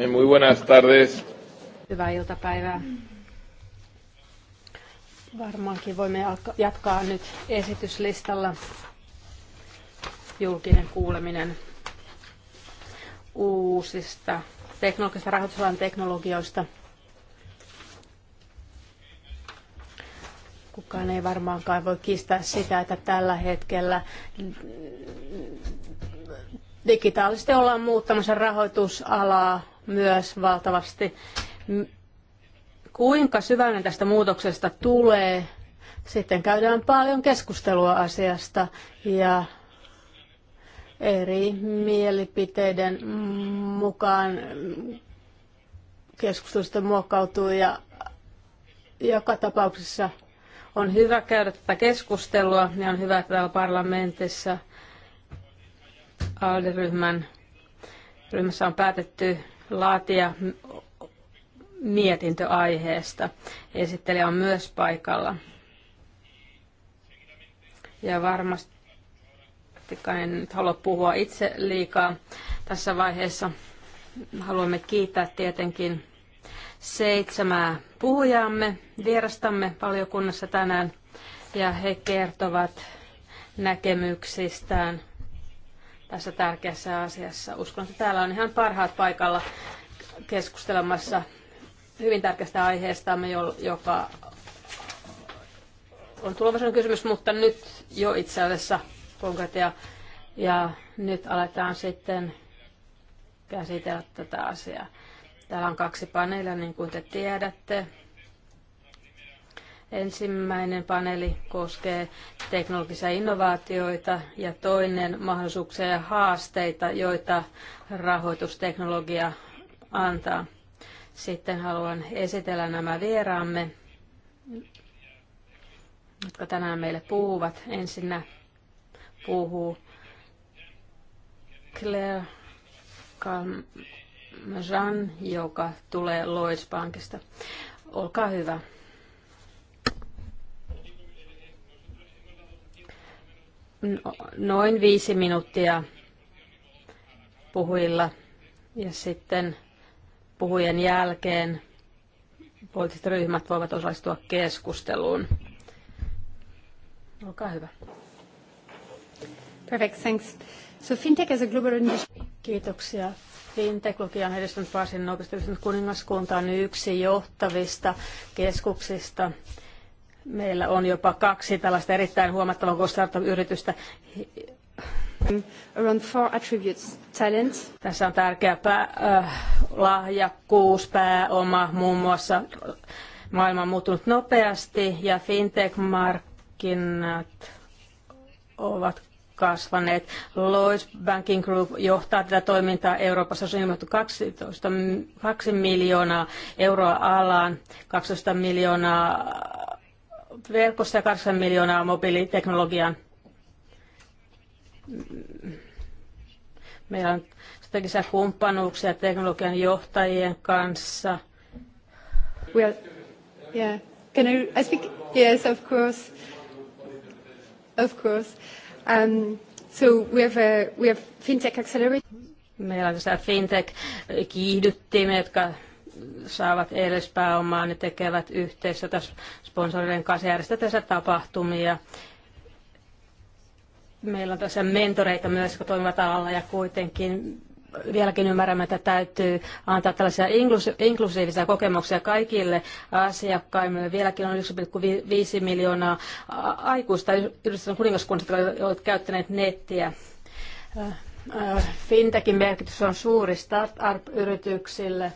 Eh, muy buenas tardes. Hyvää iltapäivää. Varmaankin voimme jatkaa nyt esityslistalla julkinen kuuleminen uusista teknologisista rahoitusalan teknologioista. Kukaan ei varmaankaan voi kiistää sitä, että tällä hetkellä digitaalisesti ollaan muuttamassa rahoitusalaa myös valtavasti. Kuinka syvällinen tästä muutoksesta tulee? Sitten käydään paljon keskustelua asiasta ja eri mielipiteiden mukaan keskustelusta muokkautuu ja joka tapauksessa on hyvä käydä tätä keskustelua ja on hyvä, että täällä parlamentissa ALDE-ryhmän ryhmässä on päätetty laatia mietintö aiheesta. Esittelijä on myös paikalla. Ja varmasti en nyt halua puhua itse liikaa tässä vaiheessa. Haluamme kiittää tietenkin seitsemää puhujaamme vierastamme valiokunnassa tänään ja he kertovat näkemyksistään tässä tärkeässä asiassa. Uskon, että täällä on ihan parhaat paikalla keskustelemassa hyvin tärkeästä aiheestamme, joka on tulevaisuuden kysymys, mutta nyt jo itse asiassa konkreettia. Ja nyt aletaan sitten käsitellä tätä asiaa. Täällä on kaksi paneelia, niin kuin te tiedätte. Ensimmäinen paneeli koskee teknologisia innovaatioita ja toinen mahdollisuuksia ja haasteita, joita rahoitusteknologia antaa. Sitten haluan esitellä nämä vieraamme, jotka tänään meille puhuvat. Ensinnä puhuu Claire Kalmajan, joka tulee Lois Pankista. Olkaa hyvä. noin viisi minuuttia puhujilla ja sitten puhujen jälkeen poliittiset ryhmät voivat osallistua keskusteluun. Olkaa hyvä. Perfect, thanks. So fintech as a global Kiitoksia. Fintech-lukia on edistynyt varsin nopeasti. Kuningaskunta on yksi johtavista keskuksista Meillä on jopa kaksi tällaista erittäin huomattavaa startup-yritystä. Around four attributes. Talent. Tässä on tärkeä pää, äh, lahjakkuus, pääoma, muun muassa maailma on muuttunut nopeasti ja fintech-markkinat ovat kasvaneet. Lloyds Banking Group johtaa tätä toimintaa Euroopassa. Se on ilmoitettu 12, 2 miljoonaa euroa alaan, 12 miljoonaa verkossa ja 8 miljoonaa mobiiliteknologian, Meillä on strategisia kumppanuuksia teknologian johtajien kanssa. Well, yeah. Can I, I speak? Yes, of course. Of course. Um, so we have, a, we have FinTech Accelerator. Meillä on tässä FinTech-kiihdyttimet, jotka saavat eilespääomaa, ne tekevät yhteistyötä sponsorien kanssa, järjestetään tässä tapahtumia. Meillä on tässä mentoreita myös, jotka toimivat alalla ja kuitenkin vieläkin ymmärrämme, että täytyy antaa tällaisia inklusiivisia kokemuksia kaikille asiakkaille. Vieläkin on 1,5 miljoonaa aikuista yhdistyneen kuningaskunnasta, jotka ovat käyttäneet nettiä. Äh, äh, Fintechin merkitys on suuri startup-yrityksille.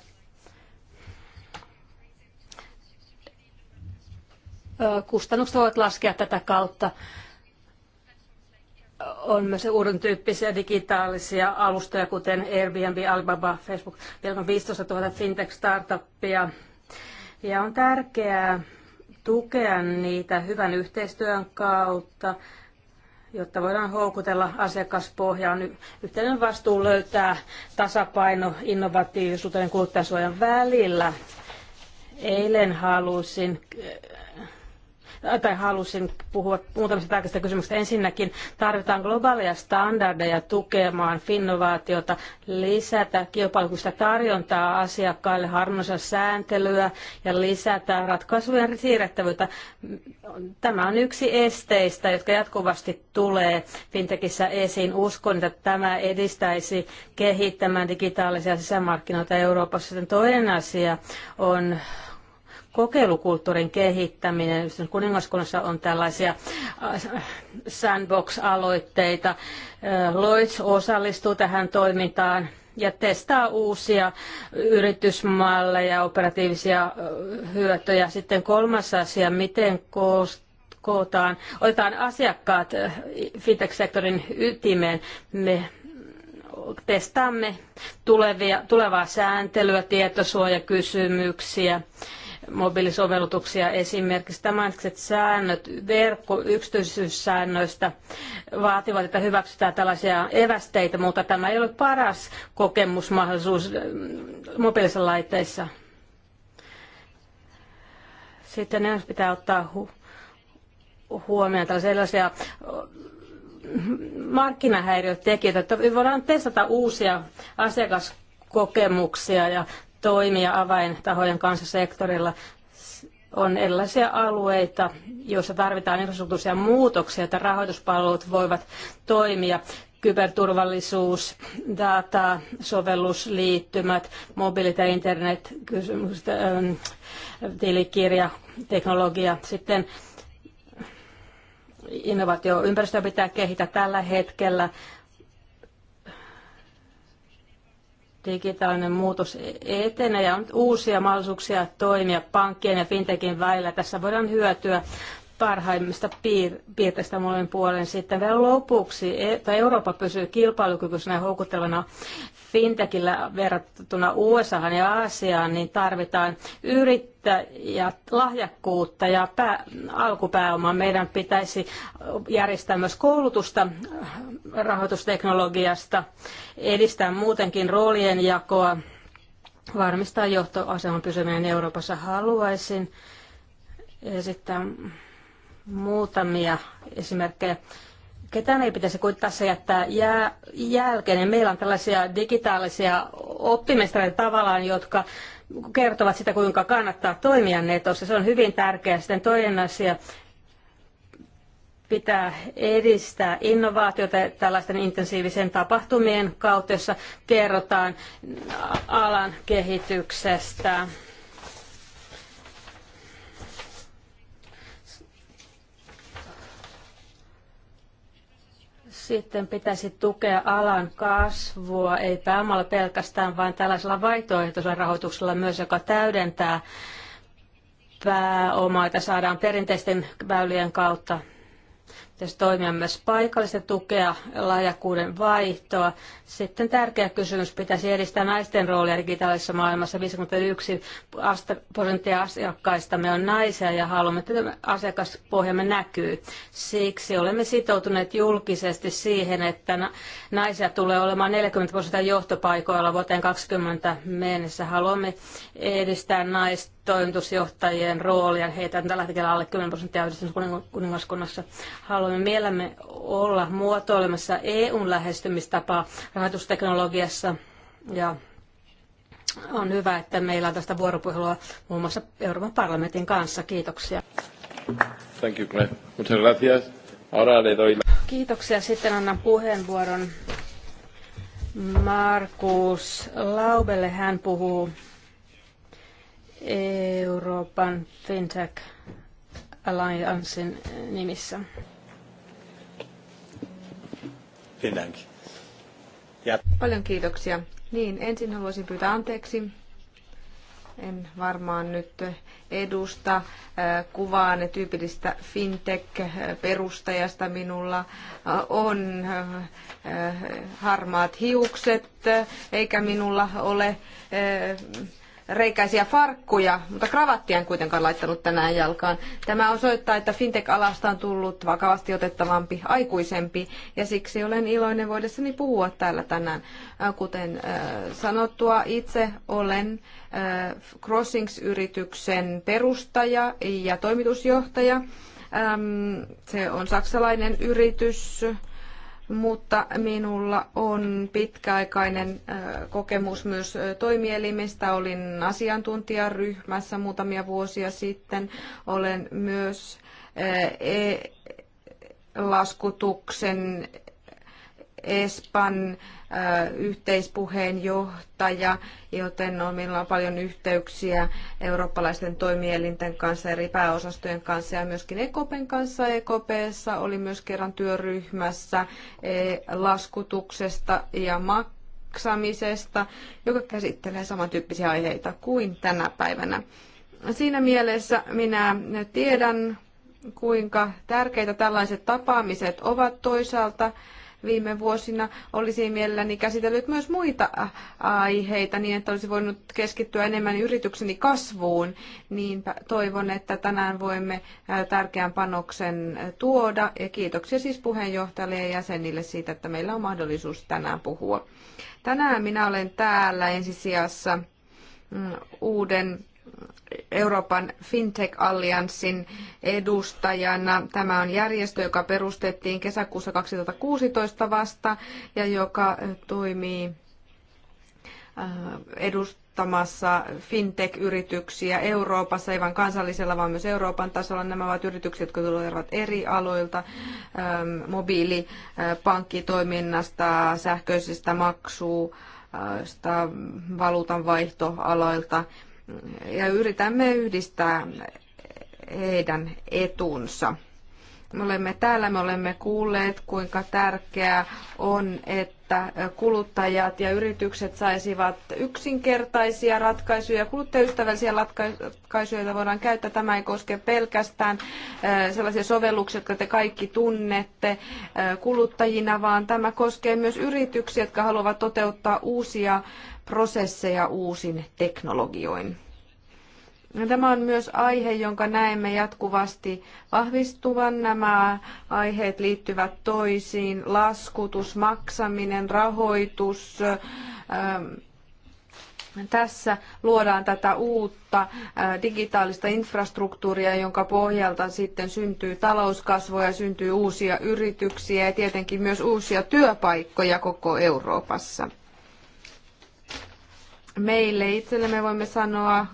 kustannukset voivat laskea tätä kautta. On myös uuden tyyppisiä digitaalisia alustoja, kuten Airbnb, Alibaba, Facebook, vielä on 15 000 fintech-startuppia. Ja on tärkeää tukea niitä hyvän yhteistyön kautta, jotta voidaan houkutella asiakaspohjaan. Yhteinen vastuu löytää tasapaino innovatiivisuuden ja kuluttajansuojan välillä. Eilen halusin tai halusin puhua muutamista tärkeistä kysymyksistä. Ensinnäkin tarvitaan globaaleja standardeja tukemaan innovaatiota, lisätä kilpailukykyistä tarjontaa asiakkaille, harmonisoida sääntelyä ja lisätä ratkaisujen siirrettävyyttä. Tämä on yksi esteistä, jotka jatkuvasti tulee fintechissä esiin. Uskon, että tämä edistäisi kehittämään digitaalisia sisämarkkinoita Euroopassa. Sitten toinen asia on kokeilukulttuurin kehittäminen. Kuningaskunnassa on tällaisia äh, sandbox-aloitteita. Äh, Lloyds osallistuu tähän toimintaan ja testaa uusia yritysmalleja, operatiivisia äh, hyötyjä. Sitten kolmas asia, miten kootaan, otetaan asiakkaat fintech-sektorin ytimeen. Me testaamme tulevia, tulevaa sääntelyä, tietosuojakysymyksiä. kysymyksiä mobiilisovellutuksia. Esimerkiksi tämänhetkiset säännöt verkkoyksityisyyssäännöistä vaativat, että hyväksytään tällaisia evästeitä, mutta tämä ei ole paras kokemusmahdollisuus mm, mobiilisissa laitteissa. Sitten pitää ottaa hu- huomioon tällaisia erilaisia mm, markkinahäiriötekijöitä, että voidaan testata uusia asiakaskokemuksia ja toimia avaintahojen kanssa sektorilla. On erilaisia alueita, joissa tarvitaan infrastruktuurisia muutoksia, että rahoituspalvelut voivat toimia kyberturvallisuus, data, sovellusliittymät, mobiilit ja internet, kysymykset, ähm, tilikirja, teknologia. Sitten innovaatioympäristöä pitää kehittää tällä hetkellä. digitaalinen muutos etenee ja on uusia mahdollisuuksia toimia pankkien ja fintekin välillä. Tässä voidaan hyötyä parhaimmista piir- piirteistä molemmin puolen. Sitten vielä lopuksi, että Eurooppa pysyy kilpailukykyisenä ja houkuttelevana fintechillä verrattuna USA ja Aasiaan, niin tarvitaan yrittäjä, lahjakkuutta ja pää, alkupääomaa. Meidän pitäisi järjestää myös koulutusta äh, rahoitusteknologiasta, edistää muutenkin roolien jakoa, varmistaa johtoaseman pysyminen Euroopassa. Haluaisin esittää muutamia esimerkkejä ketään ei pitäisi se jättää jää, jälkeen. Ja meillä on tällaisia digitaalisia oppimestareita tavallaan, jotka kertovat sitä, kuinka kannattaa toimia netossa. Se on hyvin tärkeää. Sitten toinen asia, pitää edistää innovaatiota tällaisten intensiivisen tapahtumien kautta, jossa kerrotaan alan kehityksestä. Sitten pitäisi tukea alan kasvua, ei pääomalla pelkästään, vaan tällaisella vaihtoehtoisella rahoituksella myös, joka täydentää pääomaa, jota saadaan perinteisten väylien kautta pitäisi toimia myös paikallista tukea, lahjakkuuden vaihtoa. Sitten tärkeä kysymys, pitäisi edistää naisten roolia digitaalisessa maailmassa. 51 prosenttia asiakkaistamme on naisia ja haluamme, että asiakaspohjamme näkyy. Siksi olemme sitoutuneet julkisesti siihen, että naisia tulee olemaan 40 prosenttia johtopaikoilla vuoteen 2020 mennessä. Haluamme edistää naisten toimitusjohtajien roolia. Heitä on tällä hetkellä alle 10 prosenttia kuningaskunnassa. Haluamme mielemme olla muotoilemassa EUn lähestymistapaa rahoitusteknologiassa ja on hyvä, että meillä on tästä vuoropuhelua muun muassa Euroopan parlamentin kanssa. Kiitoksia. Thank you, Claire. Muchas gracias. Ahora le doy... Kiitoksia. Sitten annan puheenvuoron Markus Laubelle. Hän puhuu Euroopan FinTech Alliancein nimissä. Ja. Paljon kiitoksia. Niin, ensin haluaisin pyytää anteeksi. En varmaan nyt edusta äh, kuvaa ne tyypillistä fintech-perustajasta. Minulla äh, on äh, harmaat hiukset, eikä minulla ole reikäisiä farkkuja, mutta kravattia en kuitenkaan laittanut tänään jalkaan. Tämä osoittaa, että fintech-alasta on tullut vakavasti otettavampi, aikuisempi, ja siksi olen iloinen voidessani puhua täällä tänään. Äh, kuten äh, sanottua, itse olen äh, Crossings-yrityksen perustaja ja toimitusjohtaja. Se on saksalainen yritys, mutta minulla on pitkäaikainen kokemus myös toimielimistä. Olin asiantuntijaryhmässä muutamia vuosia sitten. Olen myös e laskutuksen Espan äh, yhteispuheenjohtaja, joten on, meillä on paljon yhteyksiä eurooppalaisten toimielinten kanssa, eri pääosastojen kanssa ja myöskin EKPn kanssa. EKPssä oli myös kerran työryhmässä e, laskutuksesta ja maksamisesta, joka käsittelee samantyyppisiä aiheita kuin tänä päivänä. Siinä mielessä minä tiedän, kuinka tärkeitä tällaiset tapaamiset ovat toisaalta viime vuosina. Olisin mielelläni käsitellyt myös muita aiheita niin, että olisi voinut keskittyä enemmän yritykseni kasvuun. Niinpä toivon, että tänään voimme tärkeän panoksen tuoda. Ja kiitoksia siis puheenjohtajalle ja jäsenille siitä, että meillä on mahdollisuus tänään puhua. Tänään minä olen täällä ensisijassa mm, uuden Euroopan FinTech-allianssin edustajana. Tämä on järjestö, joka perustettiin kesäkuussa 2016 vasta ja joka toimii äh, edustamassa fintech-yrityksiä Euroopassa, ei vain kansallisella, vaan myös Euroopan tasolla. Nämä ovat yrityksiä, jotka tulevat eri aloilta, ähm, mobiilipankkitoiminnasta, äh, sähköisistä maksuista, valuutanvaihtoaloilta. vaihtoaloilta ja yritämme yhdistää heidän etunsa. Me olemme täällä, me olemme kuulleet, kuinka tärkeää on, että kuluttajat ja yritykset saisivat yksinkertaisia ratkaisuja, kuluttajaystävällisiä ratkaisuja, joita voidaan käyttää. Tämä ei koske pelkästään sellaisia sovelluksia, jotka te kaikki tunnette kuluttajina, vaan tämä koskee myös yrityksiä, jotka haluavat toteuttaa uusia prosesseja uusin teknologioin. Tämä on myös aihe, jonka näemme jatkuvasti vahvistuvan. Nämä aiheet liittyvät toisiin. Laskutus, maksaminen, rahoitus. Ähm, tässä luodaan tätä uutta äh, digitaalista infrastruktuuria, jonka pohjalta sitten syntyy talouskasvua syntyy uusia yrityksiä ja tietenkin myös uusia työpaikkoja koko Euroopassa meille me voimme sanoa,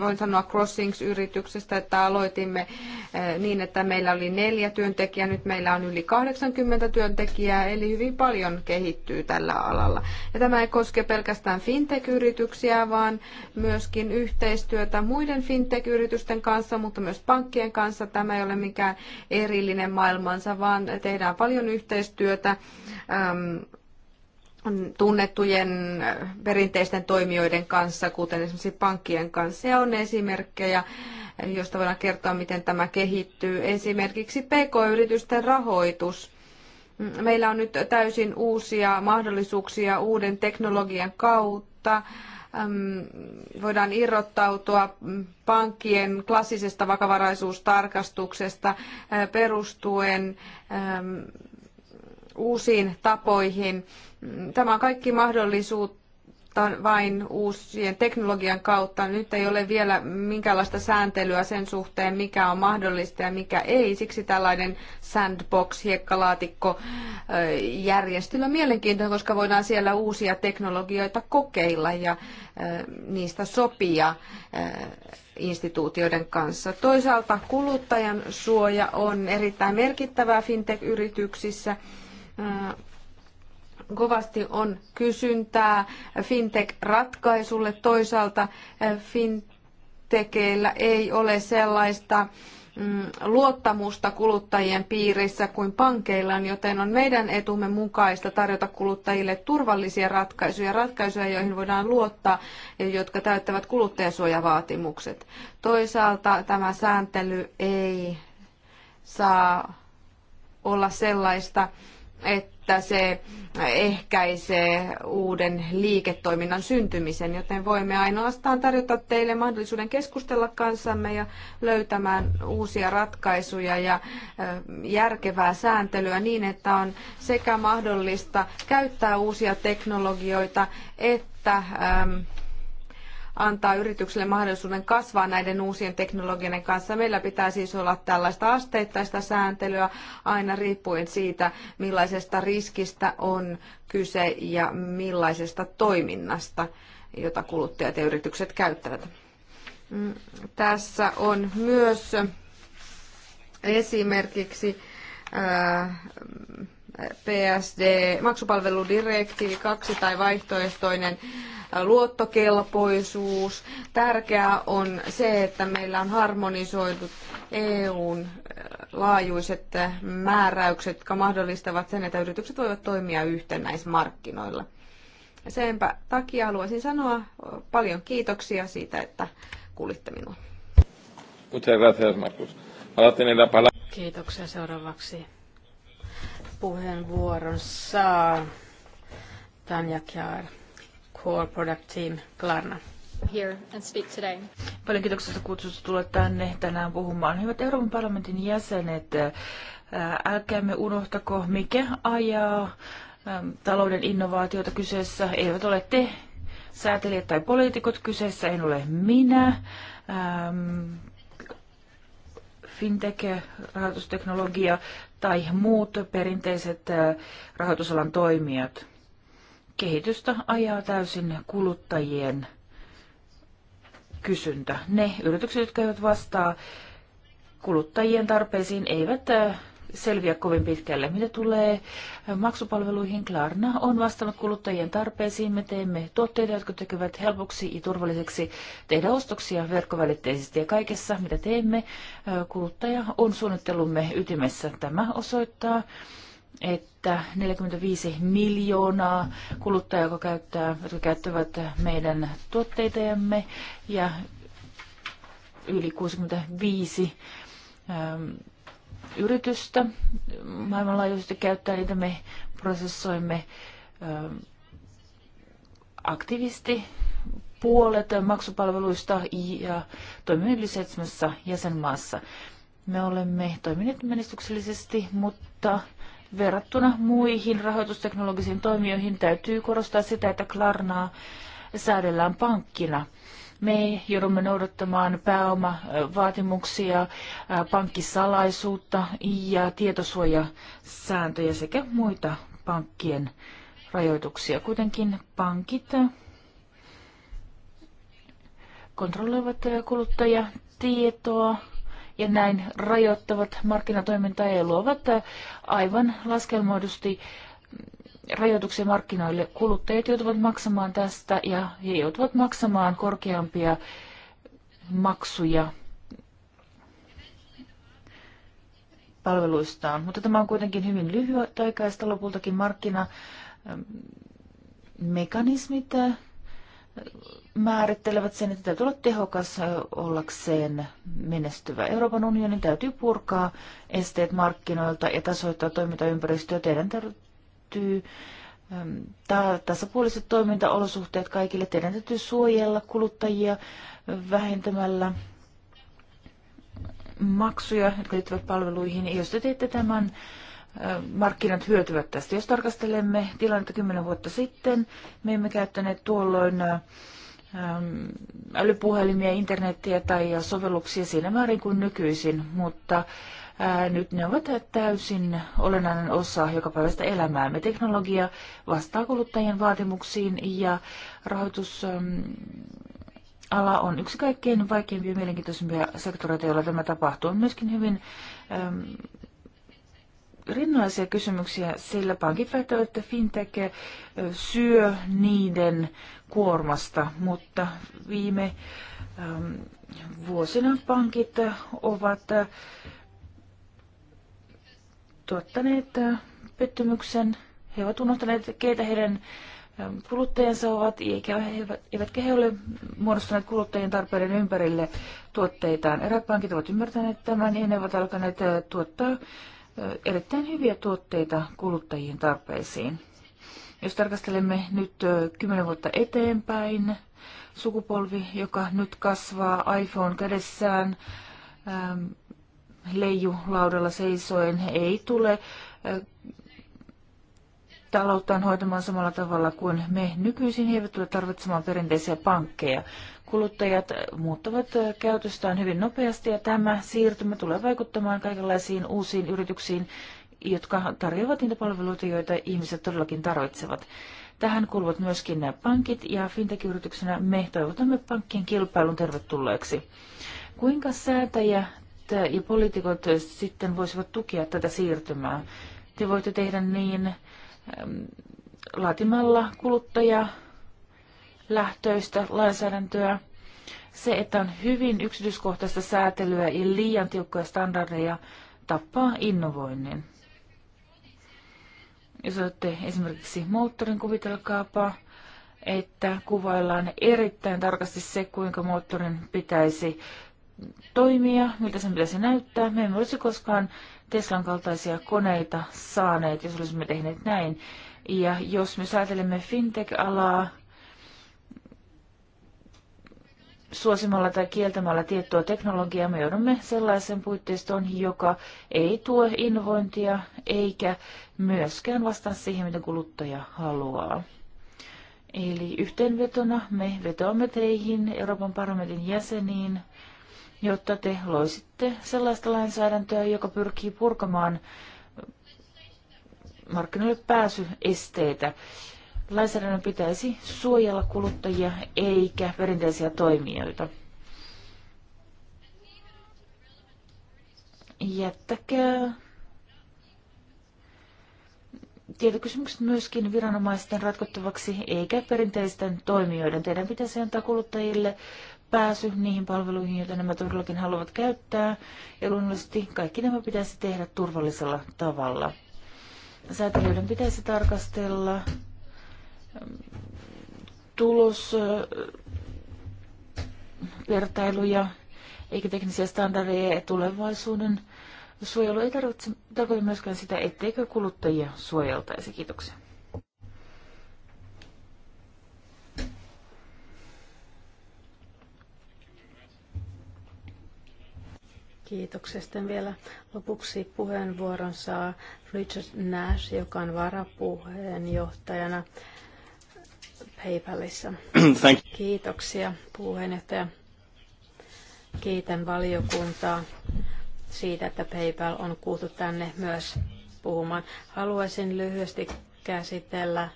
voin sanoa Crossings-yrityksestä, että aloitimme eh, niin, että meillä oli neljä työntekijää, nyt meillä on yli 80 työntekijää, eli hyvin paljon kehittyy tällä alalla. Ja tämä ei koske pelkästään fintech-yrityksiä, vaan myöskin yhteistyötä muiden fintech-yritysten kanssa, mutta myös pankkien kanssa. Tämä ei ole mikään erillinen maailmansa, vaan tehdään paljon yhteistyötä. Ähm, tunnettujen äh, perinteisten toimijoiden kanssa, kuten esimerkiksi pankkien kanssa. Se on esimerkkejä, josta voidaan kertoa, miten tämä kehittyy. Esimerkiksi PK-yritysten rahoitus. Meillä on nyt täysin uusia mahdollisuuksia uuden teknologian kautta. Voidaan irrottautua pankkien klassisesta vakavaraisuustarkastuksesta äh, perustuen uusiin tapoihin. Tämä on kaikki mahdollisuutta vain uusien teknologian kautta. Nyt ei ole vielä minkäänlaista sääntelyä sen suhteen, mikä on mahdollista ja mikä ei. Siksi tällainen sandbox, hiekkalaatikko äh, järjestely on mielenkiintoinen, koska voidaan siellä uusia teknologioita kokeilla ja äh, niistä sopia äh, instituutioiden kanssa. Toisaalta kuluttajan suoja on erittäin merkittävää fintech-yrityksissä kovasti on kysyntää fintech-ratkaisulle. Toisaalta fintekeillä ei ole sellaista mm, luottamusta kuluttajien piirissä kuin pankeilla, joten on meidän etumme mukaista tarjota kuluttajille turvallisia ratkaisuja, ratkaisuja, joihin voidaan luottaa ja jotka täyttävät kuluttajansuojavaatimukset. Toisaalta tämä sääntely ei saa olla sellaista, että se ehkäisee uuden liiketoiminnan syntymisen, joten voimme ainoastaan tarjota teille mahdollisuuden keskustella kanssamme ja löytämään uusia ratkaisuja ja järkevää sääntelyä niin, että on sekä mahdollista käyttää uusia teknologioita että antaa yrityksille mahdollisuuden kasvaa näiden uusien teknologioiden kanssa. Meillä pitää siis olla tällaista asteittaista sääntelyä aina riippuen siitä, millaisesta riskistä on kyse ja millaisesta toiminnasta, jota kuluttajat ja yritykset käyttävät. Mm, tässä on myös esimerkiksi äh, PSD, maksupalveludirektiivi, kaksi tai vaihtoehtoinen luottokelpoisuus. Tärkeää on se, että meillä on harmonisoidut EUn äh, laajuiset äh, määräykset, jotka mahdollistavat sen, että yritykset voivat toimia yhtenäismarkkinoilla. Senpä takia haluaisin sanoa äh, paljon kiitoksia siitä, että kuulitte minua. Kiitoksia seuraavaksi. Puheenvuoron saa Tanja Kjaer. Core Product Team Klarna. Here and speak today. Paljon kiitoksia kutsusta tulla tänne tänään puhumaan. Hyvät Euroopan parlamentin jäsenet, älkäämme unohtako, mikä ajaa talouden innovaatiota kyseessä. Eivät ole te, säätelijät tai poliitikot kyseessä, en ole minä. Ähm, fintech, rahoitusteknologia tai muut perinteiset rahoitusalan toimijat kehitystä ajaa täysin kuluttajien kysyntä. Ne yritykset, jotka eivät vastaa kuluttajien tarpeisiin, eivät selviä kovin pitkälle. Mitä tulee maksupalveluihin, Klarna on vastannut kuluttajien tarpeisiin. Me teemme tuotteita, jotka tekevät helpoksi ja turvalliseksi tehdä ostoksia verkkovälitteisesti ja kaikessa, mitä teemme. Kuluttaja on suunnittelumme ytimessä. Tämä osoittaa että 45 miljoonaa kuluttajaa, jotka, käyttää, jotka käyttävät meidän tuotteitamme ja yli 65 äm, yritystä maailmanlaajuisesti käyttää niitä. Me prosessoimme äm, aktivisti puolet maksupalveluista ja toimimme yli seitsemässä jäsenmaassa. Me olemme toimineet menestyksellisesti, mutta verrattuna muihin rahoitusteknologisiin toimijoihin täytyy korostaa sitä, että Klarnaa säädellään pankkina. Me joudumme noudattamaan pääomavaatimuksia, pankkisalaisuutta ja tietosuojasääntöjä sekä muita pankkien rajoituksia. Kuitenkin pankit kontrolloivat kuluttajatietoa ja näin rajoittavat markkinatoimintaa ja luovat aivan laskelmoidusti rajoituksia markkinoille. Kuluttajat joutuvat maksamaan tästä ja he joutuvat maksamaan korkeampia maksuja palveluistaan. Mutta tämä on kuitenkin hyvin lyhyt aikaista lopultakin markkina ähm, mekanismit määrittelevät sen, että täytyy olla tehokas ollakseen menestyvä. Euroopan unionin täytyy purkaa esteet markkinoilta ja tasoittaa toimintaympäristöä. Teidän täytyy tasapuoliset toimintaolosuhteet kaikille. Teidän täytyy suojella kuluttajia vähentämällä maksuja, jotka liittyvät palveluihin. Jos te teette tämän markkinat hyötyvät tästä. Jos tarkastelemme tilannetta kymmenen vuotta sitten, me emme käyttäneet tuolloin ähm, älypuhelimia, internettiä tai sovelluksia siinä määrin kuin nykyisin, mutta äh, nyt ne ovat täysin olennainen osa jokapäiväistä elämäämme. Teknologia vastaa kuluttajien vaatimuksiin ja rahoitusala ähm, on yksi kaikkein vaikeimpia ja mielenkiintoisimpia sektoreita, joilla tämä tapahtuu. On myöskin hyvin ähm, rinnallisia kysymyksiä, sillä pankit väittävät, että fintech syö niiden kuormasta, mutta viime vuosina pankit ovat tuottaneet pettymyksen. He ovat unohtaneet, keitä heidän kuluttajansa ovat, eikä eivätkä he ole muodostaneet kuluttajien tarpeiden ympärille tuotteitaan. Eräät pankit ovat ymmärtäneet tämän ja ne ovat alkaneet tuottaa erittäin hyviä tuotteita kuluttajien tarpeisiin. Jos tarkastelemme nyt 10 vuotta eteenpäin, sukupolvi, joka nyt kasvaa iPhone kädessään, ähm, leijulaudalla seisoen, ei tule talouttaan hoitamaan samalla tavalla kuin me nykyisin. He eivät tule tarvitsemaan perinteisiä pankkeja kuluttajat muuttavat käytöstään hyvin nopeasti ja tämä siirtymä tulee vaikuttamaan kaikenlaisiin uusiin yrityksiin, jotka tarjoavat niitä palveluita, joita ihmiset todellakin tarvitsevat. Tähän kuuluvat myöskin nämä pankit ja fintech-yrityksenä me toivotamme pankkien kilpailun tervetulleeksi. Kuinka säätäjä ja poliitikot sitten voisivat tukea tätä siirtymää? Te voitte tehdä niin ähm, laatimalla kuluttajaa lähtöistä lainsäädäntöä. Se, että on hyvin yksityiskohtaista säätelyä ja liian tiukkoja standardeja, tappaa innovoinnin. Jos olette esimerkiksi moottorin, kuvitelkaapa, että kuvaillaan erittäin tarkasti se, kuinka moottorin pitäisi toimia, miltä sen pitäisi näyttää. Me emme olisi koskaan Teslan kaltaisia koneita saaneet, jos olisimme tehneet näin. Ja jos me säätelemme fintech-alaa, suosimalla tai kieltämällä tiettyä teknologiaa me joudumme sellaisen puitteistoon, joka ei tuo innovointia eikä myöskään vastaa siihen, mitä kuluttaja haluaa. Eli yhteenvetona me vetoamme teihin, Euroopan parlamentin jäseniin, jotta te loisitte sellaista lainsäädäntöä, joka pyrkii purkamaan markkinoille pääsyesteitä. Lainsäädännön pitäisi suojella kuluttajia eikä perinteisiä toimijoita. Jättäkää tietokysymykset myöskin viranomaisten ratkottavaksi eikä perinteisten toimijoiden. Teidän pitäisi antaa kuluttajille pääsy niihin palveluihin, joita nämä todellakin haluavat käyttää. Ja luonnollisesti kaikki nämä pitäisi tehdä turvallisella tavalla. Säätelijöiden pitäisi tarkastella tulosvertailuja eikä teknisiä standardeja ja tulevaisuuden suojelu ei tarvitse, tarkoita myöskään sitä, etteikö kuluttajia suojeltaisi. Kiitoksia. Kiitoksia. Sitten vielä lopuksi puheenvuoron saa Richard Nash, joka on varapuheenjohtajana PayPalissa. Thank you. Kiitoksia puheenjohtaja. Kiitän valiokuntaa siitä, että PayPal on kuultu tänne myös puhumaan. Haluaisin lyhyesti käsitellä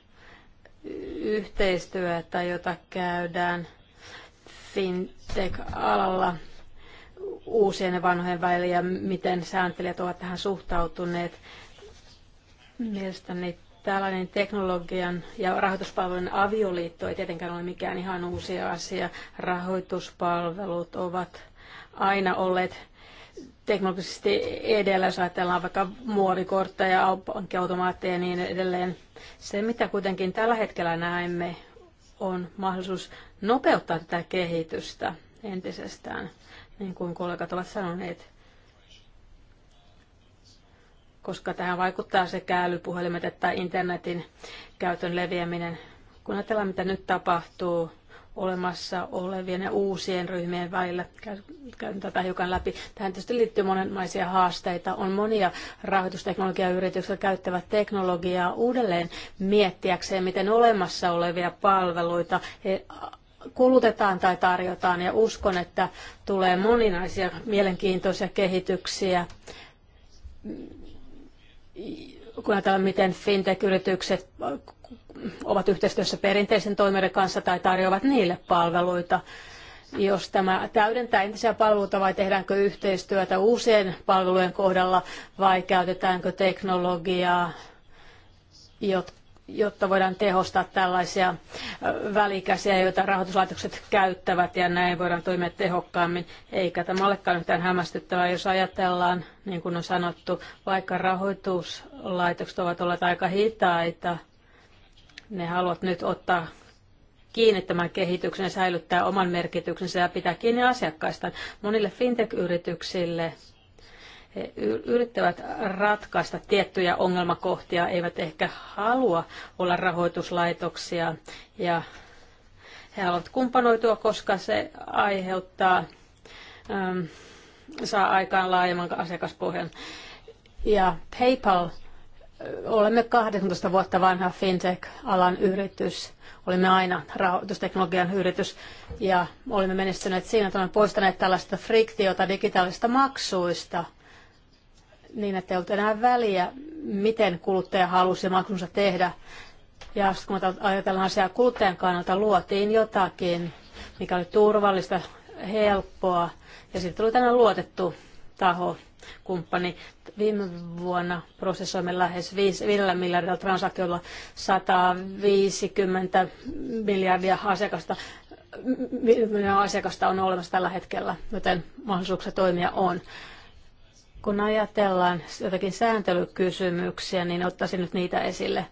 yhteistyötä, jota käydään fintech-alalla uusien ja vanhojen välillä ja miten sääntelijät ovat tähän suhtautuneet. Mielestäni Tällainen teknologian ja rahoituspalvelun avioliitto ei tietenkään ole mikään ihan uusi asia. Rahoituspalvelut ovat aina olleet teknologisesti edellä, jos ajatellaan vaikka ja pankkiautomaatteja ja niin edelleen. Se, mitä kuitenkin tällä hetkellä näemme, on mahdollisuus nopeuttaa tätä kehitystä entisestään, niin kuin kollegat ovat sanoneet koska tähän vaikuttaa sekä älypuhelimet että internetin käytön leviäminen. Kun ajatellaan, mitä nyt tapahtuu olemassa olevien ja uusien ryhmien välillä, käyn tätä hiukan läpi. Tähän tietysti liittyy monenlaisia haasteita. On monia rahoitusteknologiayrityksiä käyttävät teknologiaa uudelleen miettiäkseen, miten olemassa olevia palveluita e, kulutetaan tai tarjotaan. Ja uskon, että tulee moninaisia mielenkiintoisia kehityksiä kun ajatellaan, miten fintech-yritykset ovat yhteistyössä perinteisen toimijoiden kanssa tai tarjoavat niille palveluita, jos tämä täydentää entisiä palveluita vai tehdäänkö yhteistyötä uusien palvelujen kohdalla vai käytetäänkö teknologiaa, jotka jotta voidaan tehostaa tällaisia välikäsiä, joita rahoituslaitokset käyttävät ja näin voidaan toimia tehokkaammin. Eikä tämä olekaan yhtään hämmästyttävää, jos ajatellaan, niin kuin on sanottu, vaikka rahoituslaitokset ovat olleet aika hitaita, ne haluavat nyt ottaa kiinni tämän kehityksen, säilyttää oman merkityksensä ja pitää kiinni asiakkaistaan. Monille fintech-yrityksille yrittävät ratkaista tiettyjä ongelmakohtia, eivät ehkä halua olla rahoituslaitoksia ja he haluavat kumpanoitua, koska se aiheuttaa, saa aikaan laajemman asiakaspohjan. Ja PayPal, olemme 18 vuotta vanha fintech-alan yritys. Olimme aina rahoitusteknologian yritys ja olimme menestyneet siinä, että olemme poistaneet tällaista friktiota digitaalisista maksuista – niin, että ei ollut enää väliä, miten kuluttaja halusi maksunsa tehdä. Ja kun ajatellaan asiaa kuluttajan kannalta, luotiin jotakin, mikä oli turvallista, helppoa, ja sitten tuli tänään luotettu taho, kumppani. Viime vuonna prosessoimme lähes 5 miljardilla transaktiolla 150 miljardia asiakasta. Miljoonaa asiakasta on olemassa tällä hetkellä, joten mahdollisuuksia toimia on. Kun ajatellaan jotakin sääntelykysymyksiä, niin ottaisin nyt niitä esille.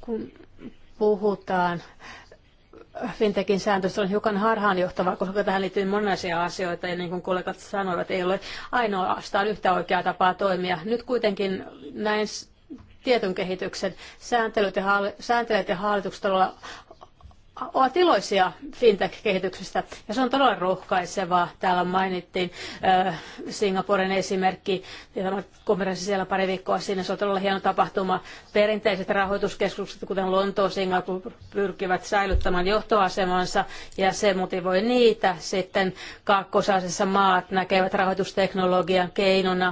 Kun puhutaan Fintekin sääntöstä on hiukan harhaanjohtavaa, koska tähän liittyy monenlaisia asioita ja niin kuin kollegat sanoivat, ei ole ainoastaan yhtä oikeaa tapaa toimia. Nyt kuitenkin näin tietyn kehityksen sääntelyt ja, ja hallitukset ovat ovat iloisia fintech-kehityksestä. Ja se on todella rohkaisevaa. Täällä mainittiin äh, Singaporen esimerkki. Tämä konferenssi siellä pari viikkoa sinne. Se on todella hieno tapahtuma. Perinteiset rahoituskeskukset, kuten Lontoo, Singapore, pyrkivät säilyttämään johtoasemansa. Ja se motivoi niitä. Sitten kaakkosaisessa maat näkevät rahoitusteknologian keinona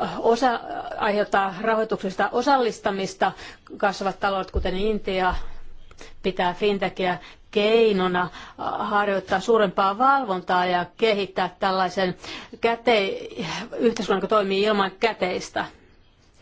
äh, osa, aiheuttaa rahoituksesta osallistamista kasvavat taloudet, kuten Intia pitää fintechiä keinona harjoittaa suurempaa valvontaa ja kehittää tällaisen käte- yhteiskunnan, joka toimii ilman käteistä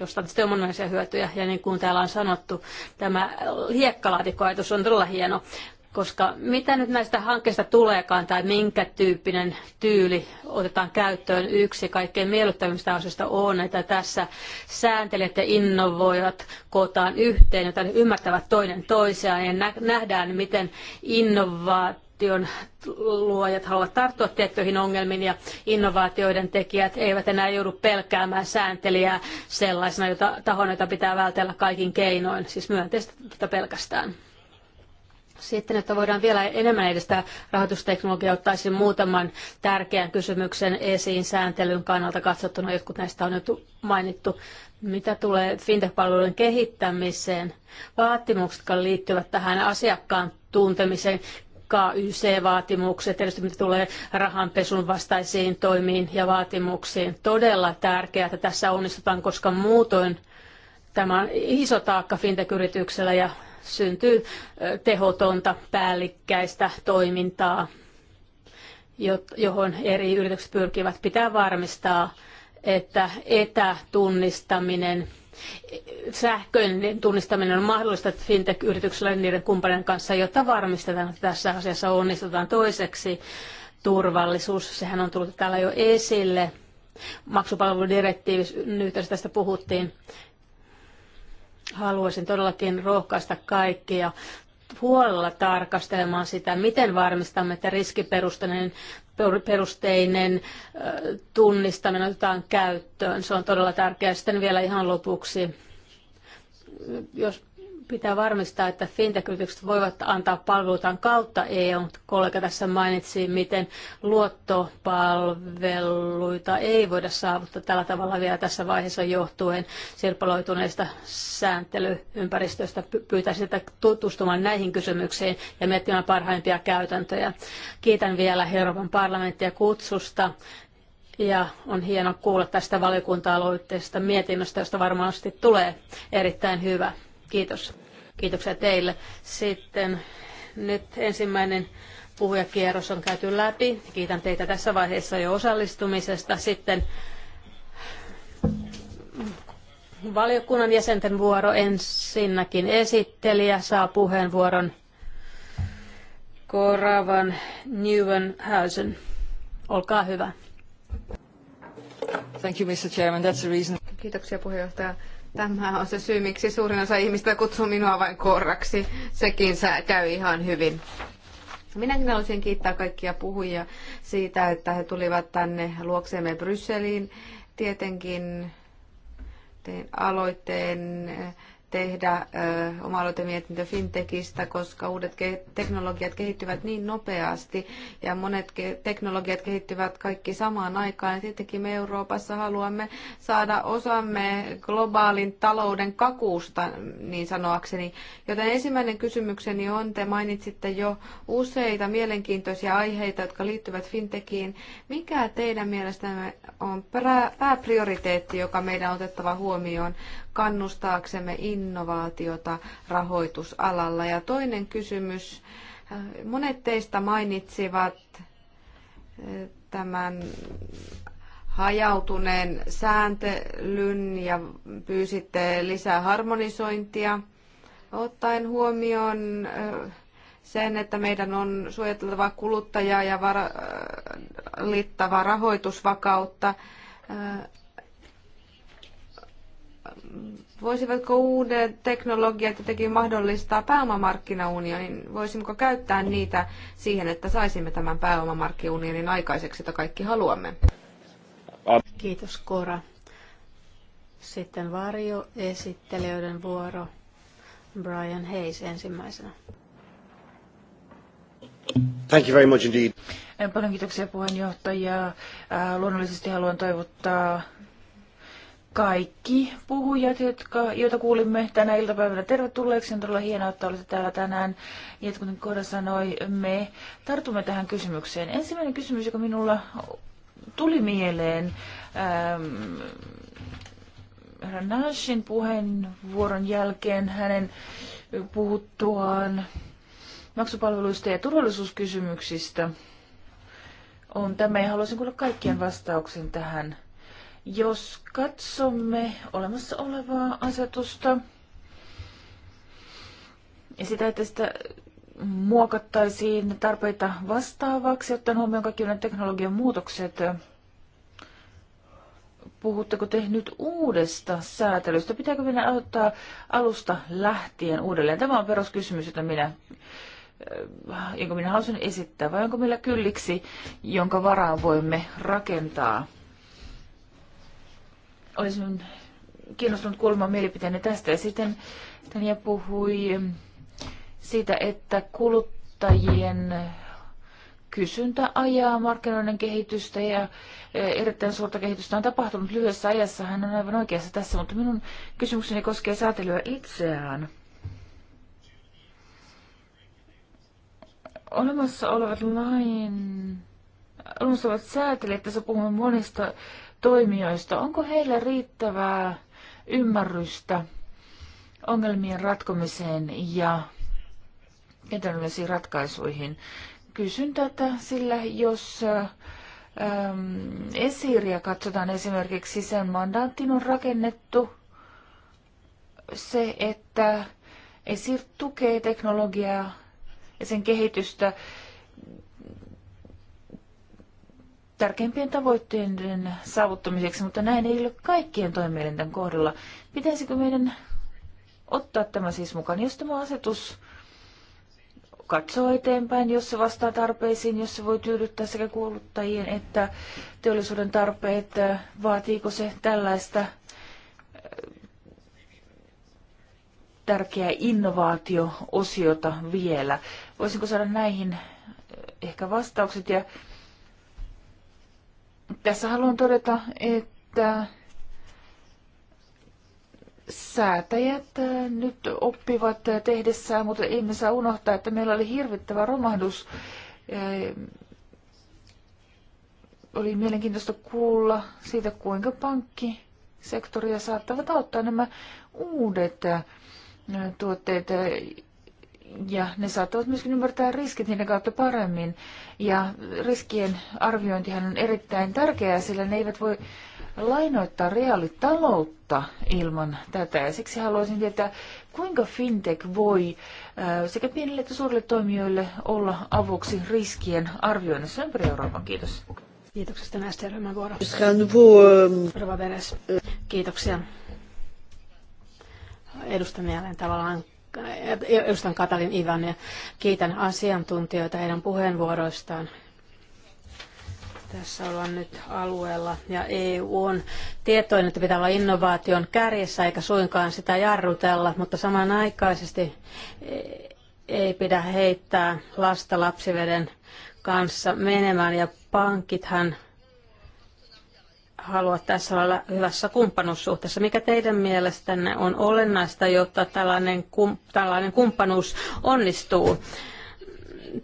josta on sitten monenlaisia hyötyjä. Ja niin kuin täällä on sanottu, tämä hiekkalaatikkoajatus on todella hieno koska mitä nyt näistä hankkeista tuleekaan tai minkä tyyppinen tyyli otetaan käyttöön yksi kaikkein miellyttävimmistä asioista on, että tässä sääntelijät ja innovoijat kootaan yhteen, jotta ne ymmärtävät toinen toisiaan ja nähdään, miten innovaatio innovaation luojat haluavat tarttua tiettyihin ongelmiin ja innovaatioiden tekijät eivät enää joudu pelkäämään sääntelijää sellaisena jota, tahona, jota pitää vältellä kaikin keinoin, siis myönteistä pelkästään. Sitten, että voidaan vielä enemmän edistää rahoitusteknologiaa, ottaisin muutaman tärkeän kysymyksen esiin sääntelyn kannalta katsottuna. Jotkut näistä on jo mainittu. Mitä tulee fintech-palveluiden kehittämiseen, vaatimukset, jotka liittyvät tähän asiakkaan tuntemiseen, KYC-vaatimukset, tietysti mitä tulee rahanpesun vastaisiin toimiin ja vaatimuksiin. Todella tärkeää, että tässä onnistutaan, koska muutoin tämä on iso taakka fintech-yrityksellä ja syntyy tehotonta päällikkäistä toimintaa, johon eri yritykset pyrkivät. Pitää varmistaa, että etätunnistaminen sähköinen tunnistaminen on mahdollista fintech yrityksille niiden kumppanien kanssa, jotta varmistetaan, että tässä asiassa onnistutaan. Toiseksi turvallisuus, sehän on tullut täällä jo esille. Maksupalveludirektiivis yhteydessä tästä puhuttiin haluaisin todellakin rohkaista kaikkia huolella tarkastelemaan sitä, miten varmistamme, että riskiperusteinen perusteinen tunnistaminen otetaan käyttöön. Se on todella tärkeää. Sitten vielä ihan lopuksi, jos Pitää varmistaa, että fintech-yritykset voivat antaa palveluitaan kautta EU. Kollega tässä mainitsi, miten luottopalveluita ei voida saavuttaa tällä tavalla vielä tässä vaiheessa johtuen sirpaloituneesta sääntelyympäristöstä. Pyytäisin sitä tutustumaan näihin kysymyksiin ja miettimään parhaimpia käytäntöjä. Kiitän vielä Euroopan parlamenttia kutsusta ja on hieno kuulla tästä valiokunta-aloitteesta mietinnöstä, josta varmasti tulee erittäin hyvä. Kiitos. Kiitoksia teille. Sitten nyt ensimmäinen puhujakierros on käyty läpi. Kiitän teitä tässä vaiheessa jo osallistumisesta. Sitten valiokunnan jäsenten vuoro ensinnäkin esittelijä saa puheenvuoron Koravan Newenhausen. Olkaa hyvä. Thank you, Mr. Chairman. That's the reason. Kiitoksia puheenjohtaja. Tämä on se syy, miksi suurin osa ihmistä kutsuu minua vain korraksi. Sekin käy ihan hyvin. Minäkin haluaisin kiittää kaikkia puhujia siitä, että he tulivat tänne luokseemme Brysseliin. Tietenkin tein aloitteen tehdä oma aloitemietintö fintekistä, koska uudet teknologiat kehittyvät niin nopeasti ja monet teknologiat kehittyvät kaikki samaan aikaan. Ja tietenkin me Euroopassa haluamme saada osamme globaalin talouden kakuusta, niin sanoakseni. Joten ensimmäinen kysymykseni on, te mainitsitte jo useita mielenkiintoisia aiheita, jotka liittyvät fintekiin. Mikä teidän mielestänne on pääprioriteetti, joka meidän on otettava huomioon? kannustaaksemme innovaatiota rahoitusalalla? Ja toinen kysymys. Monet teistä mainitsivat eh, tämän hajautuneen sääntelyn ja pyysitte lisää harmonisointia, ottaen huomioon eh, sen, että meidän on suojeltava kuluttajaa ja liittävä rahoitusvakautta. Eh, voisivatko uudet teknologiat jotenkin mahdollistaa pääomamarkkinaunionin? Voisimmeko käyttää niitä siihen, että saisimme tämän pääomamarkkinaunionin aikaiseksi, jota kaikki haluamme? Kiitos Kora. Sitten esittelijöiden vuoro. Brian Hayes ensimmäisenä. Thank you very much indeed. Paljon kiitoksia puheenjohtaja. Äh, luonnollisesti haluan toivottaa kaikki puhujat, jotka, joita kuulimme tänä iltapäivänä tervetulleeksi. On todella hienoa, että olette täällä tänään. Ja kuten Koda sanoi, me tartumme tähän kysymykseen. Ensimmäinen kysymys, joka minulla tuli mieleen ähm, Ranashin puheenvuoron jälkeen hänen puhuttuaan maksupalveluista ja turvallisuuskysymyksistä on tämä, ja haluaisin kuulla kaikkien vastauksen tähän jos katsomme olemassa olevaa asetusta ja sitä, että sitä muokattaisiin tarpeita vastaavaksi, ottaen huomioon kaikki nämä teknologian muutokset, puhutteko te nyt uudesta säätelystä? Pitääkö minä aloittaa alusta lähtien uudelleen? Tämä on peruskysymys, jota minä, äh, jonka minä haluaisin esittää, vai onko meillä kylliksi, jonka varaan voimme rakentaa? olisin kiinnostunut kuulemaan mielipiteenne tästä. Ja sitten Tania puhui siitä, että kuluttajien kysyntä ajaa markkinoiden kehitystä ja eh, erittäin suurta kehitystä on tapahtunut lyhyessä ajassa. Hän on aivan oikeassa tässä, mutta minun kysymykseni koskee säätelyä itseään. Olemassa olevat lain olemassa olevat säätelijät, tässä puhumme monista toimijoista, onko heillä riittävää ymmärrystä ongelmien ratkomiseen ja etenemisiin ratkaisuihin? Kysyn tätä, sillä jos ähm, esiiriä katsotaan esimerkiksi, sen mandaattiin on rakennettu se, että esir tukee teknologiaa ja sen kehitystä tärkeimpien tavoitteiden saavuttamiseksi, mutta näin ei ole kaikkien toimielinten kohdalla. Pitäisikö meidän ottaa tämä siis mukaan, jos tämä asetus katsoo eteenpäin, jos se vastaa tarpeisiin, jos se voi tyydyttää sekä kuluttajien että teollisuuden tarpeet, vaatiiko se tällaista eh, tärkeää innovaatio-osiota vielä. Voisinko saada näihin eh, ehkä vastaukset ja tässä haluan todeta, että säätäjät äh, nyt oppivat tehdessään, mutta emme saa unohtaa, että meillä oli hirvittävä romahdus. Äh, oli mielenkiintoista kuulla siitä, kuinka pankkisektoria saattavat auttaa nämä uudet äh, tuotteet, ja ne saattavat myöskin ymmärtää riskit niiden kautta paremmin. Ja riskien arviointihan on erittäin tärkeää, sillä ne eivät voi lainoittaa reaalitaloutta ilman tätä. Ja siksi haluaisin tietää, kuinka fintech voi sekä pienille että suurille toimijoille olla avuksi riskien arvioinnissa ympäri Euroopan. Kiitos. Kiitoksesta näistä ryhmän vuoro. Er ehm, Kiitoksia. Edustan jälleen tavallaan edustan Katalin Ivan ja kiitän asiantuntijoita heidän puheenvuoroistaan. Tässä ollaan nyt alueella ja EU on tietoinen, että pitää olla innovaation kärjessä eikä suinkaan sitä jarrutella, mutta samanaikaisesti e, ei pidä heittää lasta lapsiveden kanssa menemään ja pankithan halua tässä olla hyvässä kumppanuussuhteessa. Mikä teidän mielestänne on olennaista, jotta tällainen, kum, tällainen kumppanuus onnistuu?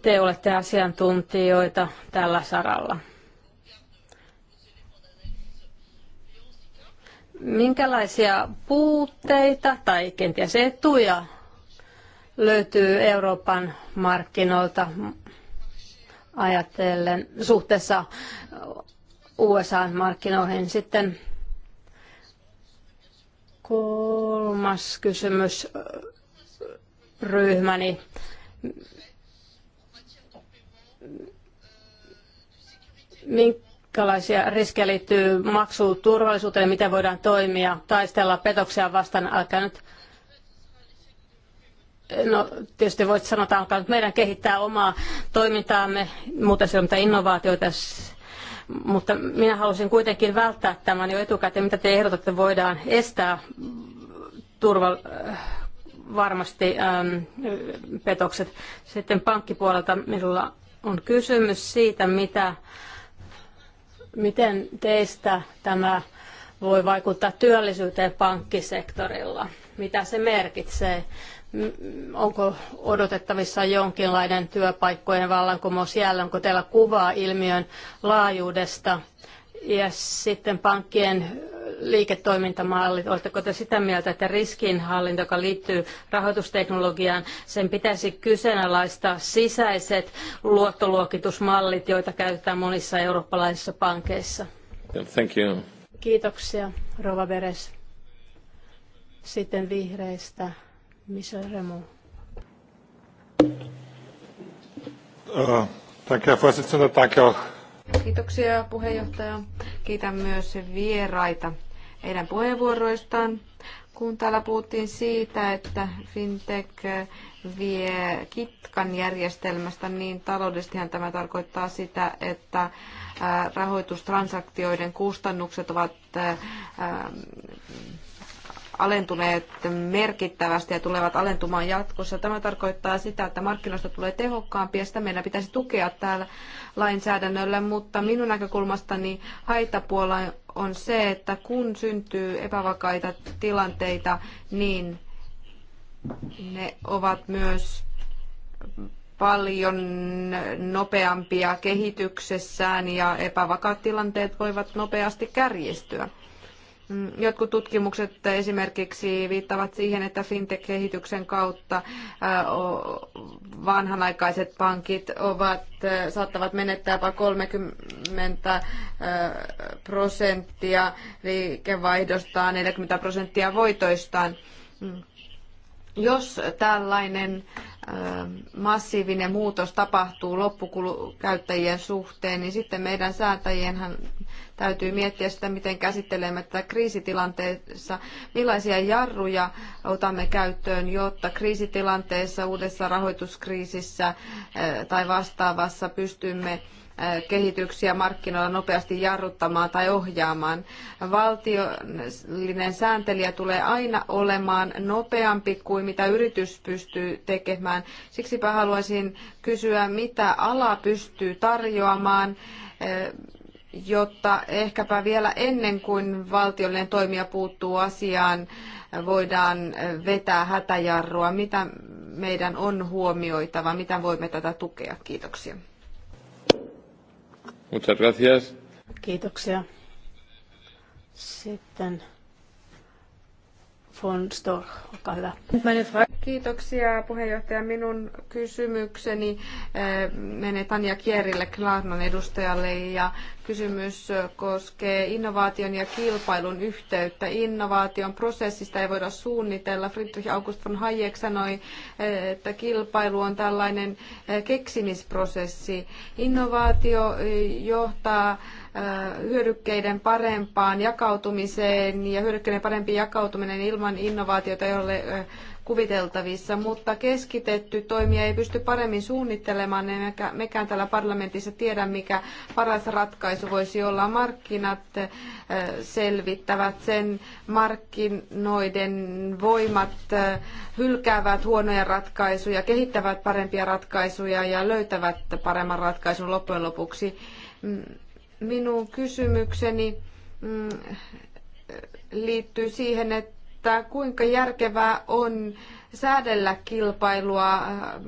Te olette asiantuntijoita tällä saralla. Minkälaisia puutteita tai kenties etuja löytyy Euroopan markkinoilta ajatellen suhteessa USA-markkinoihin. Sitten kolmas kysymys ryhmäni. Minkälaisia riskejä liittyy maksuturvallisuuteen ja miten voidaan toimia, taistella petoksia vastaan? Älkää nyt No tietysti voit sanoa, että alkaa nyt meidän kehittää omaa toimintaamme, muuten se on mitä innovaatioita mutta minä halusin kuitenkin välttää tämän jo etukäteen, mitä te ehdotatte voidaan estää turva, äh, varmasti ähm, petokset. Sitten pankkipuolelta minulla on kysymys siitä, mitä, miten teistä tämä voi vaikuttaa työllisyyteen pankkisektorilla mitä se merkitsee. Onko odotettavissa jonkinlainen työpaikkojen vallankumous siellä? Onko teillä kuvaa ilmiön laajuudesta? Ja sitten pankkien liiketoimintamallit. Oletteko te sitä mieltä, että riskinhallinta, joka liittyy rahoitusteknologiaan, sen pitäisi kyseenalaistaa sisäiset luottoluokitusmallit, joita käytetään monissa eurooppalaisissa pankeissa? Thank you. Kiitoksia, Rova Beres. Sitten vihreistä Michel Remo. Äh, Kiitoksia puheenjohtaja. Kiitän myös vieraita heidän puheenvuoroistaan. Kun täällä puhuttiin siitä, että fintech vie kitkan järjestelmästä, niin taloudellisestihan tämä tarkoittaa sitä, että äh, rahoitustransaktioiden kustannukset ovat äh, alentuneet merkittävästi ja tulevat alentumaan jatkossa. Tämä tarkoittaa sitä, että markkinoista tulee tehokkaampia. Sitä meidän pitäisi tukea täällä lainsäädännöllä, mutta minun näkökulmastani haitapuola on se, että kun syntyy epävakaita tilanteita, niin ne ovat myös paljon nopeampia kehityksessään ja epävakaat tilanteet voivat nopeasti kärjistyä. Mm, jotkut tutkimukset esimerkiksi viittavat siihen, että fintech-kehityksen kautta äh, vanhanaikaiset pankit ovat, äh, saattavat menettää jopa 30 äh, prosenttia liikevaihdostaan, 40 prosenttia voitoistaan. Mm. Jos tällainen massiivinen muutos tapahtuu loppukäyttäjien suhteen, niin sitten meidän säätäjienhän Täytyy miettiä sitä, miten käsittelemme tätä kriisitilanteessa, millaisia jarruja otamme käyttöön, jotta kriisitilanteessa, uudessa rahoituskriisissä eh, tai vastaavassa pystymme eh, kehityksiä markkinoilla nopeasti jarruttamaan tai ohjaamaan. Valtiollinen sääntelijä tulee aina olemaan nopeampi kuin mitä yritys pystyy tekemään. Siksipä haluaisin kysyä, mitä ala pystyy tarjoamaan eh, jotta ehkäpä vielä ennen kuin valtiollinen toimija puuttuu asiaan, voidaan vetää hätäjarrua. Mitä meidän on huomioitava? Mitä voimme tätä tukea? Kiitoksia. Muchas gracias. Kiitoksia. Sitten von Storch, olkaa hyvä. Kiitoksia puheenjohtaja. Minun kysymykseni eh, menee Tanja Kierille, Klaarnan edustajalle, ja kysymys koskee innovaation ja kilpailun yhteyttä. Innovaation prosessista ei voida suunnitella. Friedrich August von Hayek sanoi, että kilpailu on tällainen keksimisprosessi. Innovaatio johtaa hyödykkeiden parempaan jakautumiseen ja hyödykkeiden parempi jakautuminen ilman innovaatiota ei ole kuviteltavissa, mutta keskitetty toimija ei pysty paremmin suunnittelemaan, niin mekään täällä parlamentissa tiedä, mikä paras ratkaisu voisi olla. Markkinat eh, selvittävät sen, markkinoiden voimat eh, hylkäävät huonoja ratkaisuja, kehittävät parempia ratkaisuja ja löytävät paremman ratkaisun loppujen lopuksi. Mm, minun kysymykseni mm, liittyy siihen, että että kuinka järkevää on säädellä kilpailua, ähm,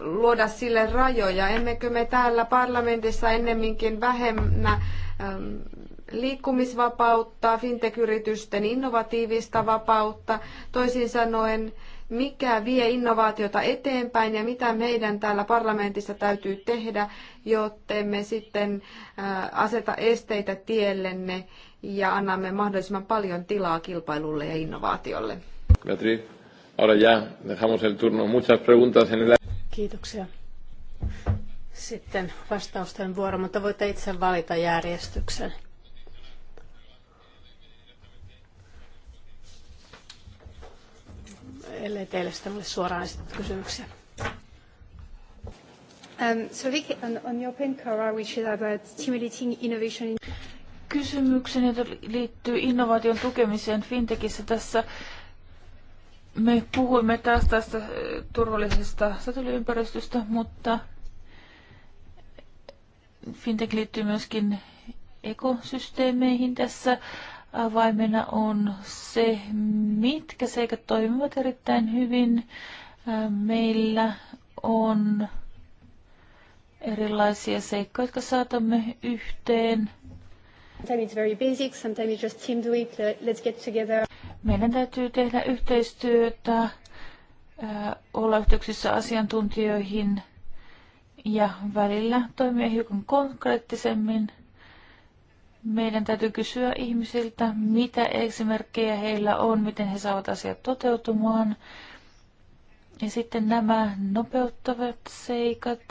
luoda sille rajoja. Emmekö me täällä parlamentissa ennemminkin vähemmän ähm, liikkumisvapautta, fintech-yritysten innovatiivista vapautta, toisin sanoen mikä vie innovaatiota eteenpäin ja mitä meidän täällä parlamentissa täytyy tehdä, jotta me sitten äh, aseta esteitä tiellenne ja annamme mahdollisimman paljon tilaa kilpailulle ja innovaatiolle. Beatriz, ahora ya dejamos el turno. Muchas preguntas en el... Kiitoksia. Sitten vastausten vuoro, mutta voitte itse valita järjestyksen. ellei teille sitten ole suoraan esitetty kysymyksiä. Um, so Vicky, on, on your PENCORA, which is about stimulating innovation kysymyksen, joka liittyy innovaation tukemiseen fintechissä. Tässä me puhuimme taas tästä eh, turvallisesta satelliympäristöstä, mutta fintech liittyy myöskin ekosysteemeihin tässä. Avaimena on se, mitkä seikat toimivat erittäin hyvin. Meillä on erilaisia seikkoja, jotka saatamme yhteen – Sometimes it's very basic, sometimes it's just team do it, let's get together. Meidän täytyy tehdä yhteistyötä, olla yhteyksissä asiantuntijoihin ja välillä toimia hiukan konkreettisemmin. Meidän täytyy kysyä ihmisiltä, mitä esimerkkejä heillä on, miten he saavat asiat toteutumaan. Ja sitten nämä nopeuttavat seikat,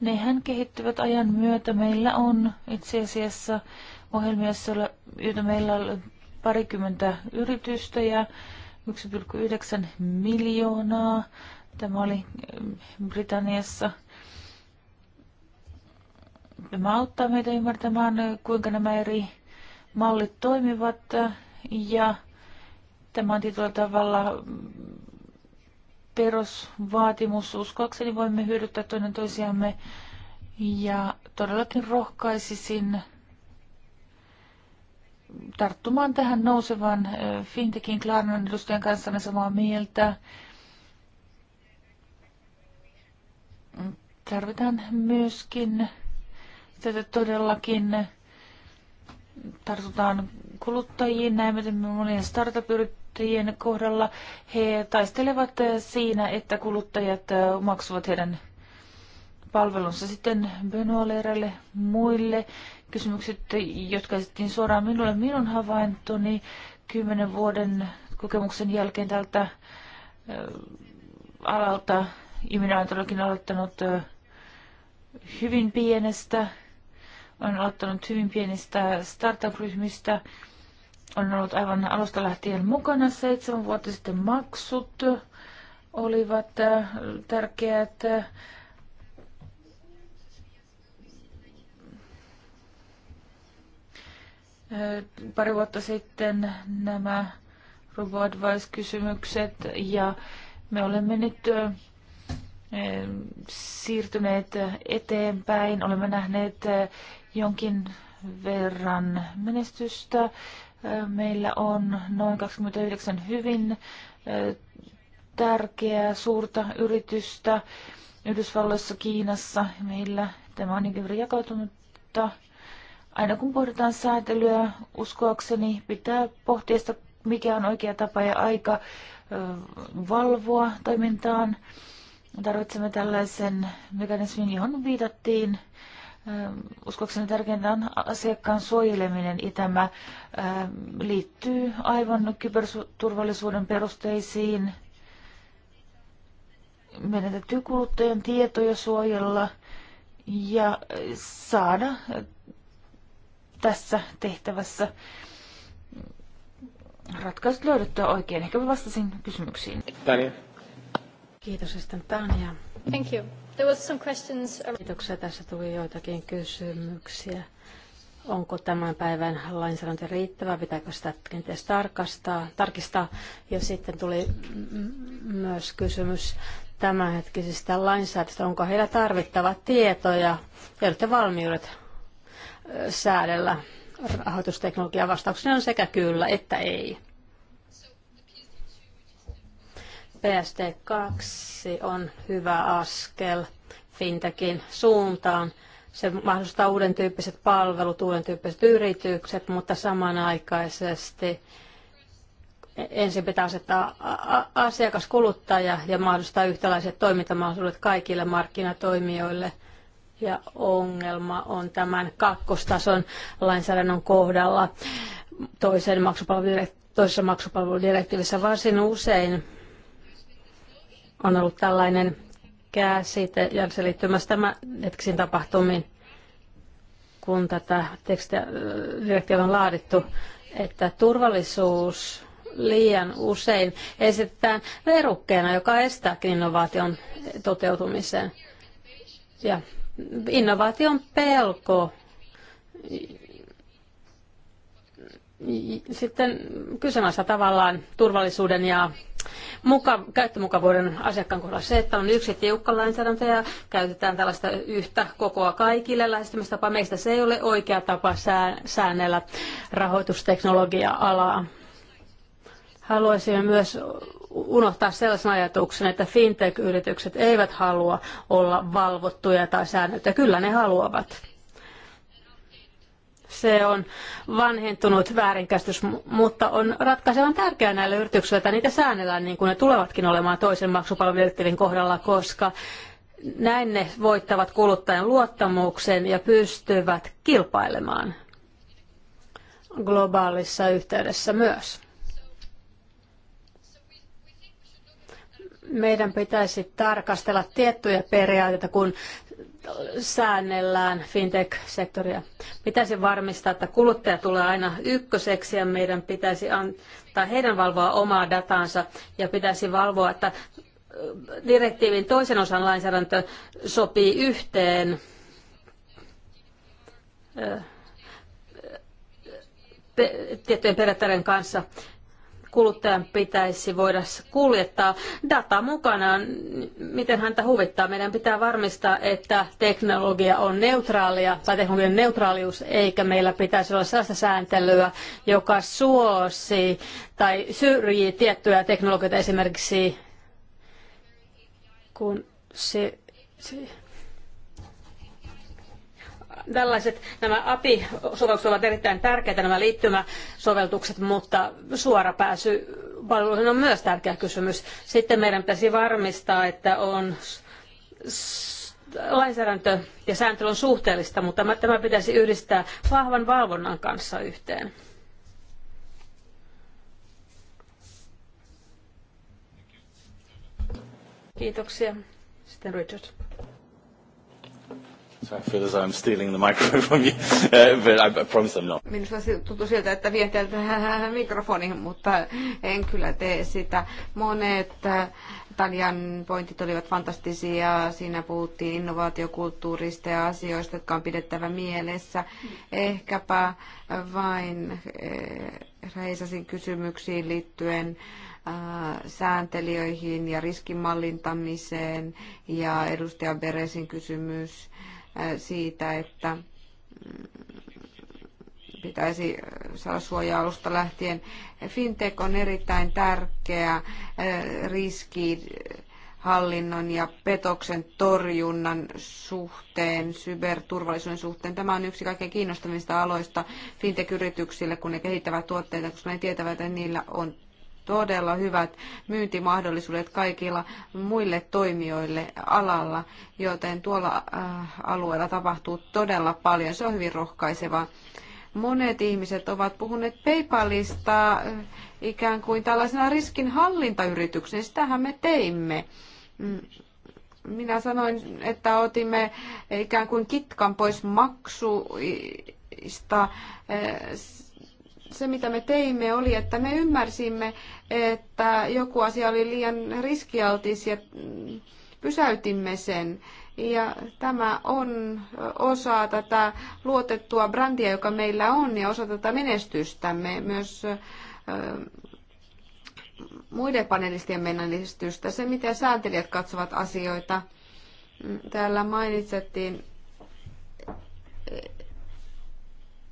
nehän kehittyvät ajan myötä. Meillä on itse asiassa ohjelmia, joita meillä oli parikymmentä yritystä ja 1,9 miljoonaa. Tämä oli mm, Britanniassa. Tämä auttaa meitä ymmärtämään, kuinka nämä eri mallit toimivat ja tämä on tietyllä tavalla mm, perusvaatimus. Uskoakseni voimme hyödyttää toinen toisiamme ja todellakin rohkaisisin tarttumaan tähän nousevan äh, Fintekin Klarnon edustajan kanssa samaa mieltä. Tarvitaan myöskin tätä todellakin tartutaan kuluttajiin, näemme monien startup-yrittäjien kohdalla. He taistelevat siinä, että kuluttajat maksuvat heidän palvelunsa sitten Benoalerelle muille kysymykset, jotka esitettiin suoraan minulle. Minun havaintoni kymmenen vuoden kokemuksen jälkeen tältä alalta, ja minä olen todellakin aloittanut hyvin pienestä, olen aloittanut hyvin pienistä startup-ryhmistä, on ollut aivan alusta lähtien mukana. Seitsemän vuotta sitten maksut olivat tärkeät pari vuotta sitten nämä advice kysymykset ja me olemme nyt siirtyneet eteenpäin. Olemme nähneet jonkin verran menestystä. Meillä on noin 29 hyvin tärkeää suurta yritystä Yhdysvalloissa, Kiinassa. Meillä tämä on niin jakautunutta Aina kun pohditaan säätelyä, uskoakseni pitää pohtia sitä, mikä on oikea tapa ja aika valvoa toimintaan. Tarvitsemme tällaisen mekanismin, johon viitattiin. Uskoakseni tärkeintä on asiakkaan suojeleminen. Ja tämä liittyy aivan kyberturvallisuuden perusteisiin. Meidän täytyy kuluttajan tietoja suojella ja saada tässä tehtävässä ratkaisut löydettyä oikein. Ehkä vastasin kysymyksiin. Tania. Kiitos sitten Tania. Thank you. There was some questions. Kiitoksia. Tässä tuli joitakin kysymyksiä. Onko tämän päivän lainsäädäntö riittävä? Pitääkö sitä kenties tarkastaa, tarkistaa? Ja sitten tuli myös kysymys tämänhetkisistä lainsäädäntöistä. Onko heillä tarvittava tietoja, ja valmiudet säädellä rahoitusteknologiaa? Vastauksena on sekä kyllä että ei. PST2 on hyvä askel fintekin suuntaan. Se mahdollistaa uuden tyyppiset palvelut, uuden tyyppiset yritykset, mutta samanaikaisesti ensin pitää asettaa asiakaskuluttaja ja mahdollistaa yhtäläiset toimintamahdollisuudet kaikille markkinatoimijoille – ja ongelma on tämän kakkostason lainsäädännön kohdalla toisen toisessa maksupalveludirektiivissä varsin usein on ollut tällainen käsite, ja se liittyy myös tämän hetkisiin tapahtumiin, kun tätä tekstiä, äh, direktiiviä on laadittu, että turvallisuus liian usein esitetään verukkeena, joka estääkin innovaation toteutumisen. Ja innovaation pelko. Sitten kysymässä tavallaan turvallisuuden ja muka, käyttömukavuuden asiakkaan kohdalla se, että on yksi tiukka lainsäädäntö ja käytetään tällaista yhtä kokoa kaikille lähestymistapaa. Meistä se ei ole oikea tapa säännellä rahoitusteknologia-alaa. Haluaisin myös unohtaa sellaisen ajatuksen, että fintech-yritykset eivät halua olla valvottuja tai säännöitä. Kyllä ne haluavat. Se on vanhentunut väärinkäsitys, mutta on ratkaisevan tärkeää näille yrityksille, että niitä säännellään niin kuin ne tulevatkin olemaan toisen maksupalveludirektiivin kohdalla, koska näin ne voittavat kuluttajan luottamuksen ja pystyvät kilpailemaan globaalissa yhteydessä myös. meidän pitäisi tarkastella tiettyjä periaatteita, kun säännellään fintech-sektoria. Pitäisi varmistaa, että kuluttaja tulee aina ykköseksi ja meidän pitäisi antaa heidän valvoa omaa datansa ja pitäisi valvoa, että direktiivin toisen osan lainsäädäntö sopii yhteen tiettyjen periaatteiden kanssa kuluttajan pitäisi voida kuljettaa data mukanaan, miten häntä huvittaa. Meidän pitää varmistaa, että teknologia on neutraalia tai teknologian neutraalius, eikä meillä pitäisi olla sellaista sääntelyä, joka suosii tai syrjii tiettyjä teknologioita esimerkiksi kun se, se tällaiset nämä API-sovellukset ovat erittäin tärkeitä, nämä liittymäsovellukset, mutta suora pääsy palveluihin on myös tärkeä kysymys. Sitten meidän pitäisi varmistaa, että on lainsäädäntö ja sääntely on suhteellista, mutta tämä pitäisi yhdistää vahvan valvonnan kanssa yhteen. Kiitoksia. Sitten Richard. So I feel as I'm stealing the microphone from you, uh, but I promise I'm not. Minusta tuntuu siltä, että vien täältä mikrofonin, mutta en kyllä tee sitä. Monet äh, Talian pointit olivat fantastisia. Siinä puhuttiin innovaatiokulttuurista ja asioista, jotka on pidettävä mielessä. Ehkäpä vain äh, reisasin kysymyksiin liittyen äh, sääntelijöihin ja riskimallintamiseen ja edustajan Beresin kysymys siitä, että mm, pitäisi saada suoja-alusta lähtien. Fintech on erittäin tärkeä riski hallinnon ja petoksen torjunnan suhteen, syberturvallisuuden suhteen. Tämä on yksi kaikkein kiinnostavimmista aloista fintech-yrityksille, kun ne kehittävät tuotteita, koska ne tietävät, että niillä on todella hyvät myyntimahdollisuudet kaikilla muille toimijoille alalla, joten tuolla äh, alueella tapahtuu todella paljon. Se on hyvin rohkaiseva. Monet ihmiset ovat puhuneet PayPalista äh, ikään kuin tällaisena riskinhallintayrityksenä. Sitähän me teimme mm, minä sanoin, että otimme ikään kuin kitkan pois maksuista. Äh, se, mitä me teimme, oli, että me ymmärsimme, että joku asia oli liian riskialtis ja pysäytimme sen. Ja tämä on osa tätä luotettua brändiä, joka meillä on, ja osa tätä menestystämme, myös muiden panelistien menestystä, se miten sääntelijät katsovat asioita. Mm, täällä mainitsettiin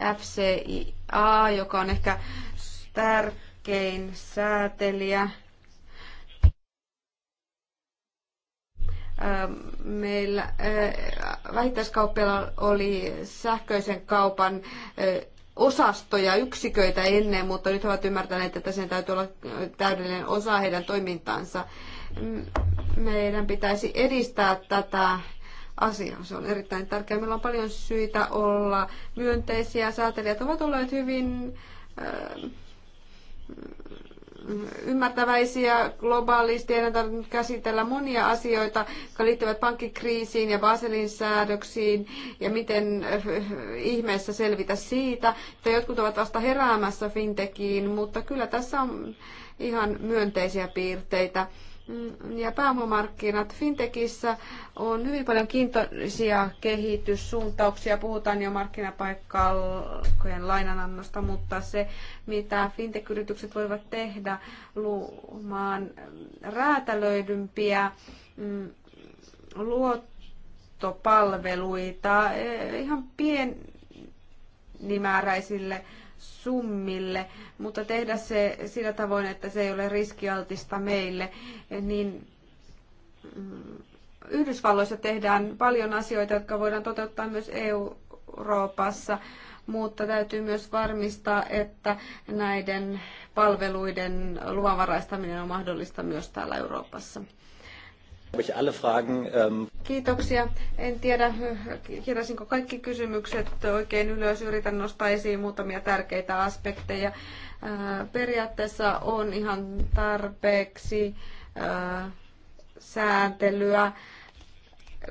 FCIA, joka on ehkä tärkein säätelijä. Ähm, meillä äh, vähittäiskauppiailla oli sähköisen kaupan äh, osastoja, yksiköitä ennen, mutta nyt he ovat ymmärtäneet, että sen täytyy olla äh, täydellinen osa heidän toimintaansa. Meidän pitäisi edistää tätä asia. Se on erittäin tärkeää. Meillä on paljon syitä olla myönteisiä. Säätelijät ovat olleet hyvin äh, ymmärtäväisiä globaalisti. Ei tarvinnut käsitellä monia asioita, jotka liittyvät pankkikriisiin ja Baselin säädöksiin ja miten äh, ihmeessä selvitä siitä. Että jotkut ovat vasta heräämässä fintekiin, mutta kyllä tässä on ihan myönteisiä piirteitä. Mm, ja pääomamarkkinat. Fintechissä on hyvin paljon kiintoisia kehityssuuntauksia. Puhutaan jo markkinapaikkojen lainanannosta, mutta se, mitä fintech-yritykset voivat tehdä luomaan räätälöidympiä mm, luottopalveluita eh, ihan pienimääräisille summille, mutta tehdä se sillä tavoin, että se ei ole riskialtista meille, niin mm, Yhdysvalloissa tehdään paljon asioita, jotka voidaan toteuttaa myös Euroopassa, mutta täytyy myös varmistaa, että näiden palveluiden luvanvaraistaminen on mahdollista myös täällä Euroopassa. Ähm, Kiitoksia. En tiedä, kirjasinko kaikki kysymykset oikein ylös. Yritän nostaa esiin muutamia tärkeitä aspekteja. Äh, periaatteessa on ihan tarpeeksi äh, sääntelyä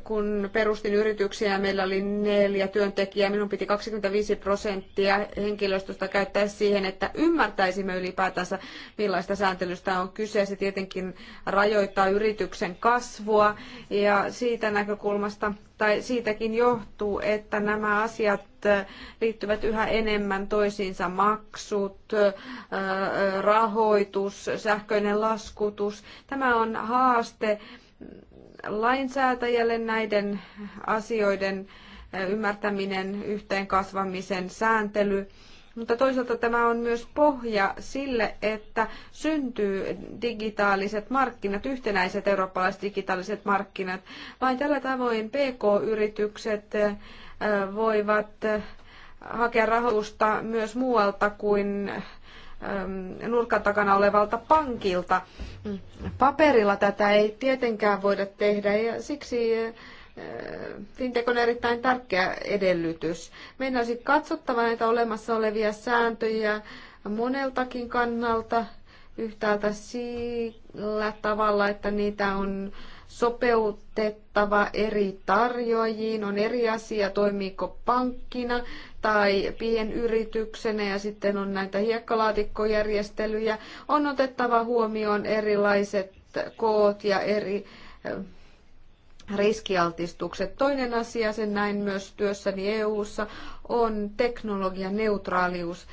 kun perustin yrityksiä, meillä oli neljä työntekijää, minun piti 25 prosenttia henkilöstöstä käyttää siihen, että ymmärtäisimme ylipäätänsä, millaista sääntelystä on kyse. Se tietenkin rajoittaa yrityksen kasvua ja siitä näkökulmasta tai siitäkin johtuu, että nämä asiat liittyvät yhä enemmän toisiinsa maksut, rahoitus, sähköinen laskutus. Tämä on haaste lainsäätäjälle näiden asioiden eh, ymmärtäminen, yhteen kasvamisen sääntely, mutta toisaalta tämä on myös pohja sille, että syntyy digitaaliset markkinat, yhtenäiset eurooppalaiset digitaaliset markkinat. Vain tällä tavoin PK-yritykset eh, voivat eh, hakea rahoitusta myös muualta kuin Ähm, nurkan takana olevalta pankilta. Paperilla tätä ei tietenkään voida tehdä ja siksi äh, Fintech on erittäin tärkeä edellytys. Meidän olisi katsottava näitä olemassa olevia sääntöjä moneltakin kannalta yhtäältä sillä tavalla, että niitä on sopeutettava eri tarjoajiin. On eri asia, toimiiko pankkina tai pienyrityksenä ja sitten on näitä hiekkalaatikkojärjestelyjä. On otettava huomioon erilaiset koot ja eri riskialtistukset. Toinen asia, sen näin myös työssäni EU-ssa, on teknologianeutraalius.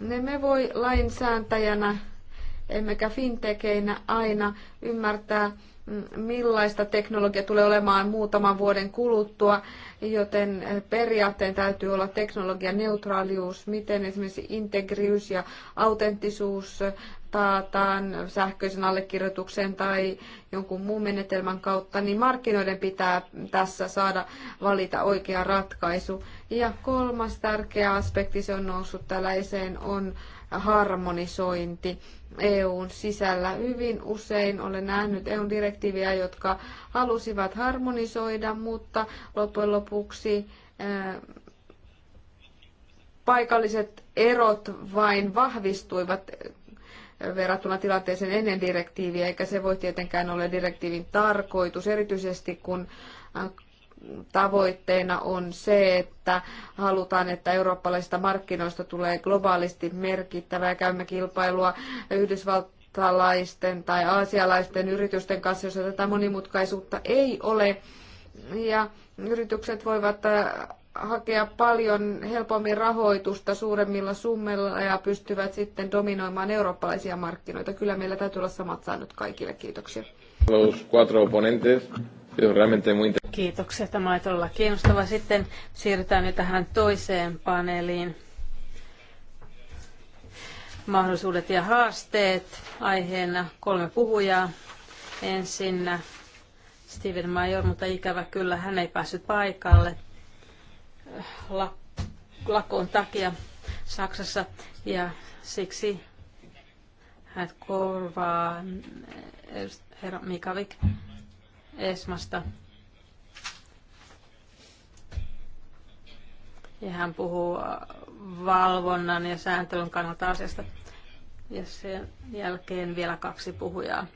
Ne me voi lainsääntäjänä, emmekä fintekeinä aina ymmärtää, millaista teknologia tulee olemaan muutaman vuoden kuluttua, joten periaatteen täytyy olla teknologian neutraalius, miten esimerkiksi integriys ja autenttisuus taataan sähköisen allekirjoituksen tai jonkun muun menetelmän kautta, niin markkinoiden pitää tässä saada valita oikea ratkaisu. Ja kolmas tärkeä aspekti, se on noussut tällaiseen, on harmonisointi EUn sisällä. Hyvin usein olen nähnyt EUn direktiiviä, jotka halusivat harmonisoida, mutta loppujen lopuksi eh, paikalliset erot vain vahvistuivat eh, verrattuna tilanteeseen ennen direktiiviä, eikä se voi tietenkään ole direktiivin tarkoitus, erityisesti kun eh, tavoitteena on se, että halutaan, että eurooppalaisista markkinoista tulee globaalisti merkittävää ja käymme kilpailua yhdysvaltalaisten tai aasialaisten yritysten kanssa, jossa tätä monimutkaisuutta ei ole. Ja yritykset voivat äh, hakea paljon helpommin rahoitusta suuremmilla summilla ja pystyvät sitten dominoimaan eurooppalaisia markkinoita. Kyllä meillä täytyy olla samat säännöt kaikille. Kiitoksia. Los cuatro Kiitoksia. Tämä oli todella kiinnostava. Sitten siirrytään nyt tähän toiseen paneeliin. Mahdollisuudet ja haasteet. Aiheena kolme puhujaa. Ensin Steven Major, mutta ikävä kyllä hän ei päässyt paikalle lakon takia Saksassa ja siksi hän korvaa eh, herra Mikavik Esmasta. Ja hän puhuu valvonnan ja sääntelyn kannalta asiasta. Ja sen jälkeen vielä kaksi puhujaa.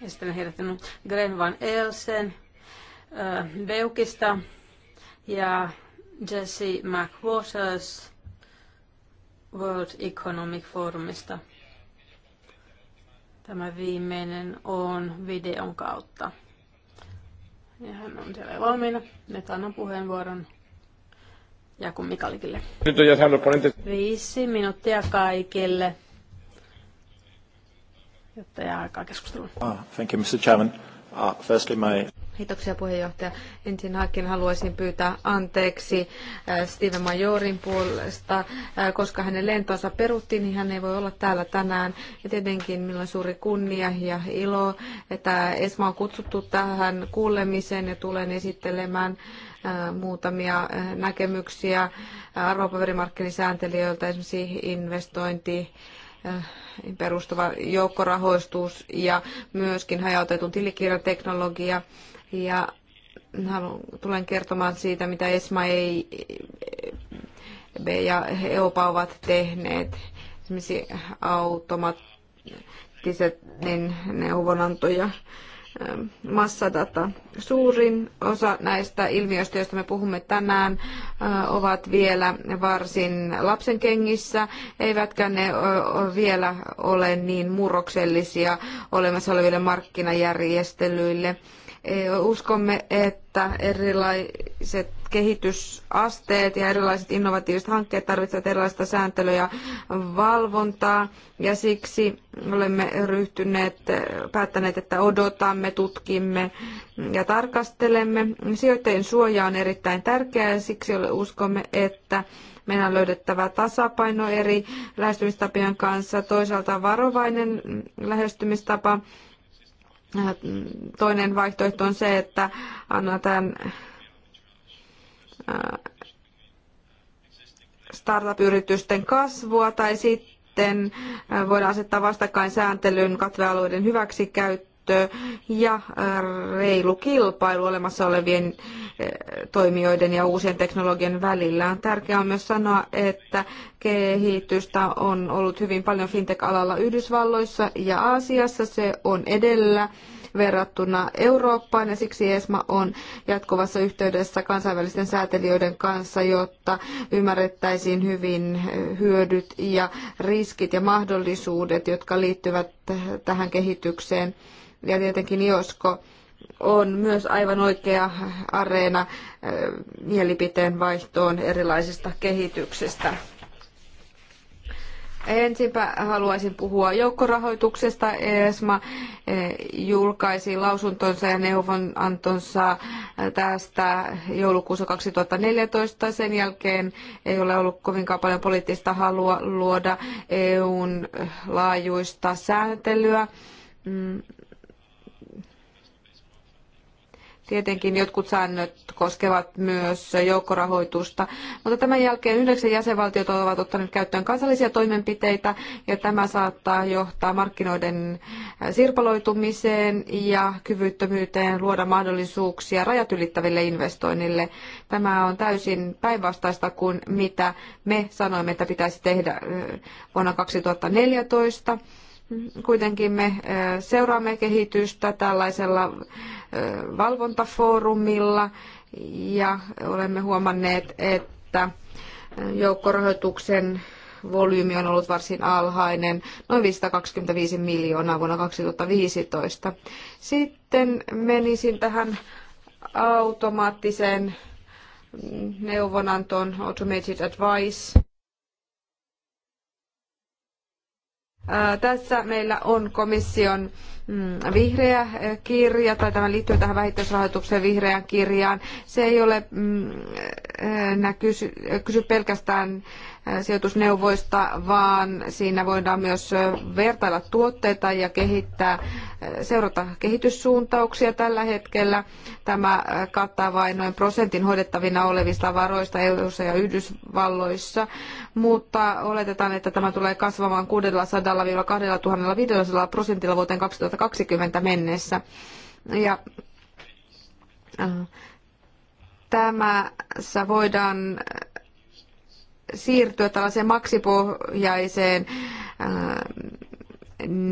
Ja sitten on herättänyt Gren Van Elsen äh, Beukista ja Jesse McWaters World Economic Forumista. Tämä viimeinen on videon kautta. Ja hän on siellä valmiina. Nyt annan puheenvuoron Jakun Mikalikille. Nyt on jäsenä ponente. Viisi minuuttia kaikille, jotta jää aikaa keskustelua. Ah, thank you, Mr. Chairman. Uh, firstly, my... Kiitoksia puheenjohtaja. Ensinnäkin haluaisin pyytää anteeksi äh, Steve Majorin puolesta, äh, koska hänen lentonsa peruttiin, niin hän ei voi olla täällä tänään. Ja tietenkin minulla on suuri kunnia ja ilo, että Esma on kutsuttu tähän kuulemiseen ja tulen esittelemään äh, muutamia näkemyksiä arvopaperimarkkinisääntelijöiltä, esimerkiksi investointi perustuva joukkorahoistus ja myöskin hajautetun teknologia. Ja tulen kertomaan siitä, mitä ESMA ei, ja EOPA ovat tehneet. Esimerkiksi automaattiset niin neuvonantoja ähm, massadata. Suurin osa näistä ilmiöistä, joista me puhumme tänään, äh, ovat vielä varsin lapsenkengissä, eivätkä ne vielä ole niin murroksellisia olemassa oleville markkinajärjestelyille. Uskomme, että erilaiset kehitysasteet ja erilaiset innovatiiviset hankkeet tarvitsevat erilaista sääntelyä ja valvontaa. Ja siksi olemme ryhtyneet, päättäneet, että odotamme, tutkimme ja tarkastelemme. Sijoittajien suoja on erittäin tärkeää ja siksi uskomme, että meidän on löydettävä tasapaino eri lähestymistapien kanssa. Toisaalta varovainen lähestymistapa Äh, toinen vaihtoehto on se, että annetaan äh, startup-yritysten kasvua tai sitten äh, voidaan asettaa vastakkain sääntelyn katvealueiden hyväksikäyttöä ja äh, reilu kilpailu olemassa olevien äh, toimijoiden ja uusien teknologian välillä. On tärkeää myös sanoa, että kehitystä on ollut hyvin paljon fintech-alalla Yhdysvalloissa ja Aasiassa. Se on edellä verrattuna Eurooppaan ja siksi ESMA on jatkuvassa yhteydessä kansainvälisten säätelijöiden kanssa, jotta ymmärrettäisiin hyvin äh, hyödyt ja riskit ja mahdollisuudet, jotka liittyvät tähän kehitykseen ja tietenkin josko on myös aivan oikea areena äh, mielipiteen vaihtoon erilaisista kehityksistä. Ensinpä haluaisin puhua joukkorahoituksesta. ESMA eh, julkaisi lausuntonsa ja neuvonantonsa eh, tästä joulukuussa 2014. Sen jälkeen ei ole ollut kovinkaan paljon poliittista halua luoda EUn eh, laajuista sääntelyä mm, Tietenkin jotkut säännöt koskevat myös joukkorahoitusta, mutta tämän jälkeen yhdeksän jäsenvaltiot ovat ottaneet käyttöön kansallisia toimenpiteitä ja tämä saattaa johtaa markkinoiden äh, sirpaloitumiseen ja kyvyttömyyteen luoda mahdollisuuksia rajat ylittäville investoinnille. Tämä on täysin päinvastaista kuin mitä me sanoimme, että pitäisi tehdä äh, vuonna 2014. Kuitenkin me seuraamme kehitystä tällaisella valvontafoorumilla ja olemme huomanneet, että joukkorahoituksen volyymi on ollut varsin alhainen, noin 525 miljoonaa vuonna 2015. Sitten menisin tähän automaattiseen neuvonantoon, Automated Advice. Tässä meillä on komission mm, vihreä kirja, tai tämä liittyy tähän vähittäisrahoitukseen vihreään kirjaan. Se ei ole mm, kysy, kysy pelkästään Äh, sijoitusneuvoista, vaan siinä voidaan myös äh, vertailla tuotteita ja kehittää, äh, seurata kehityssuuntauksia tällä hetkellä. Tämä kattaa vain noin prosentin hoidettavina olevista varoista eu ja Yhdysvalloissa, mutta oletetaan, että tämä tulee kasvamaan 600-2500 prosentilla vuoteen 2020 mennessä. Ja, äh, voidaan siirtyä tällaiseen maksipohjaiseen ähm,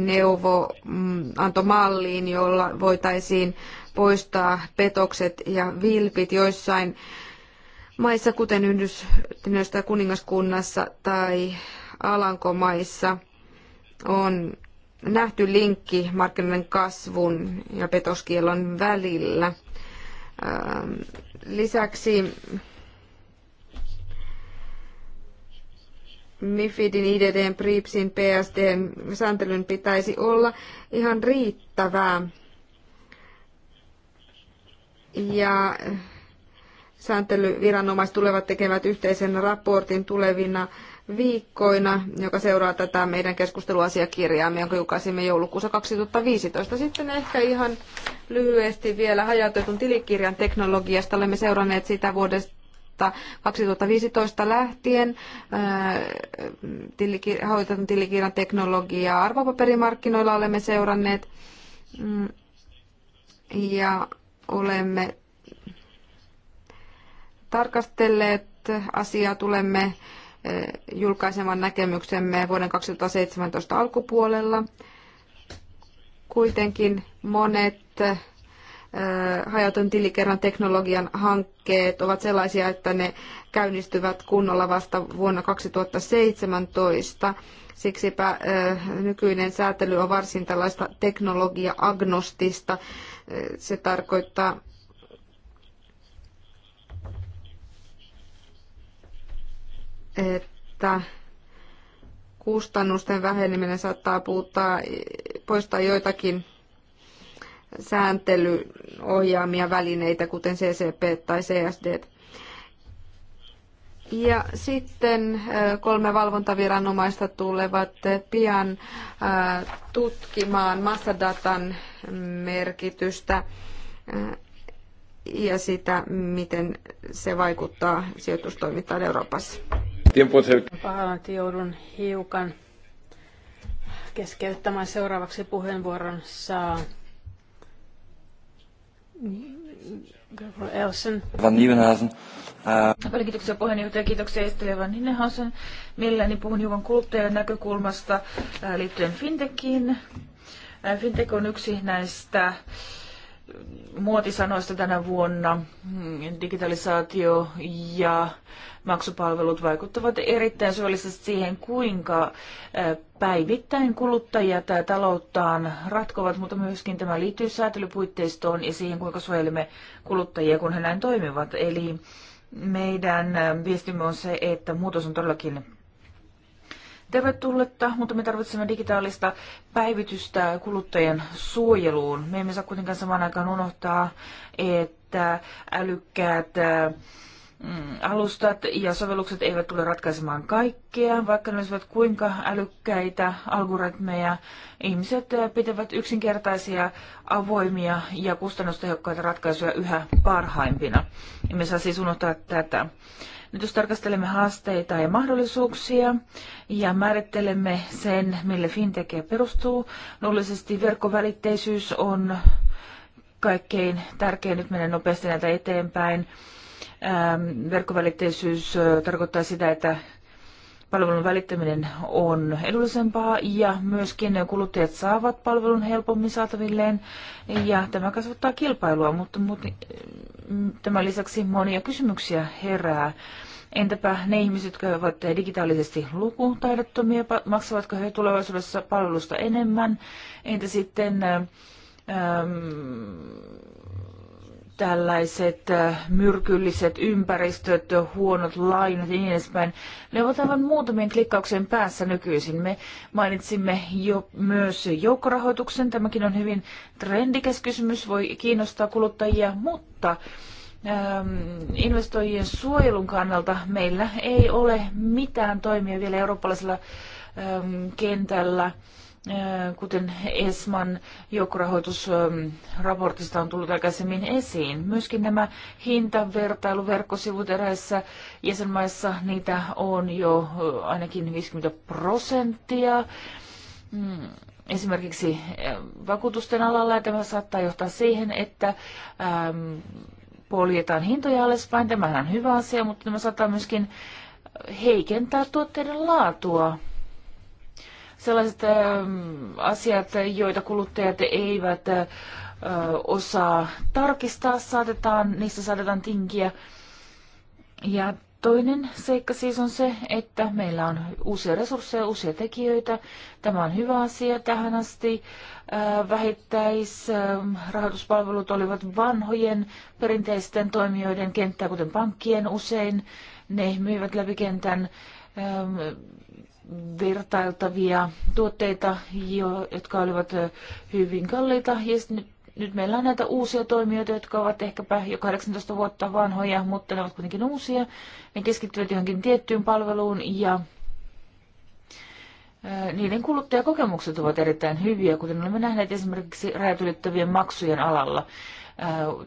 neuvoantomalliin, jolla voitaisiin poistaa petokset ja vilpit joissain maissa, kuten Yhdistyneessä kuningaskunnassa tai Alankomaissa, on nähty linkki markkinoiden kasvun ja petoskielon välillä. Ähm, lisäksi MIFIDin, IDDn, PRIPSin, PSDn sääntelyn pitäisi olla ihan riittävää. Ja sääntelyviranomaiset tulevat tekemään yhteisen raportin tulevina viikkoina, joka seuraa tätä meidän keskusteluasiakirjaamme, jonka julkaisimme joulukuussa 2015. Sitten ehkä ihan lyhyesti vielä hajautetun tilikirjan teknologiasta. Olemme seuranneet sitä vuodesta vuodesta 2015 lähtien äh, hoitetun tilikirjan teknologiaa arvopaperimarkkinoilla olemme seuranneet mm, ja olemme tarkastelleet asiaa. Tulemme äh, julkaisemaan näkemyksemme vuoden 2017 alkupuolella. Kuitenkin monet hajauton tilikerran teknologian hankkeet ovat sellaisia, että ne käynnistyvät kunnolla vasta vuonna 2017. Siksipä nykyinen säätely on varsin tällaista teknologia-agnostista. Se tarkoittaa että kustannusten väheneminen saattaa puuttaa, poistaa joitakin sääntelyohjaamia välineitä, kuten CCP tai CSD. Ja sitten äh, kolme valvontaviranomaista tulevat pian äh, tutkimaan massadatan merkitystä äh, ja sitä, miten se vaikuttaa sijoitustoimintaan Euroopassa. Pahoillanti joudun hiukan keskeyttämään. Seuraavaksi puheenvuoron saa Van Nieuwenhuizen. Äh. Paljon kiitoksia puheenjohtaja, kiitoksia esittelijä Van Nieuwenhuizen. Mielelläni puhun hiukan kuluttajan näkökulmasta äh, liittyen fintechiin. Äh, fintech on yksi näistä muotisanoista tänä vuonna. Digitalisaatio ja maksupalvelut vaikuttavat erittäin syöllisesti siihen, kuinka päivittäin kuluttajat talouttaan ratkovat, mutta myöskin tämä liittyy säätelypuitteistoon ja siihen, kuinka suojelemme kuluttajia, kun he näin toimivat. Eli meidän viestimme on se, että muutos on todellakin tervetullutta, mutta me tarvitsemme digitaalista päivitystä kuluttajien suojeluun. Me emme saa kuitenkaan samaan aikaan unohtaa, että älykkäät äh, mm, alustat ja sovellukset eivät tule ratkaisemaan kaikkea, vaikka ne olisivat kuinka älykkäitä algoritmeja. Ihmiset äh, pitävät yksinkertaisia, avoimia ja kustannustehokkaita ratkaisuja yhä parhaimpina. Emme saa siis unohtaa tätä. Nyt jos tarkastelemme haasteita ja mahdollisuuksia ja määrittelemme sen, mille fintech perustuu, luullisesti verkkovälitteisyys on kaikkein tärkein. Nyt menen nopeasti näitä eteenpäin. Ähm, verkkovälitteisyys tarkoittaa sitä, että palvelun välittäminen on edullisempaa ja myöskin kuluttajat saavat palvelun helpommin saatavilleen ja tämä kasvattaa kilpailua, mutta tämän lisäksi monia kysymyksiä herää. Entäpä ne ihmiset, jotka ovat digitaalisesti lukutaidottomia, maksavatko he tulevaisuudessa palvelusta enemmän? Entä sitten ähm, tällaiset äh, myrkylliset ympäristöt, huonot lainat ja niin edespäin, ne ovat aivan muutamien klikkauksen päässä nykyisin. Me mainitsimme jo myös joukkorahoituksen. Tämäkin on hyvin trendikäs kysymys, voi kiinnostaa kuluttajia, mutta ähm, investoijien suojelun kannalta meillä ei ole mitään toimia vielä eurooppalaisella ähm, kentällä – Äh, kuten ESMAN joukkorahoitusraportista on tullut aikaisemmin esiin. Myöskin nämä hintavertailuverkkosivut eräissä jäsenmaissa, niitä on jo äh, ainakin 50 prosenttia. Mm, esimerkiksi äh, vakuutusten alalla ja tämä saattaa johtaa siihen, että ähm, poljetaan hintoja alaspäin. Tämähän on hyvä asia, mutta tämä saattaa myöskin heikentää tuotteiden laatua sellaiset ähm, asiat, joita kuluttajat eivät äh, osaa tarkistaa, saatetaan, niistä saatetaan tinkiä. Ja toinen seikka siis on se, että meillä on uusia resursseja, uusia tekijöitä. Tämä on hyvä asia tähän asti. Äh, Vähittäisrahoituspalvelut ähm, olivat vanhojen perinteisten toimijoiden kenttää, kuten pankkien usein. Ne myivät läpi kentän ähm, vertailtavia tuotteita, jotka olivat hyvin kalliita. Ja nyt meillä on näitä uusia toimijoita, jotka ovat ehkäpä jo 18 vuotta vanhoja, mutta ne ovat kuitenkin uusia. Ne keskittyvät johonkin tiettyyn palveluun ja niiden kuluttajakokemukset ovat erittäin hyviä, kuten olemme nähneet esimerkiksi rajatylittävien maksujen alalla.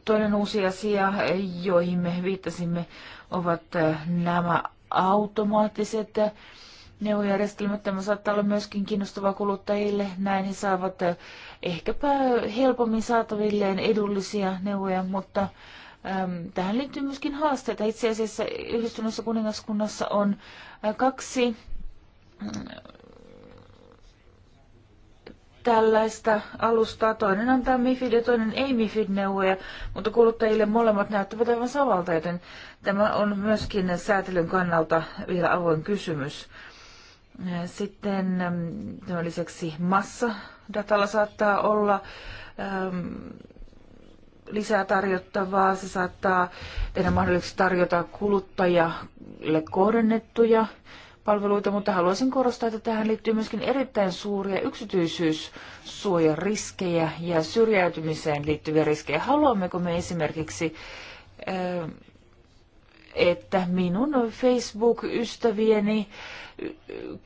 Toinen uusi asia, joihin me viittasimme, ovat nämä automaattiset neuvojärjestelmät. Tämä saattaa olla myöskin kiinnostava kuluttajille. Näin he saavat eh, ehkäpä helpommin saatavilleen edullisia neuvoja, mutta ehm, tähän liittyy myöskin haasteita. Itse asiassa yhdistyneessä kuningaskunnassa on eh, kaksi mm, tällaista alustaa. Toinen antaa MIFID ja toinen ei MIFID-neuvoja, mutta kuluttajille molemmat näyttävät aivan samalta, joten tämä on myöskin säätelyn kannalta vielä avoin kysymys. Sitten tämän lisäksi massa datalla saattaa olla ähm, lisää tarjottavaa. Se saattaa tehdä mahdolliseksi tarjota kuluttajille kohdennettuja palveluita, mutta haluaisin korostaa, että tähän liittyy myöskin erittäin suuria yksityisyyssuojariskejä ja syrjäytymiseen liittyviä riskejä. Haluammeko me esimerkiksi äh, että minun Facebook-ystävieni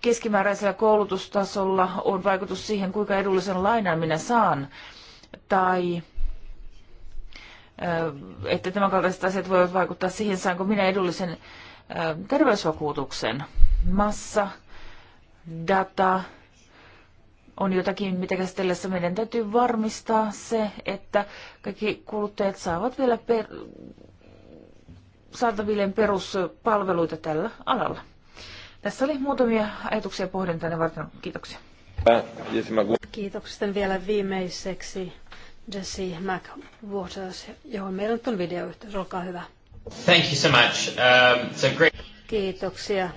keskimääräisellä koulutustasolla on vaikutus siihen, kuinka edullisen lainan minä saan. Tai että tämän kaltaiset asiat voivat vaikuttaa siihen, saanko minä edullisen terveysvakuutuksen. Massa, data on jotakin, mitä käsitellessä meidän täytyy varmistaa se, että kaikki kuluttajat saavat vielä per- saatavilleen peruspalveluita tällä alalla. Tässä oli muutamia ajatuksia pohdintaan varten. Kiitoksia. Kiitoksia vielä viimeiseksi Jesse McWaters, johon meillä on on videoyhteys. Olkaa hyvä. Thank you so much. Um, it's a great... Kiitoksia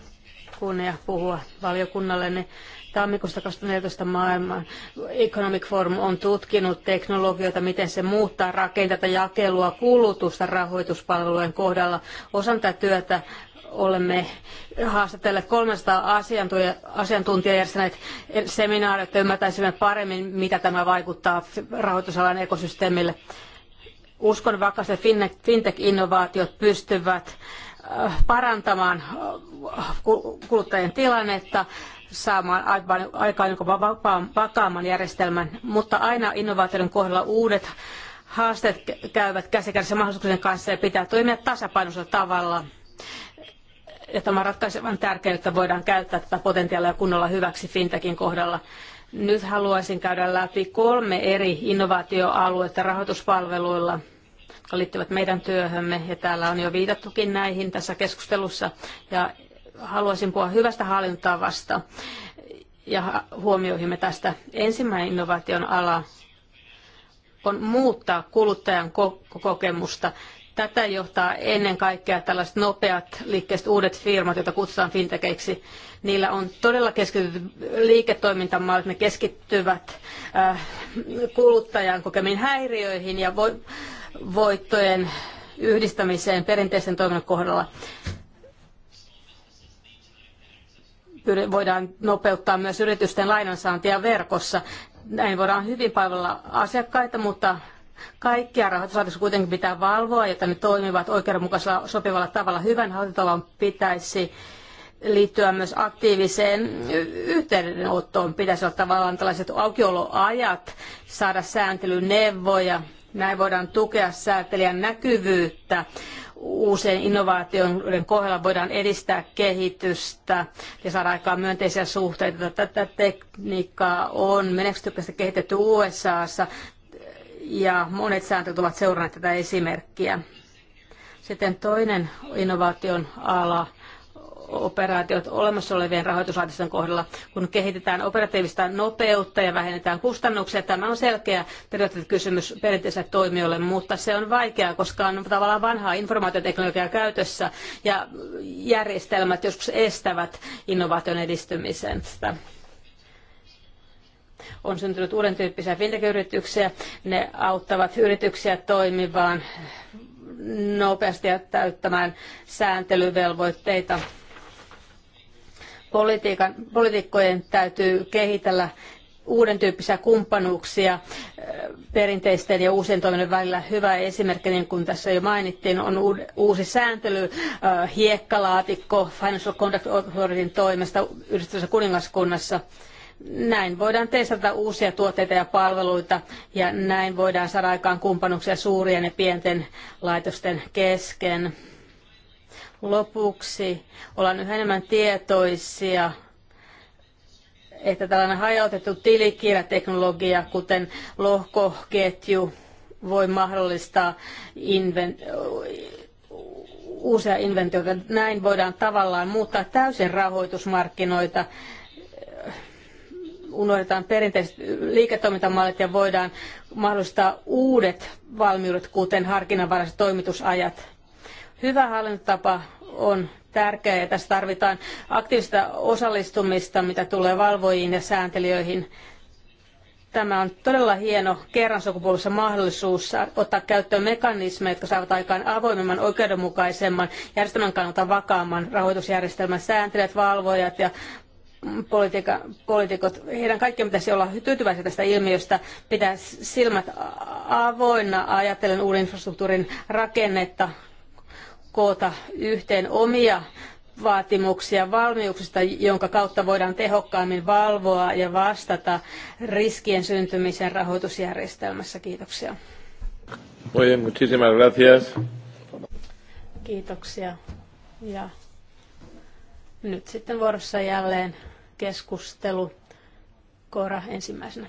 kunnia puhua valiokunnalle. Tammikuusta 2014 maailman Economic Forum on tutkinut teknologioita, miten se muuttaa rakenteita, jakelua, kulutusta rahoituspalvelujen kohdalla. Osan tätä työtä olemme haastatelleet 300 asiantuntijaa järjestäneet seminaareja, että ymmärtäisimme paremmin, mitä tämä vaikuttaa rahoitusalan ekosysteemille. Uskon vakaasti, että fintech-innovaatiot pystyvät äh, parantamaan äh, kuluttajien tilannetta, saamaan aikaan joko vakaamman järjestelmän, mutta aina innovaatioiden kohdalla uudet haasteet käyvät käsikädessä mahdollisuuksien kanssa ja pitää toimia tasapainoisella tavalla. Ja tämä on ratkaisevan tärkeää, että voidaan käyttää tätä potentiaalia kunnolla hyväksi fintekin kohdalla. Nyt haluaisin käydä läpi kolme eri innovaatioaluetta rahoituspalveluilla, jotka liittyvät meidän työhömme, ja täällä on jo viitattukin näihin tässä keskustelussa. Ja haluaisin puhua hyvästä hallintotavasta ja huomioihimme tästä. Ensimmäinen innovaation ala on muuttaa kuluttajan kokemusta. Tätä johtaa ennen kaikkea tällaiset nopeat liikkeet uudet firmat, joita kutsutaan fintekeiksi. Niillä on todella keskityt liiketoimintamallit, ne keskittyvät äh, kuluttajan kokemiin häiriöihin ja voittojen yhdistämiseen perinteisten toiminnan kohdalla voidaan nopeuttaa myös yritysten lainansaantia verkossa. Näin voidaan hyvin palvella asiakkaita, mutta kaikkia rahoituslaitoksia kuitenkin pitää valvoa, jotta ne toimivat oikeudenmukaisella sopivalla tavalla. Hyvän hallintotavan pitäisi liittyä myös aktiiviseen yhteydenottoon. Pitäisi olla tavallaan tällaiset aukioloajat, saada sääntelyneuvoja. Näin voidaan tukea säätelijän näkyvyyttä uusien innovaatioiden kohdalla voidaan edistää kehitystä ja saada aikaan myönteisiä suhteita. Tätä tekniikkaa on menestyksestä kehitetty USAssa ja monet sääntöt ovat seuranneet tätä esimerkkiä. Sitten toinen innovaation ala operaatiot olemassa olevien rahoituslaitosten kohdalla, kun kehitetään operatiivista nopeutta ja vähennetään kustannuksia. Tämä on selkeä periaatekysymys perinteisille toimijoille, mutta se on vaikeaa, koska on tavallaan vanhaa informaatioteknologiaa käytössä ja järjestelmät joskus estävät innovaation edistymisestä. on syntynyt uuden tyyppisiä fintech-yrityksiä. Ne auttavat yrityksiä toimimaan nopeasti ja täyttämään sääntelyvelvoitteita Politiikan, politiikkojen täytyy kehitellä uuden tyyppisiä kumppanuuksia äh, perinteisten ja uusien toiminnan välillä. Hyvä esimerkki, niin kuin tässä jo mainittiin, on uusi sääntely, äh, hiekkalaatikko Financial Conduct Authorityn toimesta yhdistyvässä kuningaskunnassa. Näin voidaan testata uusia tuotteita ja palveluita ja näin voidaan saada aikaan kumppanuksia suurien ja pienten laitosten kesken. Lopuksi ollaan yhä enemmän tietoisia että tällainen hajautettu tilikirjateknologia, kuten lohkoketju, voi mahdollistaa inven- uusia inventioita. Näin voidaan tavallaan muuttaa täysin rahoitusmarkkinoita. Unohdetaan perinteiset liiketoimintamallit ja voidaan mahdollistaa uudet valmiudet, kuten harkinnanvaraiset toimitusajat Hyvä hallintotapa on tärkeä ja tässä tarvitaan aktiivista osallistumista, mitä tulee valvojiin ja sääntelijöihin. Tämä on todella hieno kerran sukupuolessa mahdollisuus ottaa käyttöön mekanismeja, jotka saavat aikaan avoimemman, oikeudenmukaisemman, järjestelmän kannalta vakaamman rahoitusjärjestelmän sääntelijät, valvojat ja poliitikot, heidän kaikkien pitäisi olla tyytyväisiä tästä ilmiöstä, pitää silmät avoinna ajatellen uuden infrastruktuurin rakennetta, koota yhteen omia vaatimuksia valmiuksista, jonka kautta voidaan tehokkaammin valvoa ja vastata riskien syntymisen rahoitusjärjestelmässä. Kiitoksia. Muy muchísimas gracias. Kiitoksia. Ja nyt sitten vuorossa jälleen keskustelu. Kora ensimmäisenä.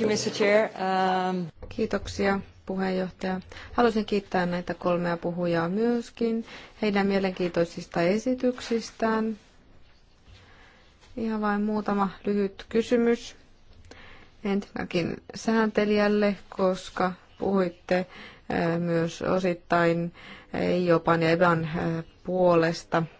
Um, Kiitoksia puheenjohtaja. Haluaisin kiittää näitä kolmea puhujaa myöskin heidän mielenkiintoisista esityksistään. Ihan vain muutama lyhyt kysymys. Ensinnäkin sääntelijälle, koska puhuitte myös osittain Jopan ja Evan puolesta –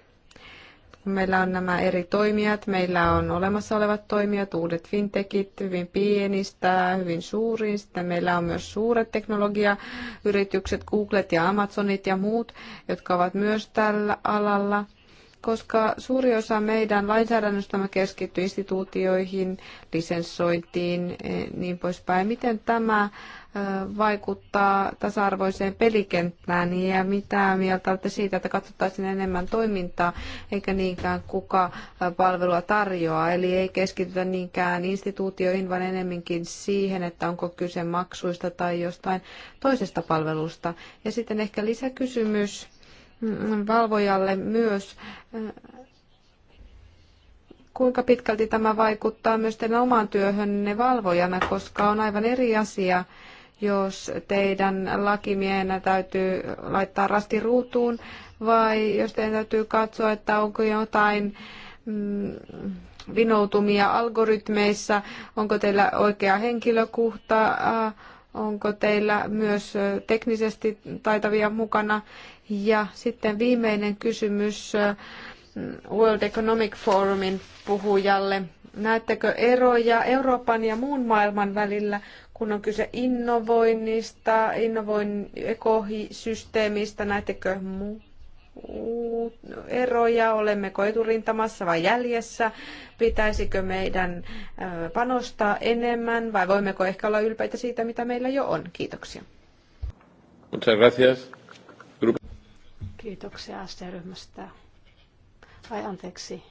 Meillä on nämä eri toimijat, meillä on olemassa olevat toimijat, uudet fintechit, hyvin pienistä, hyvin suurista. Meillä on myös suuret teknologiayritykset, Googlet ja Amazonit ja muut, jotka ovat myös tällä alalla koska suuri osa meidän lainsäädännöstämme keskittyy instituutioihin, lisenssointiin eh, niin poispäin. Miten tämä vaikuttaa tasa-arvoiseen pelikenttään ja mitä mieltä olette siitä, että katsottaisiin enemmän toimintaa eikä niinkään kuka palvelua tarjoaa. Eli ei keskitytä niinkään instituutioihin, vaan enemminkin siihen, että onko kyse maksuista tai jostain toisesta palvelusta. Ja sitten ehkä lisäkysymys mm, valvojalle myös kuinka pitkälti tämä vaikuttaa myös teidän omaan työhönne valvojana, koska on aivan eri asia jos teidän lakimiehenä täytyy laittaa rasti ruutuun vai jos teidän täytyy katsoa, että onko jotain mm, vinoutumia algoritmeissa, onko teillä oikea henkilökuhta, äh, onko teillä myös äh, teknisesti taitavia mukana. Ja sitten viimeinen kysymys äh, World Economic Forumin puhujalle. Näettekö eroja Euroopan ja muun maailman välillä, kun on kyse innovoinnista, innovoin ekosysteemistä, näettekö eroja, olemmeko eturintamassa vai jäljessä, pitäisikö meidän panostaa enemmän vai voimmeko ehkä olla ylpeitä siitä, mitä meillä jo on. Kiitoksia. Muchas gracias. Kiitoksia ST-ryhmästä. Ai anteeksi,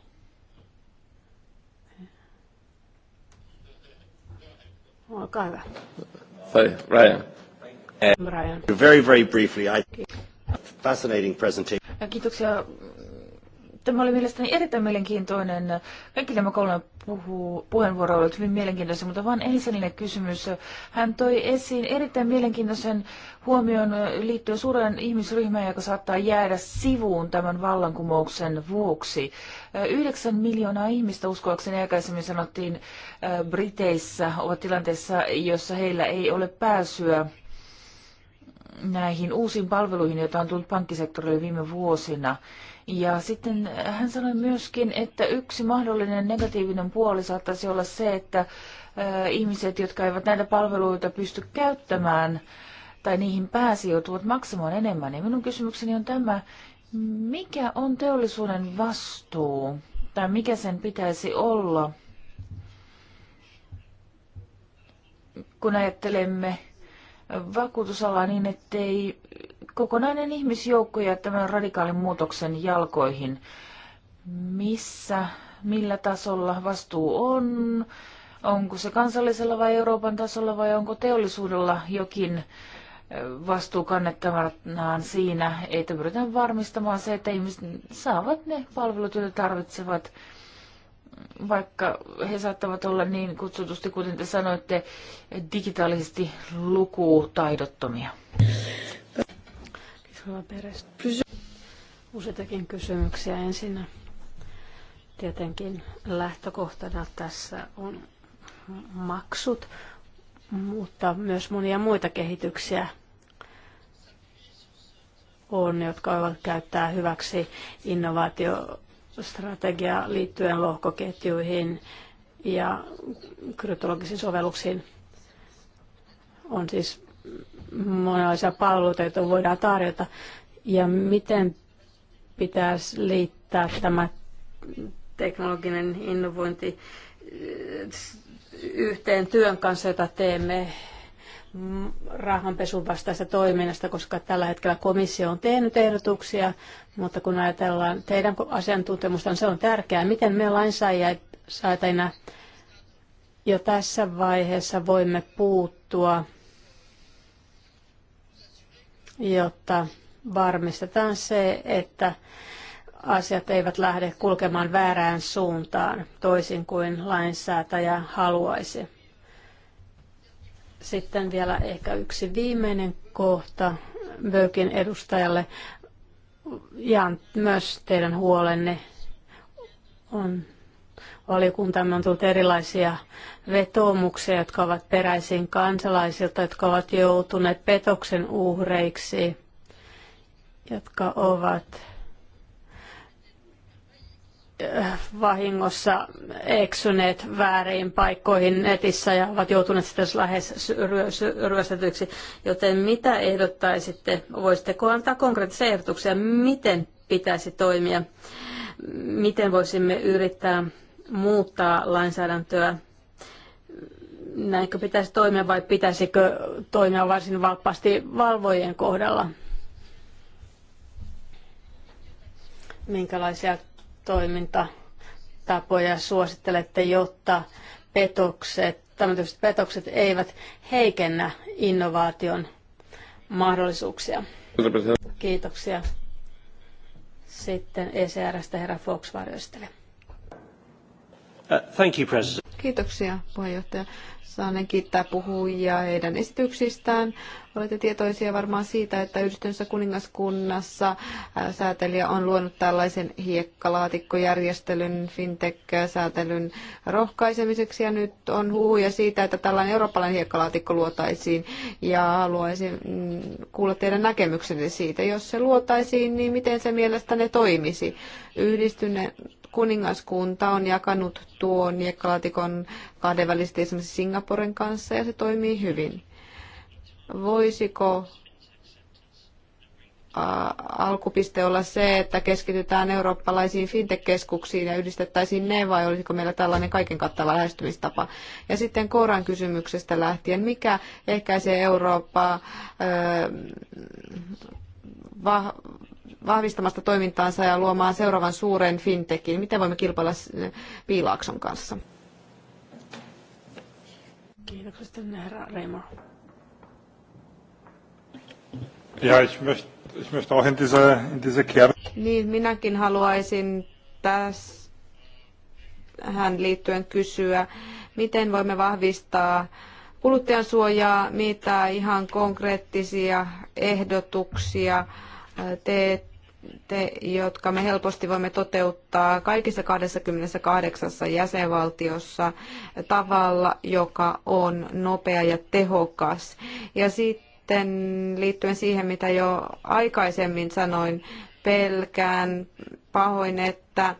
Olkaa hyvä. Sorry, Ryan. Brian. Very, very briefly, I... Fascinating presentation. Kiitoksia Tämä oli mielestäni erittäin mielenkiintoinen. Kaikki nämä kolme puhuu, puheenvuoroa olivat hyvin mielenkiintoisia, mutta vain ensimmäinen kysymys. Hän toi esiin erittäin mielenkiintoisen huomion liittyen suureen ihmisryhmään, joka saattaa jäädä sivuun tämän vallankumouksen vuoksi. Yhdeksän miljoonaa ihmistä, uskoakseni aikaisemmin sanottiin, äh, Briteissä ovat tilanteessa, jossa heillä ei ole pääsyä näihin uusiin palveluihin, joita on tullut pankkisektorille viime vuosina. Ja sitten hän sanoi myöskin, että yksi mahdollinen negatiivinen puoli saattaisi olla se, että ihmiset, jotka eivät näitä palveluita pysty käyttämään tai niihin pääsi, joutuvat maksamaan enemmän. Ja minun kysymykseni on tämä, mikä on teollisuuden vastuu tai mikä sen pitäisi olla, kun ajattelemme vakuutusalaa niin, ettei kokonainen ihmisjoukko ja tämän radikaalin muutoksen jalkoihin. Missä, millä tasolla vastuu on? Onko se kansallisella vai Euroopan tasolla vai onko teollisuudella jokin vastuu kannettavanaan siinä, että pyritään varmistamaan se, että ihmiset saavat ne palvelut, joita tarvitsevat, vaikka he saattavat olla niin kutsutusti, kuten te sanoitte, digitaalisesti lukutaidottomia. Peres. Useitakin kysymyksiä ensin. Tietenkin lähtökohtana tässä on maksut, mutta myös monia muita kehityksiä on, jotka ovat käyttää hyväksi innovaatiostrategiaa liittyen lohkoketjuihin ja kryptologisiin sovelluksiin. On siis monenlaisia palveluita, joita voidaan tarjota, ja miten pitäisi liittää tämä teknologinen innovointi eh, yhteen työn kanssa, jota teemme rahanpesun vastaista toiminnasta, koska tällä hetkellä komissio on tehnyt ehdotuksia, mutta kun ajatellaan teidän asiantuntemusta, niin se on tärkeää. Miten me lainsäätäjinä jo tässä vaiheessa voimme puuttua jotta varmistetaan se, että asiat eivät lähde kulkemaan väärään suuntaan toisin kuin lainsäätäjä haluaisi. Sitten vielä ehkä yksi viimeinen kohta Bökin edustajalle. Jaan myös teidän huolenne on valiokuntamme on tullut erilaisia vetoomuksia, jotka ovat peräisin kansalaisilta, jotka ovat joutuneet petoksen uhreiksi, jotka ovat äh, vahingossa eksyneet vääriin paikkoihin netissä ja ovat joutuneet sitten lähes ryöstetyiksi. Joten mitä ehdottaisitte? Voisitteko antaa konkreettisia ehdotuksia, miten pitäisi toimia? Miten voisimme yrittää muuttaa lainsäädäntöä? Näinkö pitäisi toimia vai pitäisikö toimia varsin vapaasti valvojien kohdalla? Minkälaisia toimintatapoja suosittelette, jotta petokset, tämmöiset petokset eivät heikennä innovaation mahdollisuuksia? Kiitoksia. Sitten ECRstä herra Fox varjostele. Uh, thank you, President. Kiitoksia puheenjohtaja. Saanen kiittää puhujia heidän esityksistään. Olette tietoisia varmaan siitä, että yhdistyneessä kuningaskunnassa äh, säätelijä on luonut tällaisen hiekkalaatikkojärjestelyn, fintech-säätelyn rohkaisemiseksi. Ja nyt on huhuja siitä, että tällainen eurooppalainen hiekkalaatikko luotaisiin. Ja haluaisin mm, kuulla teidän näkemyksenne siitä. Jos se luotaisiin, niin miten se mielestäne toimisi? Yhdistyneen kuningaskunta on jakanut tuon jekkalaatikon kahdenvälisesti esimerkiksi Singaporen kanssa ja se toimii hyvin. Voisiko alkupiste olla se, että keskitytään eurooppalaisiin fintech-keskuksiin ja yhdistettäisiin ne, vai olisiko meillä tällainen kaiken kattava lähestymistapa? Ja sitten Koran kysymyksestä lähtien, mikä ehkäisee Eurooppaa öö, va- vahvistamasta toimintaansa ja luomaan seuraavan suuren fintekin. Miten voimme kilpailla Piilaakson kanssa? Kiitokset, herra Reimor. Ja, Niin, minäkin haluaisin tähän liittyen kysyä, miten voimme vahvistaa kuluttajansuojaa, mitä ihan konkreettisia ehdotuksia teet te, jotka me helposti voimme toteuttaa kaikissa 28 jäsenvaltiossa tavalla, joka on nopea ja tehokas. Ja sitten liittyen siihen, mitä jo aikaisemmin sanoin, pelkään pahoin, että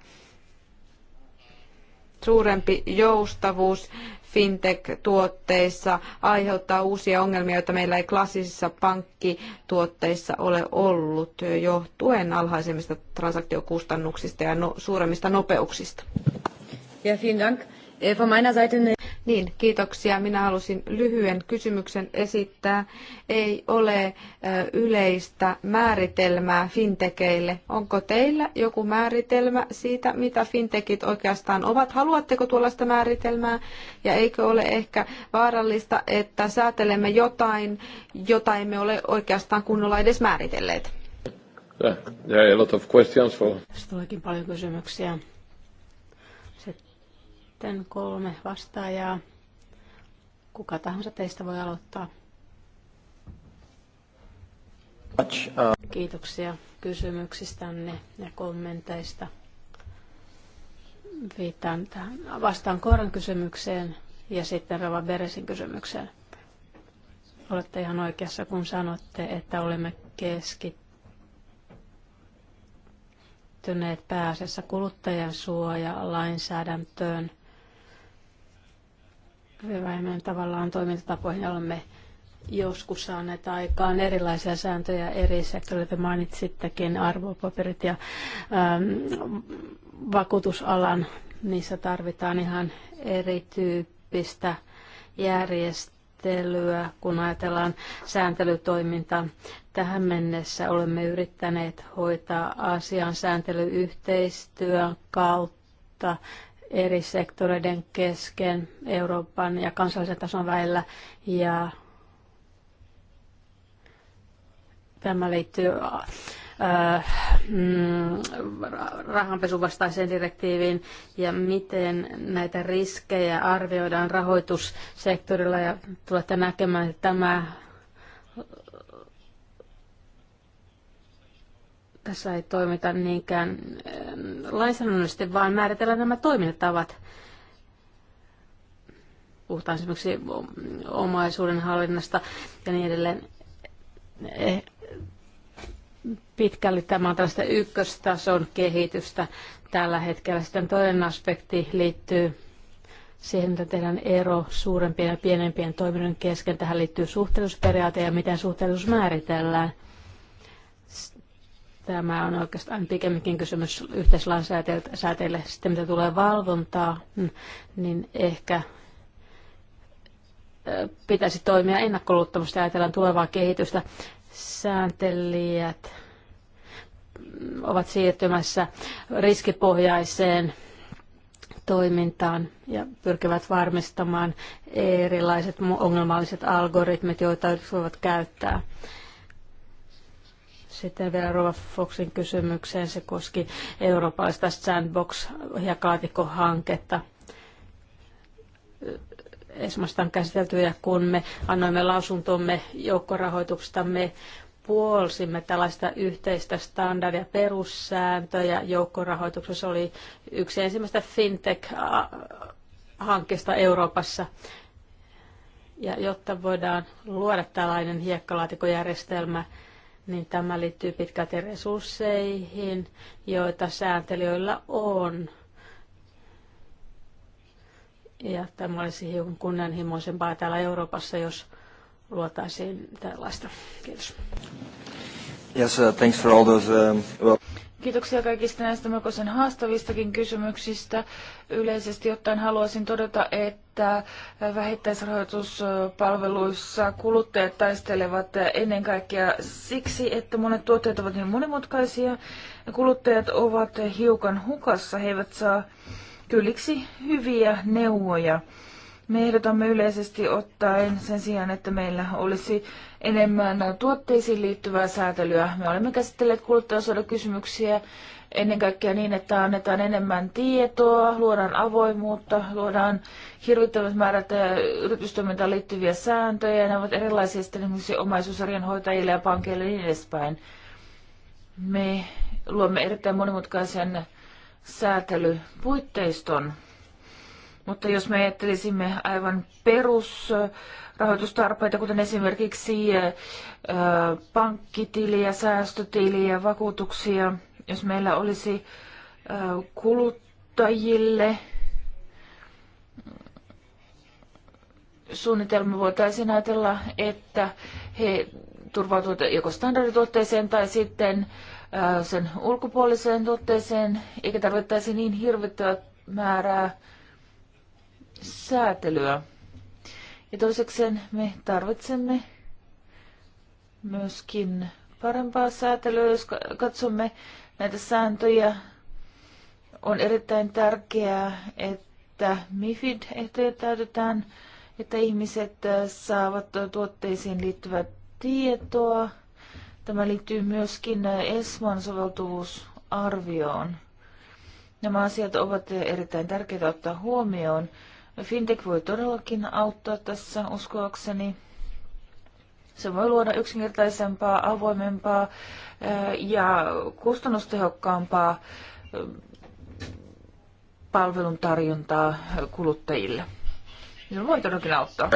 suurempi joustavuus fintech-tuotteissa aiheuttaa uusia ongelmia, joita meillä ei klassisissa pankkituotteissa ole ollut johtuen alhaisemmista transaktiokustannuksista ja no, suuremmista nopeuksista. Ja, vielen äh, Von meiner Seite niin, kiitoksia. Minä halusin lyhyen kysymyksen esittää. Ei ole yleistä määritelmää fintekeille. Onko teillä joku määritelmä siitä, mitä fintekit oikeastaan ovat? Haluatteko tuollaista määritelmää? Ja eikö ole ehkä vaarallista, että säätelemme jotain, jota emme ole oikeastaan kunnolla edes määritelleet? Yeah, yeah, a lot of questions for... tuleekin paljon kysymyksiä. Sitten kolme vastaajaa. Kuka tahansa teistä voi aloittaa. Kiitoksia kysymyksistänne ja kommenteista. Viittaan tähän. Vastaan Koran kysymykseen ja sitten Rava Beresin kysymykseen. Olette ihan oikeassa, kun sanotte, että olemme keskittyneet pääasiassa kuluttajan suoja lainsäädäntöön vähemmän tavallaan toimintatapoihin me joskus saaneet aikaan erilaisia sääntöjä eri sektoreilta. Mainitsittekin arvopaperit ja ähm, vakuutusalan, niissä tarvitaan ihan erityyppistä järjestelyä, kun ajatellaan sääntelytoimintaa. Tähän mennessä olemme yrittäneet hoitaa asian sääntelyyhteistyön kautta eri sektoreiden kesken Euroopan ja kansallisen tason välillä. Ja tämä liittyy äh, mm, rahanpesuvastaiseen direktiiviin ja miten näitä riskejä arvioidaan rahoitussektorilla ja tulette näkemään, että tämä Tässä ei toimita niinkään ähm, lainsäädännöllisesti, vaan määritellään nämä toimintatavat. Puhutaan esimerkiksi omaisuuden hallinnasta ja niin edelleen. Eh, pitkälle tämä on tällaista ykköstason kehitystä tällä hetkellä. Sitten toinen aspekti liittyy siihen, mitä tehdään ero suurempien ja pienempien toiminnan kesken. Tähän liittyy suhteellisuusperiaate ja miten suhteellisuus määritellään – Tämä on oikeastaan pikemminkin kysymys yhteislainsäätäjille, Sitten mitä tulee valvontaa, niin ehkä pitäisi toimia ennakkoluuttamusta ja ajatellaan tulevaa kehitystä. Sääntelijät ovat siirtymässä riskipohjaiseen toimintaan ja pyrkivät varmistamaan erilaiset ongelmalliset algoritmit, joita voivat käyttää sitten vielä Rova Foxin kysymykseen. Se koski eurooppalaista sandbox- ja kaatikohanketta. Esimerkiksi on käsitelty ja kun me annoimme lausuntomme joukkorahoituksesta, me puolsimme tällaista yhteistä standardia perussääntöjä. Joukkorahoituksessa oli yksi ensimmäistä fintech-hankkeesta Euroopassa. Ja jotta voidaan luoda tällainen hiekkalaatikojärjestelmä, niin tämä liittyy pitkälti resursseihin, joita sääntelijöillä on. Ja tämä olisi hiukan kunnianhimoisempaa täällä Euroopassa, jos luotaisiin tällaista. Kiitos. Yes, uh, thanks for all those, um, well... Kiitoksia kaikista näistä melkoisen haastavistakin kysymyksistä. Yleisesti ottaen haluaisin todeta, että vähittäisrahoituspalveluissa kuluttajat taistelevat ennen kaikkea siksi, että monet tuotteet ovat niin monimutkaisia. Kuluttajat ovat hiukan hukassa, he eivät saa kylliksi hyviä neuvoja. Me ehdotamme yleisesti ottaen sen sijaan, että meillä olisi enemmän tuotteisiin liittyvää säätelyä. Me olemme käsitelleet kysymyksiä, ennen kaikkea niin, että annetaan enemmän tietoa, luodaan avoimuutta, luodaan hirvittävät määrät äh, yritystoimintaan liittyviä sääntöjä. Ne ovat erilaisia sitten esimerkiksi omaisuusarjan hoitajille ja pankeille ja niin edespäin. Me luomme erittäin monimutkaisen säätelypuitteiston. Mutta jos me ajattelisimme aivan perusrahoitustarpeita, kuten esimerkiksi pankkitiliä, säästötiliä, vakuutuksia, jos meillä olisi kuluttajille suunnitelma, voitaisiin ajatella, että he turvautuvat joko standardituotteeseen tai sitten sen ulkopuoliseen tuotteeseen, eikä tarvittaisi niin hirvittävää määrää säätelyä. Ja toisekseen me tarvitsemme myöskin parempaa säätelyä, jos katsomme näitä sääntöjä. On erittäin tärkeää, että MIFID-ehtoja täytetään, että ihmiset äh, saavat tuotteisiin liittyvää tietoa. Tämä liittyy myöskin äh, ESMAn soveltuvuusarvioon. Nämä asiat ovat erittäin tärkeitä ottaa huomioon. Fintech voi todellakin auttaa tässä uskoakseni. Se voi luoda yksinkertaisempaa, avoimempaa eh, ja kustannustehokkaampaa eh, palvelun tarjontaa kuluttajille. Se voi todellakin auttaa.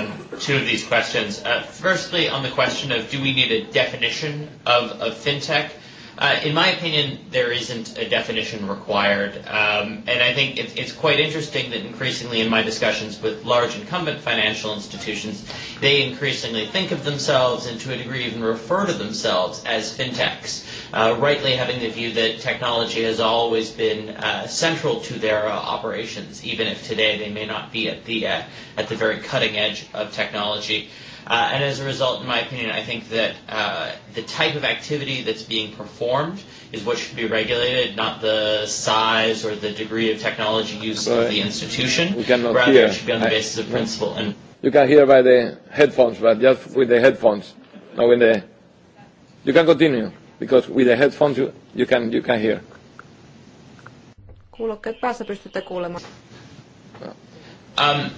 Um, two of these questions. Uh, firstly, on the question of do we need a definition of, of fintech? Uh, in my opinion, there isn't a definition required, um, and I think it's, it's quite interesting that increasingly in my discussions with large incumbent financial institutions, they increasingly think of themselves and to a degree even refer to themselves as fintechs, uh, rightly having the view that technology has always been uh, central to their uh, operations, even if today they may not be at the uh, at the very cutting edge of technology. Uh, Uh, and as a result, in my opinion, I think that uh, the type of activity that's being performed is what should be regulated, not the size or the degree of technology use right. of the institution. We cannot Rather, hear. it should be on the basis of principle. And you can hear by the headphones, but just with the headphones, not with the. You can continue because with the headphones you, you can you can hear. Um,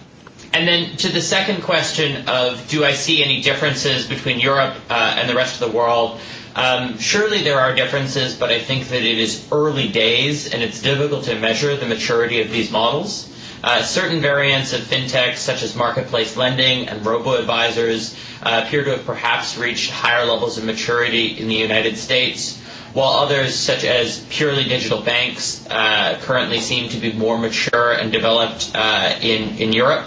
And then to the second question of do I see any differences between Europe uh, and the rest of the world? Um, surely there are differences, but I think that it is early days and it's difficult to measure the maturity of these models. Uh, certain variants of fintech, such as marketplace lending and robo-advisors, uh, appear to have perhaps reached higher levels of maturity in the United States, while others, such as purely digital banks, uh, currently seem to be more mature and developed uh, in, in Europe.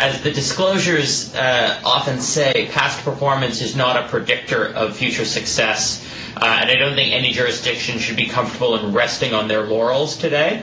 As the disclosures uh, often say, past performance is not a predictor of future success, uh, and I don't think any jurisdiction should be comfortable in resting on their laurels today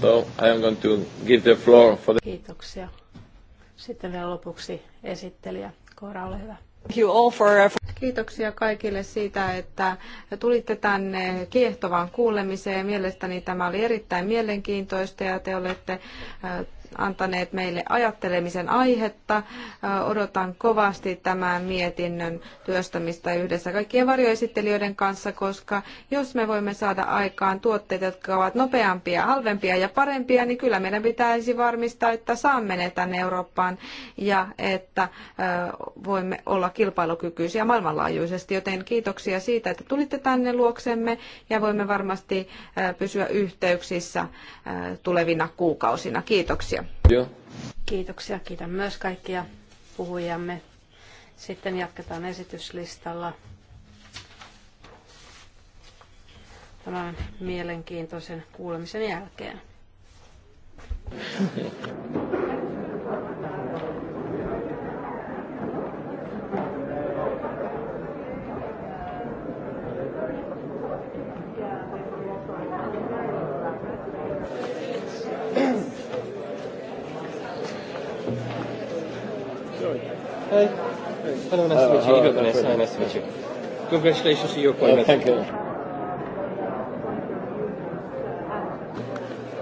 So I am going to give the floor for the... Kiitoksia. Sitten vielä lopuksi esittelijä. Koora, ole hyvä. Uh, Kiitoksia kaikille siitä, että tulitte tänne kiehtovaan kuulemiseen. Mielestäni tämä oli erittäin mielenkiintoista ja te olette uh, antaneet meille ajattelemisen aihetta. Odotan kovasti tämän mietinnön työstämistä yhdessä kaikkien varjoesittelijöiden kanssa, koska jos me voimme saada aikaan tuotteita, jotka ovat nopeampia, halvempia ja parempia, niin kyllä meidän pitäisi varmistaa, että saamme ne tänne Eurooppaan ja että voimme olla kilpailukykyisiä maailmanlaajuisesti. Joten kiitoksia siitä, että tulitte tänne luoksemme ja voimme varmasti pysyä yhteyksissä tulevina kuukausina. Kiitoksia. Joo. Kiitoksia. Kiitän myös kaikkia puhujamme. Sitten jatketaan esityslistalla. tämän mielenkiintoisen kuulemisen jälkeen. Hi. Hello, nice uh, Hello, to meet you. Igor Ganes, hi, nice to meet you. Congratulations to your appointment. Uh, thank you.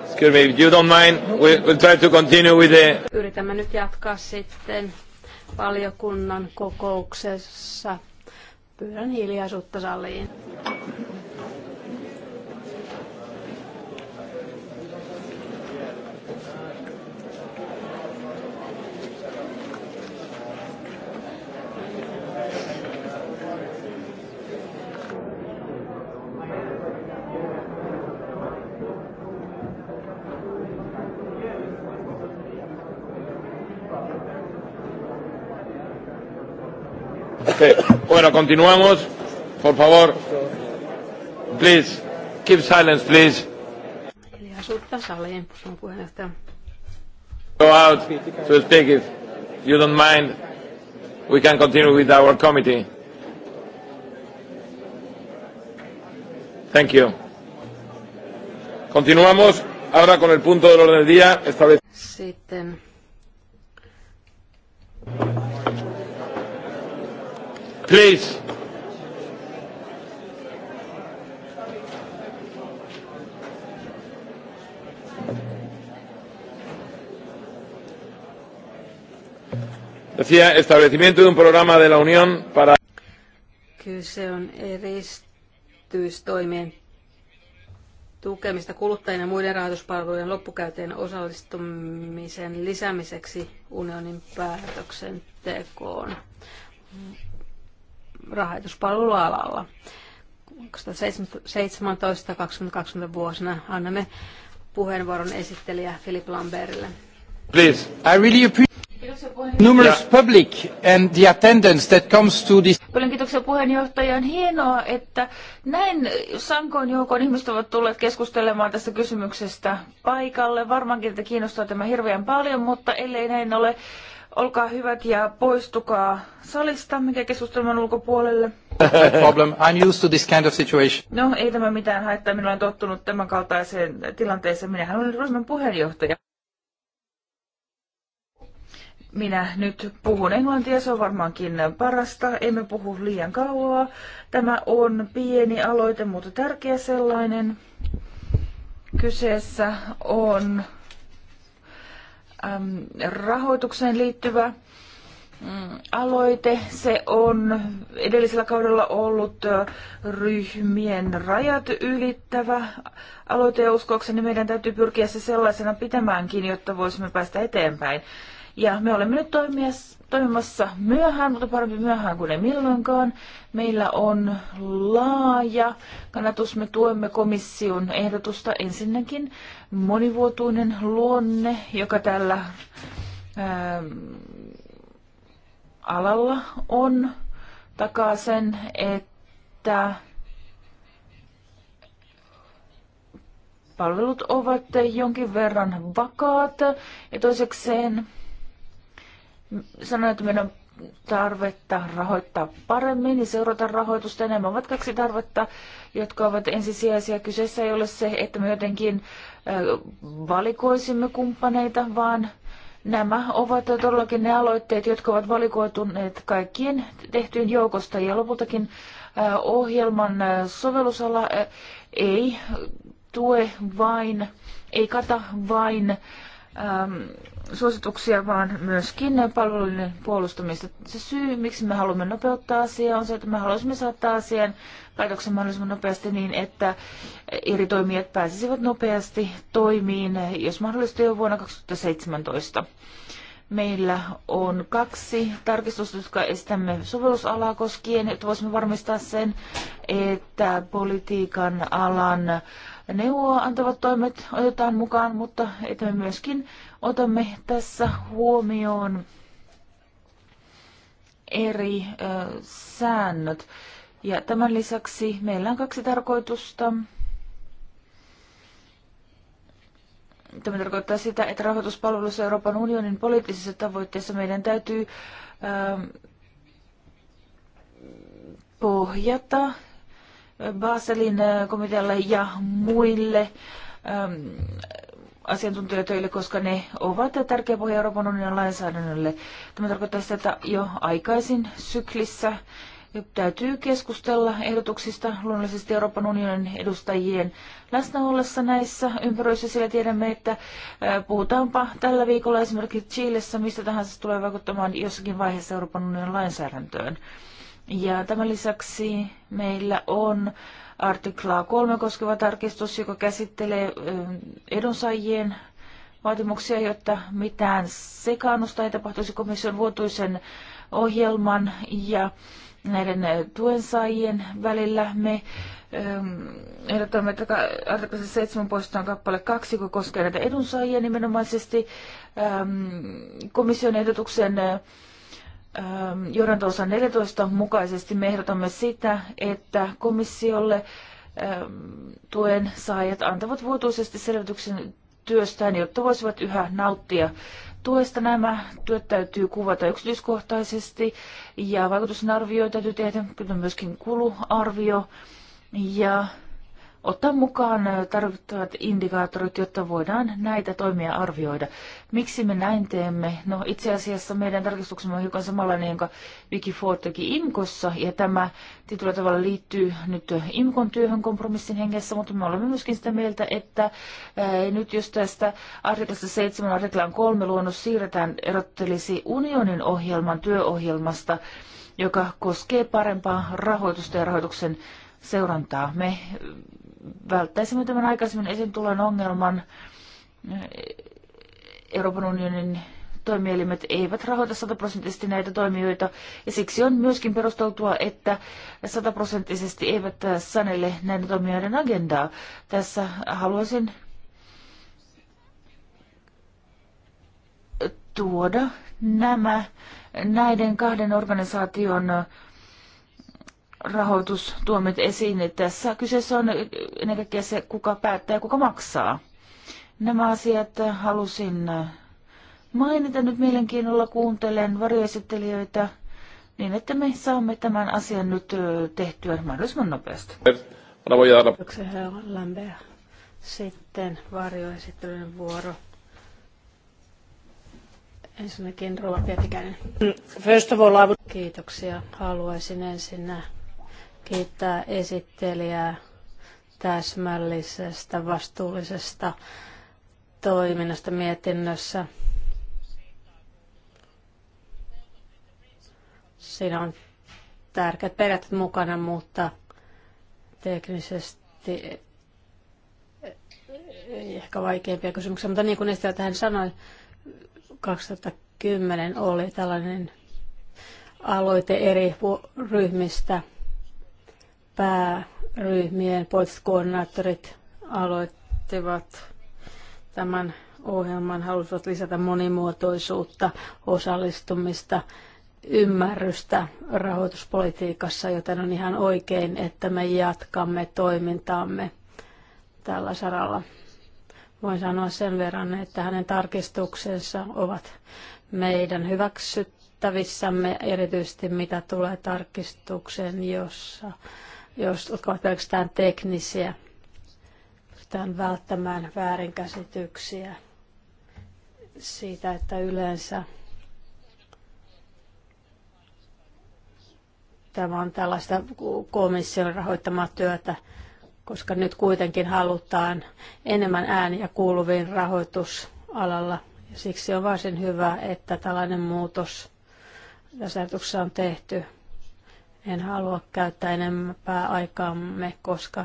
Excuse me, if you don't mind, we'll, we'll try to continue with the... Yritämme nyt jatkaa sitten valiokunnan kokouksessa. Pyydän hiljaisuutta saliin. Bueno, continuamos. Por favor. Please. Keep silence, please. Go out to speak if you don't mind. We can continue with our committee. Thank you. Continuamos ahora con el punto del orden del día establecido. Sitten Please. Decía, establecimiento de un programa de la Unión para... Kyse on eristystoimien tukemista kuluttajien ja muiden rahoituspalvelujen loppukäyteen osallistumisen lisäämiseksi unionin päätöksentekoon rahoituspalvelualalla. 2017-2020 vuosina annamme puheenvuoron esittelijä Philip Lambertille. Please, I really appreciate numerous public and the attendance that comes to this. Paljon kiitoksia puheenjohtajan. hienoa, että näin sankoin joukon ihmiset ovat tulleet keskustelemaan tästä kysymyksestä paikalle. Varmaankin että kiinnostaa tämä hirveän paljon, mutta ellei näin ole, Olkaa hyvät ja poistukaa salista, mikä keskustelman ulkopuolelle. No problem. I'm used to this kind of situation. No, ei tämä mitään haittaa. Minä olen tottunut tämän kaltaiseen tilanteeseen. minä olen ryhmän puheenjohtaja. Minä nyt puhun englantia, se on varmaankin parasta. Emme puhu liian kauaa. Tämä on pieni aloite, mutta tärkeä sellainen. Kyseessä on Ähm, rahoitukseen liittyvä mm, aloite. Se on edellisellä kaudella ollut ryhmien rajat ylittävä aloite ja uskoakseni meidän täytyy pyrkiä se sellaisena pitämäänkin, jotta voisimme päästä eteenpäin. Ja me olemme nyt toimia toimimassa myöhään, mutta parempi myöhään kuin ei milloinkaan. Meillä on laaja kannatus. Me tuemme komission ehdotusta ensinnäkin monivuotuinen luonne, joka tällä ää, ähm, alalla on, takaa sen, että palvelut ovat jonkin verran vakaat ja toisekseen sanoi, että meidän on tarvetta rahoittaa paremmin ja seurata rahoitusta. enemmän. ovat kaksi tarvetta, jotka ovat ensisijaisia. Kyseessä ei ole se, että me jotenkin valikoisimme kumppaneita, vaan nämä ovat todellakin ne aloitteet, jotka ovat valikoituneet kaikkien tehtyyn joukosta. Ja lopultakin ohjelman sovellusala ei tue vain, ei kata vain ähm, suosituksia, vaan myös palveluiden puolustamista. Se syy, miksi me haluamme nopeuttaa asiaa, on se, että me haluaisimme saattaa asian päätöksen mahdollisimman nopeasti niin, että eri toimijat pääsisivät nopeasti toimiin, jos mahdollista jo vuonna 2017. Meillä on kaksi tarkistusta, jotka estämme sovellusalaa koskien, että voisimme varmistaa sen, että politiikan alan neuvoa antavat toimet otetaan mukaan, mutta että me myöskin otamme tässä huomioon eri ö, säännöt. Ja tämän lisäksi meillä on kaksi tarkoitusta. Tämä tarkoittaa sitä, että rahoituspalvelussa Euroopan unionin poliittisissa tavoitteissa meidän täytyy ö, pohjata Baselin komitealle ja muille ö, asiantuntijatöille, koska ne ovat tärkeä pohja Euroopan unionin lainsäädännölle. Tämä tarkoittaa sitä, että jo aikaisin syklissä täytyy keskustella ehdotuksista luonnollisesti Euroopan unionin edustajien läsnä ollessa näissä ympyröissä, sillä tiedämme, että puhutaanpa tällä viikolla esimerkiksi Chiilessä, mistä tahansa tulee vaikuttamaan jossakin vaiheessa Euroopan unionin lainsäädäntöön. Ja tämän lisäksi meillä on artiklaa 3 koskeva tarkistus, joka käsittelee edunsaajien vaatimuksia, jotta mitään sekaannusta ei tapahtuisi komission vuotuisen ohjelman ja näiden tuensaajien välillä. Me ehdotamme, että artiklassa 7 poistetaan kappale 2, joka koskee näitä edunsaajia nimenomaisesti. Komission ehdotuksen Ähm, johdanto 14 mukaisesti me ehdotamme sitä, että komissiolle ähm, tuen saajat antavat vuotuisesti selvityksen työstään, jotta voisivat yhä nauttia tuesta. Nämä työt täytyy kuvata yksityiskohtaisesti ja vaikutusarvioita täytyy tehdä, kyllä myöskin kuluarvio ja ottaa mukaan tarvittavat indikaattorit, jotta voidaan näitä toimia arvioida. Miksi me näin teemme? No itse asiassa meidän tarkistuksemme on hiukan samanlainen, jonka Vicky Ford teki IMKossa, ja tämä tietyllä tavalla liittyy nyt IMKon työhön kompromissin hengessä, mutta me olemme myöskin sitä mieltä, että ää, nyt jos tästä artiklasta 7 artiklaan 3 luonnos siirretään, erottelisi unionin ohjelman työohjelmasta, joka koskee parempaa rahoitusta ja rahoituksen seurantaa. Me välttäisimme tämän aikaisemmin esiin tulleen ongelman. Euroopan unionin toimielimet eivät rahoita sataprosenttisesti näitä toimijoita, ja siksi on myöskin perusteltua, että sataprosenttisesti eivät sanelle näiden toimijoiden agendaa. Tässä haluaisin tuoda nämä näiden kahden organisaation tuomit esiin. Tässä kyseessä on ennen kaikkea se, kuka päättää ja kuka maksaa. Nämä asiat halusin mainita nyt mielenkiinnolla. Kuuntelen varjoesittelijöitä niin, että me saamme tämän asian nyt tehtyä mahdollisimman nopeasti. Kiitoksia, herra Sitten varjoesittelyn vuoro. Ensinnäkin Rova Pietikäinen. First of all, I would... Kiitoksia. Haluaisin ensin kiittää esittelijää täsmällisestä, vastuullisesta toiminnasta mietinnössä. Siinä on tärkeät periaatteet mukana, mutta teknisesti ehkä vaikeampia kysymyksiä. Mutta niin kuin Estia tähän sanoi, 2010 oli tällainen aloite eri ryhmistä – pääryhmien poliittiset aloittivat tämän ohjelman, halusivat lisätä monimuotoisuutta, osallistumista, ymmärrystä rahoituspolitiikassa, joten on ihan oikein, että me jatkamme toimintaamme tällä saralla. Voin sanoa sen verran, että hänen tarkistuksensa ovat meidän hyväksyttävissämme, erityisesti mitä tulee tarkistukseen, jossa jotka ovat pelkästään teknisiä. Pyritään välttämään väärinkäsityksiä siitä, että yleensä tämä on tällaista komission rahoittamaa työtä, koska nyt kuitenkin halutaan enemmän ääniä kuuluviin rahoitusalalla. Ja siksi on varsin hyvä, että tällainen muutos tässä on tehty. En halua käyttää enempää aikaamme, koska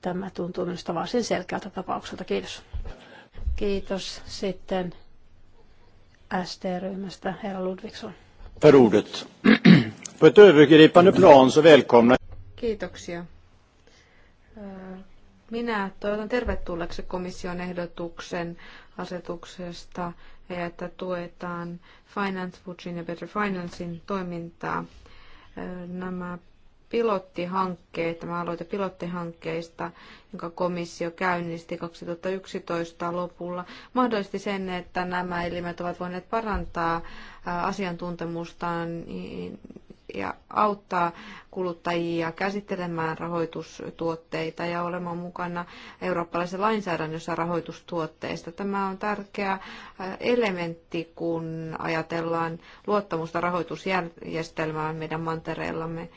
tämä tuntuu minusta varsin selkeältä tapaukselta. Kiitos. Kiitos sitten ST-ryhmästä, herra Ludvigsson. För På ett övergripande plan så Kiitoksia. Minä toivotan tervetulleeksi komission ehdotuksen asetuksesta, että tuetaan Finance Watchin ja Better Financein toimintaa nämä pilottihankkeet, tämä aloite pilottihankkeista, jonka komissio käynnisti 2011 lopulla, mahdollisti sen, että nämä elimet ovat voineet parantaa asiantuntemustaan niin ja auttaa kuluttajia käsittelemään rahoitustuotteita ja olemaan mukana eurooppalaisessa lainsäädännössä rahoitustuotteista. Tämä on tärkeä elementti, kun ajatellaan luottamusta rahoitusjärjestelmään meidän mantereellamme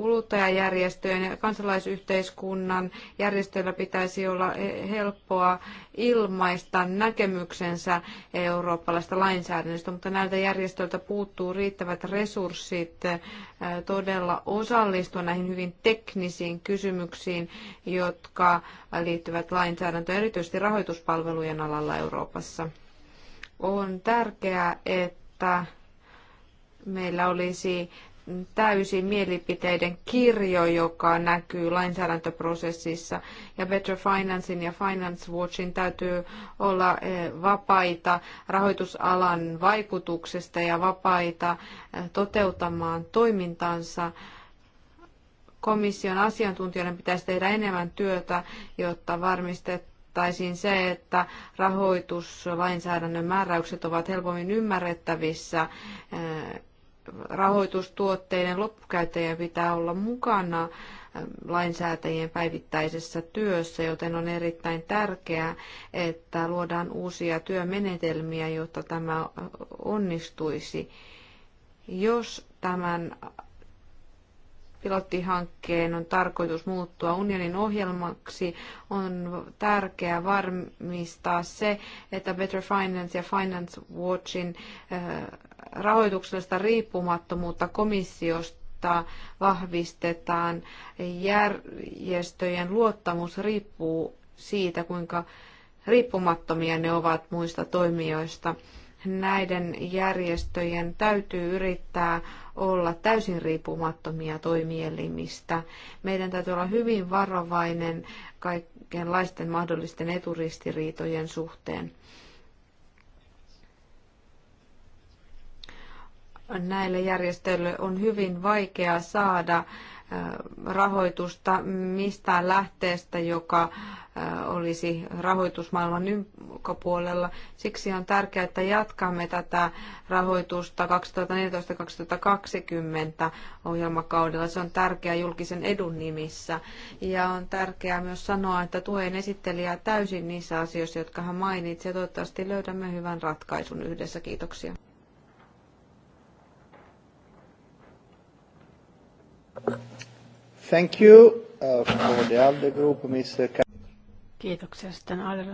kuluttajajärjestöjen ja kansalaisyhteiskunnan järjestöillä pitäisi olla helppoa ilmaista näkemyksensä eurooppalaista lainsäädännöstä, mutta näiltä järjestöiltä puuttuu riittävät resurssit todella osallistua näihin hyvin teknisiin kysymyksiin, jotka liittyvät lainsäädäntöön, erityisesti rahoituspalvelujen alalla Euroopassa. On tärkeää, että meillä olisi täysin mielipiteiden kirjo, joka näkyy lainsäädäntöprosessissa. Ja Better financing ja Finance Watchin täytyy olla eh, vapaita rahoitusalan vaikutuksesta ja vapaita eh, toteuttamaan toimintansa. Komission asiantuntijoiden pitäisi tehdä enemmän työtä, jotta varmistetaan, se, että rahoituslainsäädännön määräykset ovat helpommin ymmärrettävissä eh, rahoitustuotteiden loppukäyttäjien pitää olla mukana ähm, lainsäätäjien päivittäisessä työssä, joten on erittäin tärkeää, että luodaan uusia työmenetelmiä, jotta tämä onnistuisi. Jos tämän pilottihankkeen on tarkoitus muuttua unionin ohjelmaksi, on tärkeää varmistaa se, että Better Finance ja Finance Watchin äh, rahoituksellista riippumattomuutta komissiosta vahvistetaan. Järjestöjen luottamus riippuu siitä, kuinka riippumattomia ne ovat muista toimijoista. Näiden järjestöjen täytyy yrittää olla täysin riippumattomia toimielimistä. Meidän täytyy olla hyvin varovainen kaikenlaisten mahdollisten eturistiriitojen suhteen. näille järjestöille on hyvin vaikea saada äh, rahoitusta mistään lähteestä, joka äh, olisi rahoitusmaailman ulkopuolella. Siksi on tärkeää, että jatkamme tätä rahoitusta 2014-2020 ohjelmakaudella. Se on tärkeää julkisen edun nimissä. Ja on tärkeää myös sanoa, että tuen esittelijää täysin niissä asioissa, jotka hän mainitsi. Ja toivottavasti löydämme hyvän ratkaisun yhdessä. Kiitoksia. Thank you uh, for the ALDE group, Mr. Kiitoksia sitten alde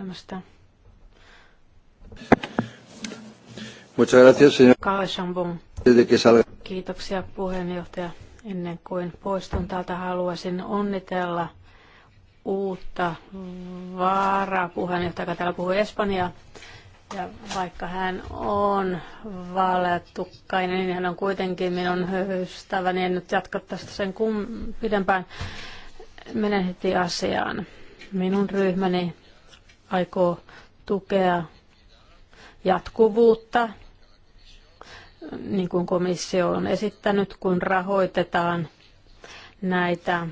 Muchas gracias, señor. Kiitoksia puheenjohtaja. Ennen kuin poistun täältä, haluaisin onnitella uutta puheenjohtaja, joka täällä puhuu Espanjaa. Ja vaikka hän on vaaleatukkainen, niin hän on kuitenkin minun ystäväni. En nyt jatka tästä sen kum- pidempään. Menen heti asiaan. Minun ryhmäni aikoo tukea jatkuvuutta, niin kuin komissio on esittänyt, kun rahoitetaan näitä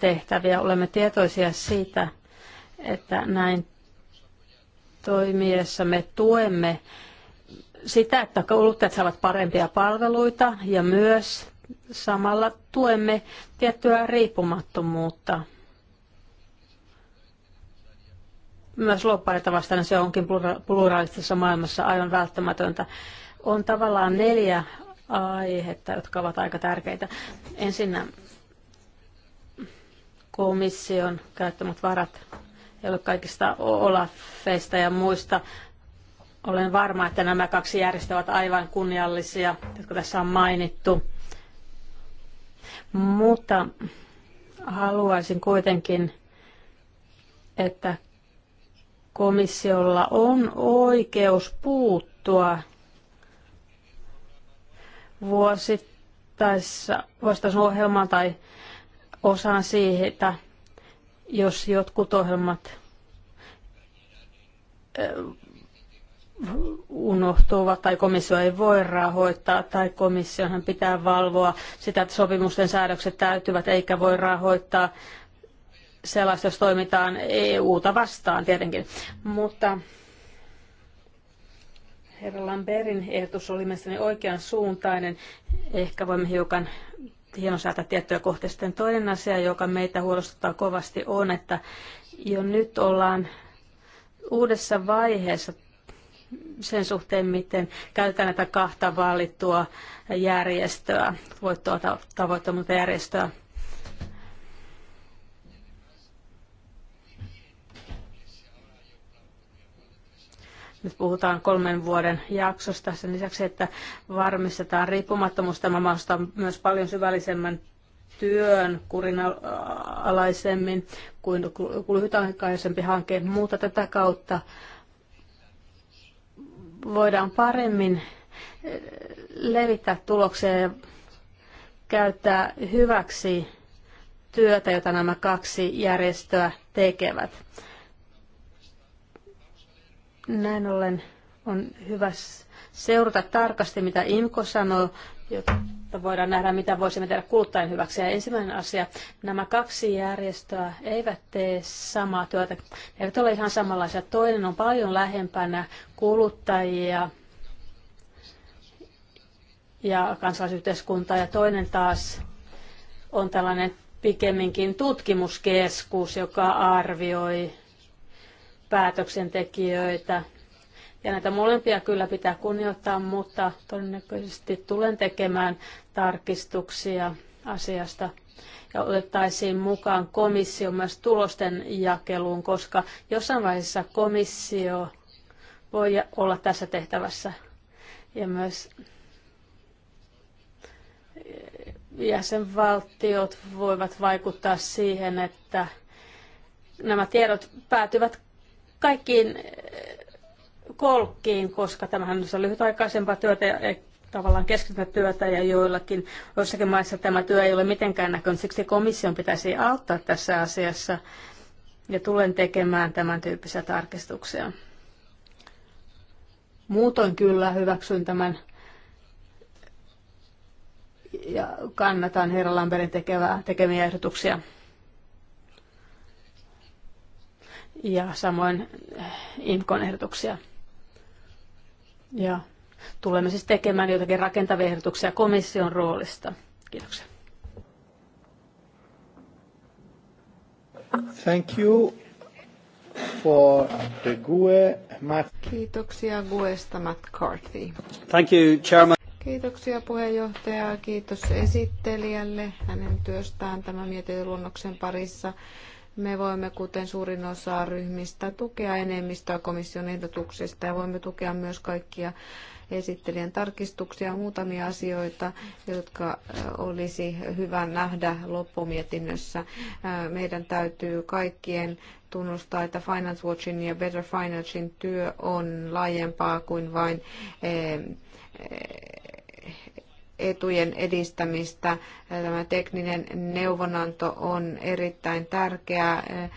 tehtäviä. Olemme tietoisia siitä, että näin toimiessamme me tuemme sitä, että kuluttajat saavat parempia palveluita ja myös samalla tuemme tiettyä riippumattomuutta. Myös loppareita vastaan se onkin pluralistisessa maailmassa aivan välttämätöntä. On tavallaan neljä aihetta, jotka ovat aika tärkeitä. Ensinnä komission käyttämät varat ei ole kaikista Olafeista ja muista. Olen varma, että nämä kaksi järjestöä ovat aivan kunniallisia, jotka tässä on mainittu. Mutta haluaisin kuitenkin, että komissiolla on oikeus puuttua vuosittaisessa, vuosittaisessa ohjelmaan tai osaan siitä, jos jotkut ohjelmat eh, unohtuvat tai komissio ei voi rahoittaa tai komissiohan pitää valvoa sitä, että sopimusten säädökset täytyvät eikä voi rahoittaa sellaista, jos toimitaan EU-ta vastaan tietenkin. Mutta herra Lamberin ehdotus oli mielestäni oikean suuntainen. Ehkä voimme hiukan hienosäätä tiettyjä kohteita. Sitten toinen asia, joka meitä huolestuttaa kovasti, on, että jo nyt ollaan uudessa vaiheessa sen suhteen, miten käytetään näitä kahta valittua järjestöä, voittoa tavoittamatta järjestöä. Nyt puhutaan kolmen vuoden jaksosta sen lisäksi, että varmistetaan riippumattomuus. Tämä mahdollistaa myös paljon syvällisemmän työn kurinalaisemmin kuin lyhytaikaisempi hanke, muuta. tätä kautta voidaan paremmin levittää tuloksia ja käyttää hyväksi työtä, jota nämä kaksi järjestöä tekevät. Näin ollen on hyvä seurata tarkasti, mitä IMKO sanoo, jotta voidaan nähdä, mitä voisimme tehdä kuluttajan hyväksi. Ja ensimmäinen asia, nämä kaksi järjestöä eivät tee samaa työtä. Ne eivät ole ihan samanlaisia. Toinen on paljon lähempänä kuluttajia ja kansalaisyhteiskuntaa, ja toinen taas on tällainen pikemminkin tutkimuskeskus, joka arvioi päätöksentekijöitä. Ja näitä molempia kyllä pitää kunnioittaa, mutta todennäköisesti tulen tekemään tarkistuksia asiasta ja otettaisiin mukaan komissio myös tulosten jakeluun, koska jossain vaiheessa komissio voi olla tässä tehtävässä ja myös jäsenvaltiot voivat vaikuttaa siihen, että nämä tiedot päätyvät kaikkiin eh, kolkkiin, koska tämähän on lyhytaikaisempaa työtä ja tavallaan keskitytä työtä ja joillakin, joissakin maissa tämä työ ei ole mitenkään näkynyt. Siksi komission pitäisi auttaa tässä asiassa ja tulen tekemään tämän tyyppisiä tarkistuksia. Muutoin kyllä hyväksyn tämän ja kannatan herra Lamberin tekevää, tekemiä ehdotuksia. ja samoin eh, IMKon ehdotuksia. Ja tulemme siis tekemään jotakin rakentavia ehdotuksia komission roolista. Kiitoksia. Thank you for the GUE, Matt. Kiitoksia GUEsta, Matt Carthy. Thank you, Chairman. Kiitoksia puheenjohtaja, kiitos esittelijälle hänen työstään tämän mietintöluonnoksen parissa. Me voimme, kuten suurin osa ryhmistä, tukea enemmistöä komission ehdotuksista ja voimme tukea myös kaikkia esittelijän tarkistuksia ja muutamia asioita, jotka olisi hyvä nähdä loppumietinnössä. Meidän täytyy kaikkien tunnustaa, että Finance Watchin ja Better Financein työ on laajempaa kuin vain etujen edistämistä. Tämä tekninen neuvonanto on erittäin tärkeää eh,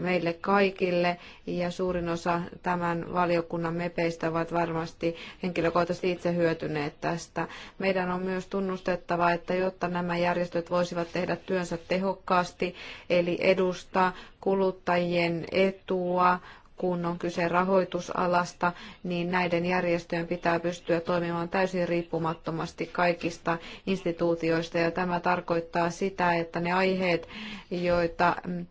meille kaikille ja suurin osa tämän valiokunnan mepeistä ovat varmasti henkilökohtaisesti itse hyötyneet tästä. Meidän on myös tunnustettava, että jotta nämä järjestöt voisivat tehdä työnsä tehokkaasti, eli edustaa kuluttajien etua, kun on kyse rahoitusalasta, niin näiden järjestöjen pitää pystyä toimimaan täysin riippumattomasti kaikista instituutioista. Ja tämä tarkoittaa sitä, että ne aiheet, joita mm,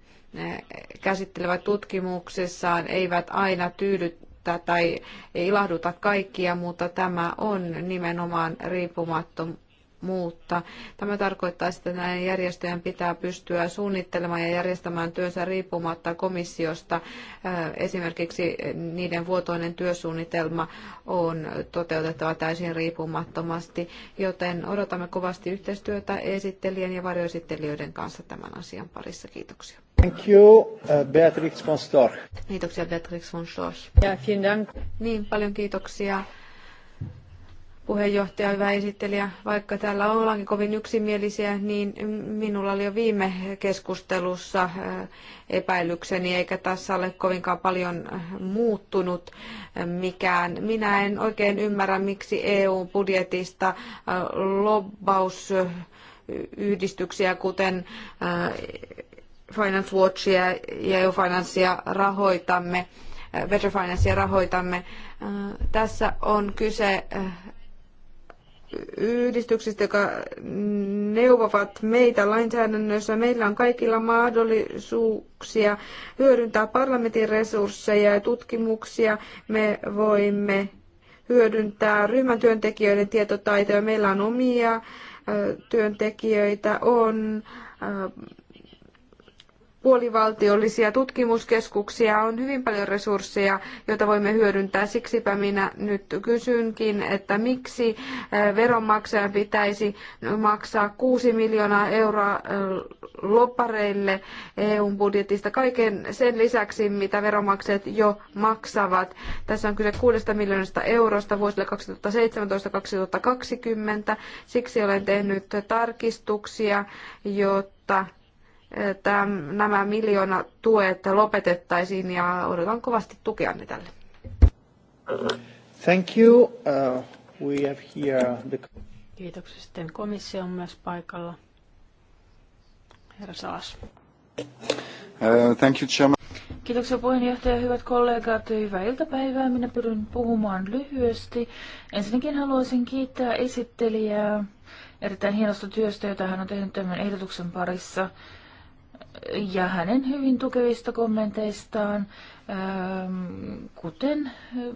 käsittelevät tutkimuksessaan, eivät aina tyydy tai ilahduta kaikkia, mutta tämä on nimenomaan riippumaton muuttaa. Tämä tarkoittaa, että näiden järjestöjen pitää pystyä suunnittelemaan ja järjestämään työnsä riippumatta komissiosta. Äh, esimerkiksi niiden vuotoinen työsuunnitelma on toteutettava täysin riippumattomasti, joten odotamme kovasti yhteistyötä esittelijän ja varjoesittelijöiden kanssa tämän asian parissa. Kiitoksia. Thank you, uh, Beatrix von Storch. Kiitoksia Beatrix von Storch. Ja, vielen Dank. Niin, paljon kiitoksia puheenjohtaja, hyvä esittelijä. Vaikka täällä ollaankin kovin yksimielisiä, niin minulla oli jo viime keskustelussa äh, epäilykseni, eikä tässä ole kovinkaan paljon äh, muuttunut äh, mikään. Minä en oikein ymmärrä, miksi EU-budjetista lobbausyhdistyksiä, kuten Finance Watchia ja EU Financea rahoitamme. Better Financea rahoitamme. Tässä on kyse yhdistyksistä, jotka neuvovat meitä lainsäädännössä. Meillä on kaikilla mahdollisuuksia hyödyntää parlamentin resursseja ja tutkimuksia. Me voimme hyödyntää ryhmän työntekijöiden tietotaitoja. Meillä on omia työntekijöitä, on puolivaltiollisia tutkimuskeskuksia on hyvin paljon resursseja, joita voimme hyödyntää. Siksipä minä nyt kysynkin, että miksi veronmaksajan pitäisi maksaa kuusi miljoonaa euroa lopareille EUn budjetista kaiken sen lisäksi, mitä veronmaksajat jo maksavat. Tässä on kyse kuudesta miljoonasta eurosta vuosille 2017-2020. Siksi olen tehnyt tarkistuksia, jotta täm, nämä miljoona tuet lopetettaisiin ja odotan kovasti tukeanne tälle. Thank you. Uh, we have here the... Kiitoksia. Sitten komissio on myös paikalla. Herra Salas. Uh, thank you, Chairman. Kiitoksia puheenjohtaja, hyvät kollegat, hyvää iltapäivää. Minä pyrin puhumaan lyhyesti. Ensinnäkin haluaisin kiittää esittelijää erittäin hienosta työstä, jota hän on tehnyt tämän ehdotuksen parissa ja hänen hyvin tukevista kommenteistaan, ähm, kuten ähm,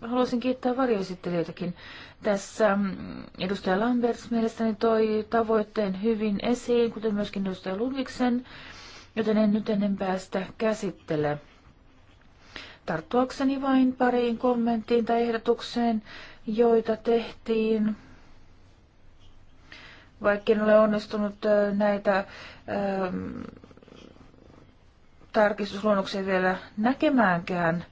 haluaisin kiittää varjoesittelijöitäkin. Tässä mm, edustaja Lamberts mielestäni toi tavoitteen hyvin esiin, kuten myöskin edustaja Ludvigsen, joten en nyt enempää sitä käsittele. Tarttuakseni vain pariin kommenttiin tai ehdotukseen, joita tehtiin vaikka en ole onnistunut äh, näitä ähm, tarkistusluonnoksia vielä näkemäänkään.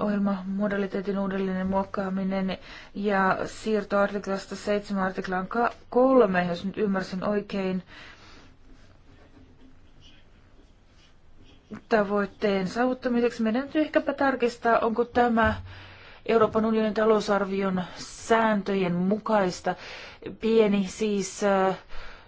Ohjelmamodaliteetin uudelleen muokkaaminen ja siirto artiklasta 7 artiklaan 3, jos nyt ymmärsin oikein, tavoitteen saavuttamiseksi. Meidän täytyy ehkäpä tarkistaa, onko tämä Euroopan unionin talousarvion sääntöjen mukaista. Pieni siis äh,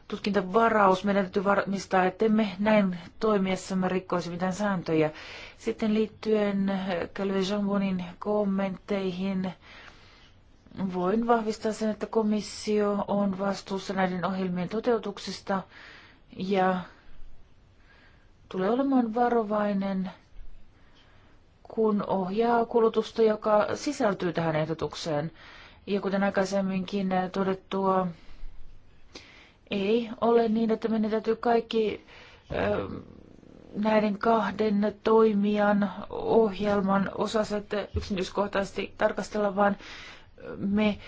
tutkintavaraus. Meidän täytyy varmistaa, emme näin toimiessamme rikkoisi mitään sääntöjä. Sitten liittyen Calvin Jambonin kommentteihin, voin vahvistaa sen, että komissio on vastuussa näiden ohjelmien toteutuksesta ja tulee olemaan varovainen, kun ohjaa kulutusta, joka sisältyy tähän ehdotukseen. Ja kuten aikaisemminkin todettua, ei ole niin, että meidän täytyy kaikki näiden kahden toimijan ohjelman osaset yksityiskohtaisesti tarkastella, vaan me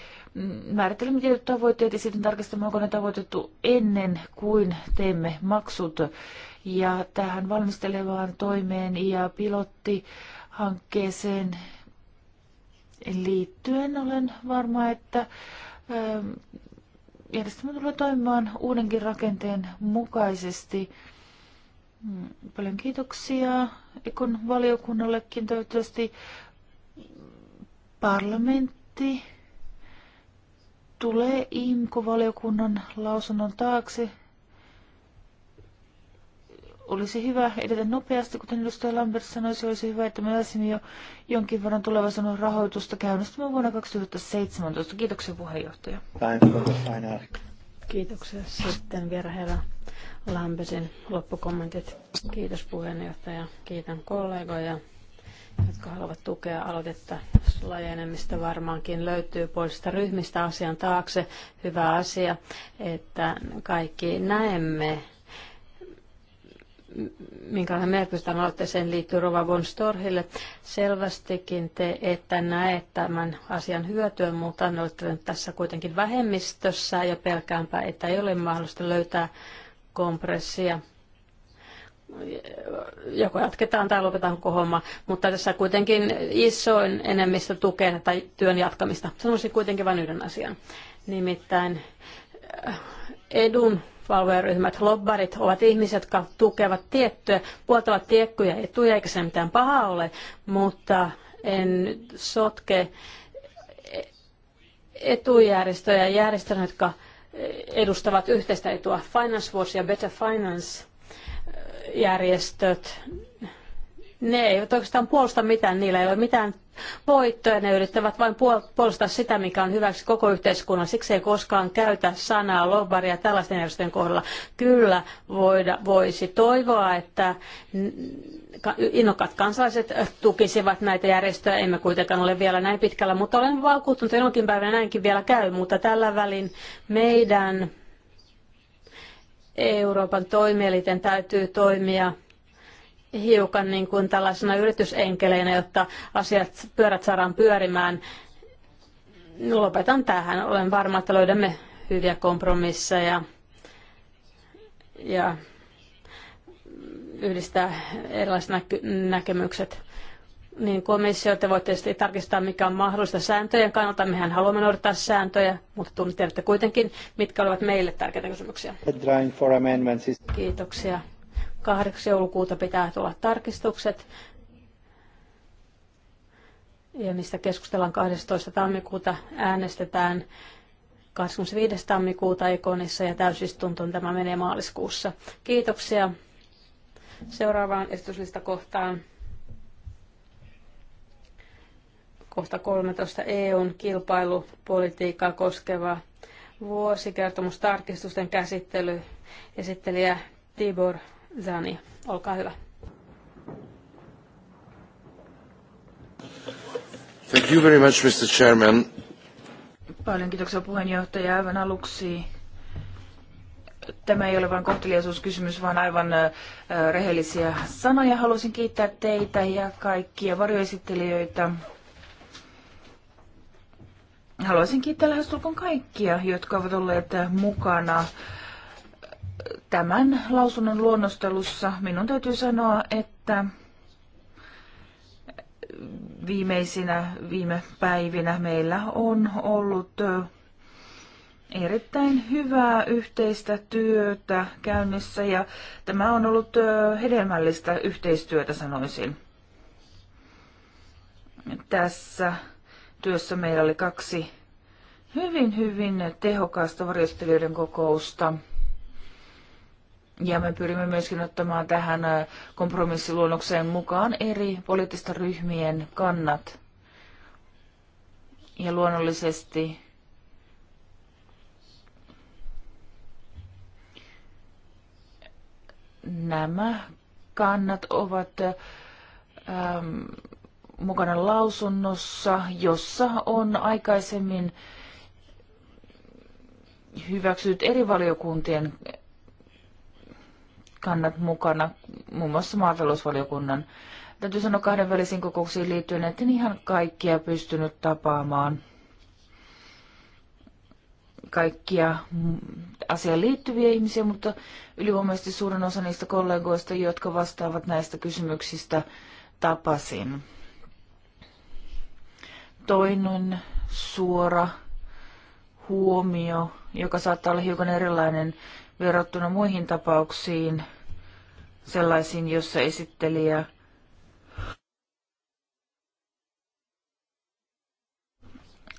määrittelemme tietyt tavoitteet ja sitten tarkastamme, onko ne tavoitettu ennen kuin teemme maksut. Ja tähän valmistelevaan toimeen ja pilottihankkeeseen liittyen olen varma, että järjestelmä tulee toimimaan uudenkin rakenteen mukaisesti. Mm, paljon kiitoksia Ekon valiokunnallekin. Toivottavasti parlamentti tulee IMKO-valiokunnan lausunnon taakse olisi hyvä edetä nopeasti, kuten edustaja Lambert sanoi, se olisi hyvä, että me pääsimme jo jonkin verran tulevaisuuden rahoitusta käynnistymään vuonna 2017. Kiitoksia puheenjohtaja. Kiitoksia. Sitten herra Lambertin loppukommentit. Kiitos puheenjohtaja. Kiitän kollegoja, jotka haluavat tukea aloitetta. Lajenemistä varmaankin löytyy poista ryhmistä asian taakse. Hyvä asia, että kaikki näemme minkälainen merkitys tämän aloitteeseen liittyy Rova von Storhille. Selvästikin te ette näe tämän asian hyötyä, mutta olette nyt tässä kuitenkin vähemmistössä ja pelkäänpä, että ei ole mahdollista löytää kompressia. Joko jatketaan tai lopetaan koko homma, mutta tässä kuitenkin isoin enemmistö tukee tätä työn jatkamista. Sanoisin kuitenkin vain yhden asian, nimittäin eh, edun valvojaryhmät, lobbarit ovat ihmisiä, jotka tukevat tiettyä, puoltavat tiettyjä etuja, eikä se mitään pahaa ole, mutta en sotke etujärjestöjä järjestöjä, jotka edustavat yhteistä etua. Finance Watch ja Better Finance järjestöt ne eivät oikeastaan puolusta mitään, niillä ei ole mitään voittoja, ne yrittävät vain puolustaa sitä, mikä on hyväksi koko yhteiskunnan. Siksi ei koskaan käytä sanaa lobbaria tällaisten järjestöjen kohdalla. Kyllä voida, voisi toivoa, että innokkaat kansalaiset tukisivat näitä järjestöjä. Emme kuitenkaan ole vielä näin pitkällä, mutta olen vakuuttunut, että jonkin päivänä näinkin vielä käy, mutta tällä välin meidän Euroopan toimielinten täytyy toimia hiukan niin kuin tällaisena yritysenkeleinä, jotta asiat pyörät saadaan pyörimään. Lopetan tähän. Olen varma, että löydämme hyviä kompromisseja ja yhdistää erilaiset näky- näkemykset. Niin komissio, te voitte tietysti tarkistaa, mikä on mahdollista sääntöjen kannalta. Mehän haluamme noudattaa sääntöjä, mutta tiedätte kuitenkin, mitkä olivat meille tärkeitä kysymyksiä. Kiitoksia. 8. joulukuuta pitää tulla tarkistukset ja mistä keskustellaan 12. tammikuuta, äänestetään 25. tammikuuta ikonissa ja täysistuntoon tämä menee maaliskuussa. Kiitoksia. Seuraavaan esityslista kohtaan. Kohta 13 EUn kilpailupolitiikkaa koskeva vuosikertomustarkistusten käsittely. Esittelijä Tibor Zani, olkaa hyvä. Thank you very much, Mr. Chairman. Paljon kiitoksia puheenjohtaja. Aivan aluksi tämä ei ole vain kohteliaisuuskysymys, vaan aivan rehellisiä sanoja. Haluaisin kiittää teitä ja kaikkia varjoesittelijöitä. Haluaisin kiittää lähestulkoon kaikkia, jotka ovat olleet mukana tämän lausunnon luonnostelussa minun täytyy sanoa, että viimeisinä viime päivinä meillä on ollut erittäin hyvää yhteistä työtä käynnissä ja tämä on ollut hedelmällistä yhteistyötä sanoisin. Tässä työssä meillä oli kaksi hyvin, hyvin tehokasta varjostelijoiden kokousta. Ja me pyrimme myöskin ottamaan tähän kompromissiluonnokseen mukaan eri poliittisten ryhmien kannat. Ja luonnollisesti nämä kannat ovat ähm, mukana lausunnossa, jossa on aikaisemmin hyväksynyt eri valiokuntien kannat mukana, muun muassa maatalousvaliokunnan. Täytyy sanoa kahdenvälisiin kokouksiin liittyen, että en ihan kaikkia pystynyt tapaamaan. Kaikkia asiaan liittyviä ihmisiä, mutta ylivoimaisesti suurin osa niistä kollegoista, jotka vastaavat näistä kysymyksistä, tapasin. Toinen suora huomio, joka saattaa olla hiukan erilainen verrattuna muihin tapauksiin, sellaisiin, jossa esittelijä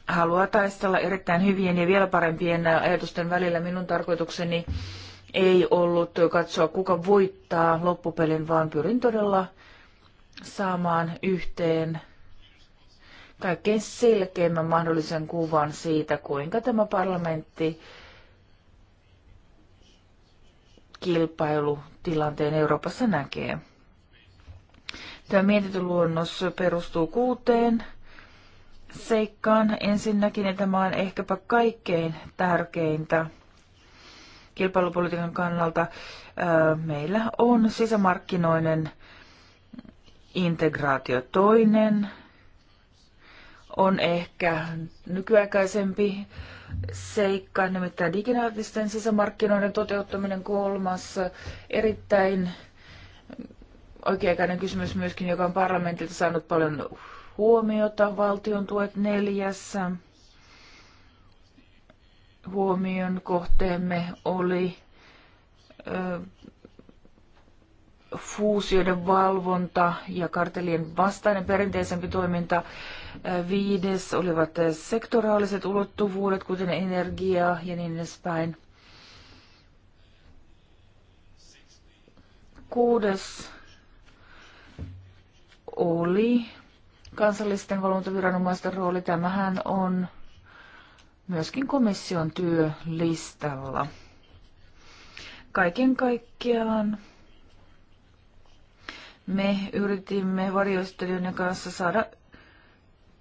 haluaa taistella erittäin hyvien ja vielä parempien ajatusten välillä. Minun tarkoitukseni ei ollut katsoa, kuka voittaa loppupelin, vaan pyrin todella saamaan yhteen kaikkein selkeimmän mahdollisen kuvan siitä, kuinka tämä parlamentti kilpailutilanteen Euroopassa näkee. Tämä mietintöluonnos perustuu kuuteen seikkaan. Ensinnäkin, että tämä on ehkäpä kaikkein tärkeintä kilpailupolitiikan kannalta, meillä on sisämarkkinoinen, integraatio. Toinen on ehkä nykyaikaisempi seikka, nimittäin digitaalisten sisämarkkinoiden toteuttaminen kolmas erittäin oikeakäinen kysymys myöskin, joka on parlamentilta saanut paljon huomiota, valtion tuet neljässä. Huomion kohteemme oli fuusioiden valvonta ja kartelien vastainen perinteisempi toiminta. Viides olivat sektoraaliset ulottuvuudet, kuten energia ja niin edespäin. Kuudes oli kansallisten valvontaviranomaisten rooli. Tämähän on myöskin komission työlistalla. Kaiken kaikkiaan me yritimme varjoistelijoiden kanssa saada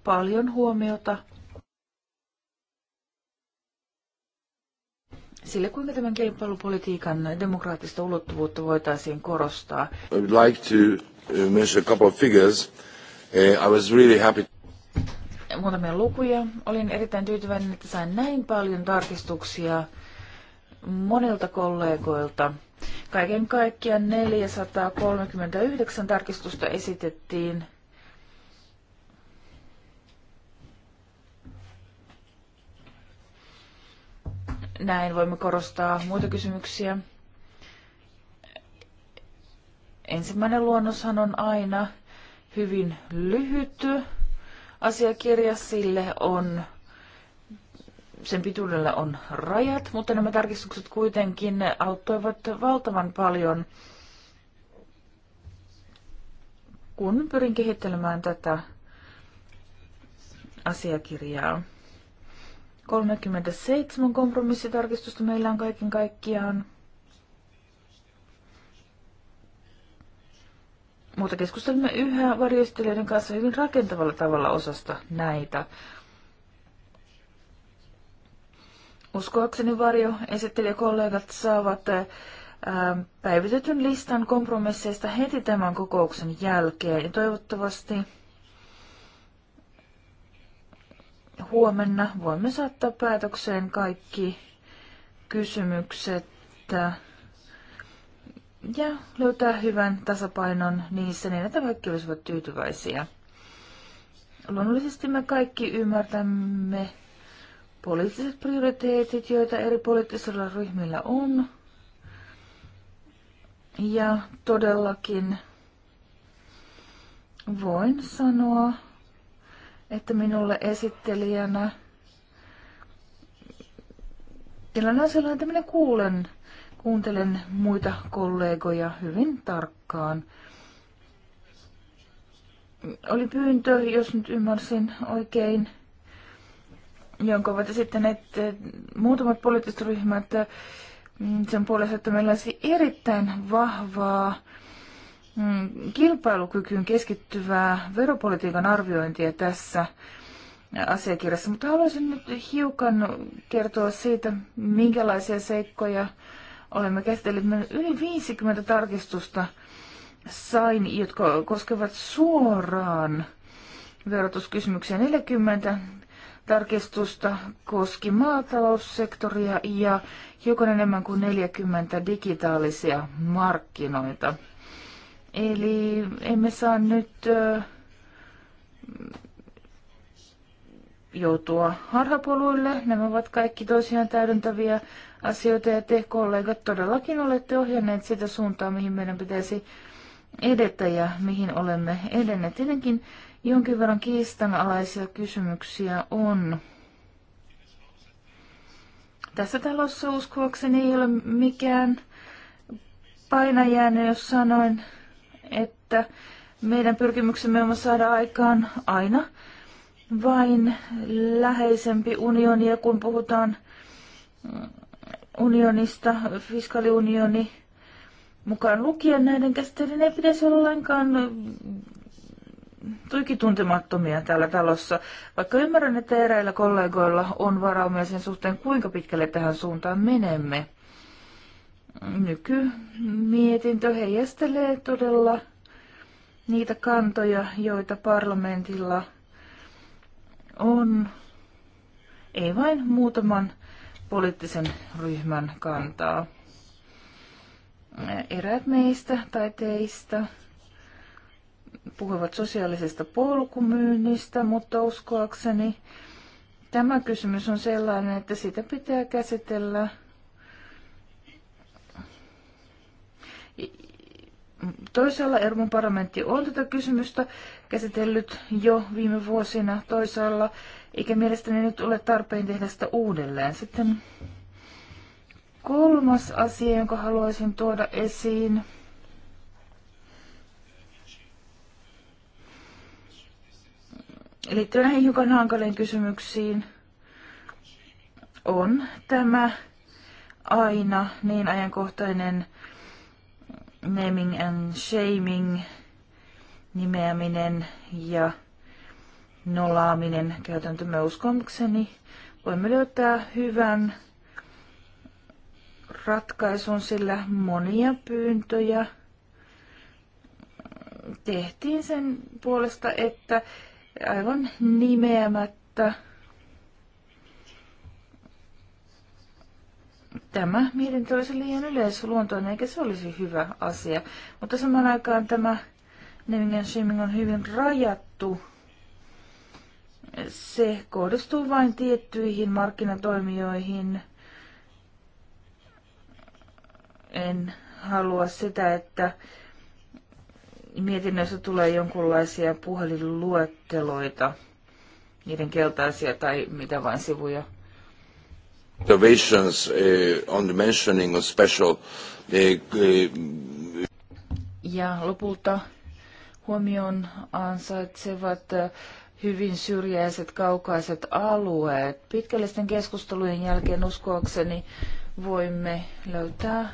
paljon huomiota sille, kuinka tämän kilpailupolitiikan demokraattista ulottuvuutta voitaisiin korostaa. I would like to uh, mention a couple of figures. Uh, I was really happy. Muutamia lukuja. Olin erittäin tyytyväinen, että sain näin paljon tarkistuksia monilta kollegoilta. Kaiken kaikkiaan 439 tarkistusta esitettiin. Näin voimme korostaa muita kysymyksiä. Ensimmäinen luonnoshan on aina hyvin lyhyt asiakirja, sille on sen pituudella on rajat, mutta nämä tarkistukset kuitenkin auttoivat valtavan paljon, kun pyrin kehittelemään tätä asiakirjaa. 37 kompromissitarkistusta meillä on kaiken kaikkiaan. Mutta keskustelimme yhä varjostelijoiden kanssa hyvin rakentavalla tavalla osasta näitä. Uskoakseni varjo esittelijäkollegat saavat päivitetyn listan kompromisseista heti tämän kokouksen jälkeen ja toivottavasti huomenna voimme saattaa päätökseen kaikki kysymykset ja löytää hyvän tasapainon niissä niin, että kaikki olisivat tyytyväisiä. Luonnollisesti me kaikki ymmärtämme poliittiset prioriteetit, joita eri poliittisilla ryhmillä on. Ja todellakin voin sanoa, että minulle esittelijänä tilanne on sellainen, että minä kuulen, kuuntelen muita kollegoja hyvin tarkkaan. Oli pyyntö, jos nyt ymmärsin oikein, jonka ovat esittäneet eh, muutamat poliittiset ryhmät eh, mm, sen puolesta, että meillä olisi erittäin vahvaa mm, kilpailukykyyn keskittyvää veropolitiikan arviointia tässä asiakirjassa, mutta haluaisin nyt hiukan kertoa siitä, minkälaisia seikkoja olemme käsitelleet. Meillä yli 50 tarkistusta sain, jotka koskevat suoraan verotuskysymyksiä. 40 tarkistusta koski maataloussektoria ja hiukan enemmän kuin 40 digitaalisia markkinoita. Eli emme saa nyt joutua harhapoluille. Nämä ovat kaikki toisiaan täydentäviä asioita ja te kollegat todellakin olette ohjanneet sitä suuntaa, mihin meidän pitäisi edetä ja mihin olemme edenneet. Tietenkin Jonkin verran kiistanalaisia kysymyksiä on. Tässä talossa uskoakseni ei ole mikään painajääne, jos sanoin, että meidän pyrkimyksemme on saada aikaan aina vain läheisempi unioni, ja kun puhutaan unionista, fiskaliunioni mukaan lukien näiden käsitteiden ei pitäisi olla lainkaan tuntemattomia täällä talossa, vaikka ymmärrän, että eräillä kollegoilla on varaumia sen suhteen, kuinka pitkälle tähän suuntaan menemme. Nykymietintö heijastelee todella niitä kantoja, joita parlamentilla on, ei vain muutaman poliittisen ryhmän kantaa. Eräät meistä tai teistä puhuivat sosiaalisesta polkumyynnistä, mutta uskoakseni tämä kysymys on sellainen, että sitä pitää käsitellä Toisaalla Euroopan parlamentti on tätä kysymystä käsitellyt jo viime vuosina toisaalla, eikä mielestäni nyt ole tarpeen tehdä sitä uudelleen. Sitten kolmas asia, jonka haluaisin tuoda esiin, liittyen näihin hiukan hankaliin kysymyksiin on tämä aina niin ajankohtainen naming and shaming nimeäminen ja nolaaminen käytäntömme uskomukseni. Voimme löytää hyvän ratkaisun, sillä monia pyyntöjä tehtiin sen puolesta, että aivan nimeämättä. Tämä mietintö olisi liian yleisluontoinen, eikä se olisi hyvä asia. Mutta samaan aikaan tämä naming shaming on hyvin rajattu. Se kohdistuu vain tiettyihin markkinatoimijoihin. En halua sitä, että mietinnössä tulee jonkinlaisia puhelinluetteloita, niiden keltaisia tai mitä vain sivuja. Observations uh, on the mentioning of special... Uh, ja lopulta huomion ansaitsevat hyvin syrjäiset kaukaiset alueet. Pitkällisten keskustelujen jälkeen uskoakseni voimme löytää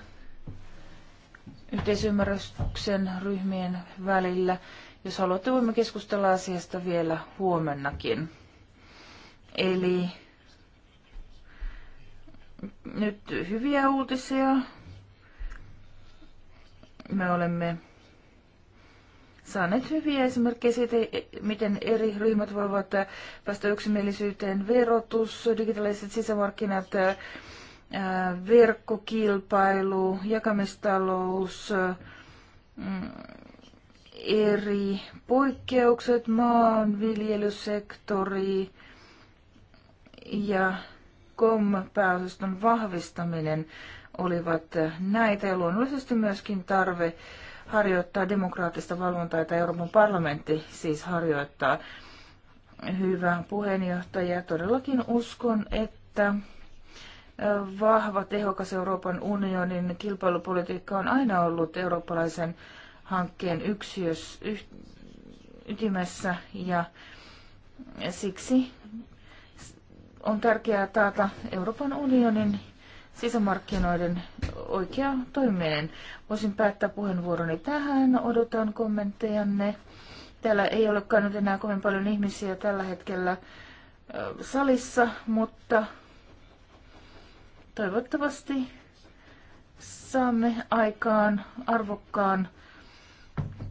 yhteisymmärryksen ryhmien välillä. Jos haluatte, voimme keskustella asiasta vielä huomennakin. Eli nyt hyviä uutisia. Me olemme saaneet hyviä esimerkkejä siitä, miten eri ryhmät voivat päästä yksimielisyyteen. Verotus, digitaaliset sisämarkkinat, Äh, verkkokilpailu, jakamistalous, mm, eri poikkeukset, maanviljelysektori ja COM-pääosaston vahvistaminen olivat näitä ja luonnollisesti myöskin tarve harjoittaa demokraattista valvontaa, jota Euroopan parlamentti siis harjoittaa. Hyvä puheenjohtaja, todellakin uskon, että vahva, tehokas Euroopan unionin kilpailupolitiikka on aina ollut eurooppalaisen hankkeen yksiös, ytimessä ja siksi on tärkeää taata Euroopan unionin sisämarkkinoiden oikea toimeen. Voisin päättää puheenvuoroni tähän. Odotan kommenttejanne. Täällä ei olekaan nyt enää kovin paljon ihmisiä tällä hetkellä salissa, mutta Toivottavasti saamme aikaan arvokkaan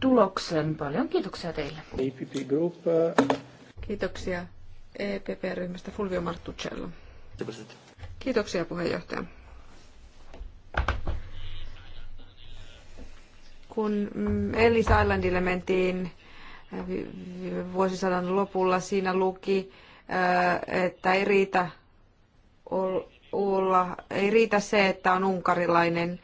tuloksen. Paljon kiitoksia teille. EPP Group. Uh, kiitoksia EPP-ryhmästä Fulvio Martuccello. Kiitoksia puheenjohtaja. Kun Ellis Islandille mentiin äh, vuosisadan lopulla, siinä luki, äh, että ei riitä olla, ei riitä se, että on unkarilainen.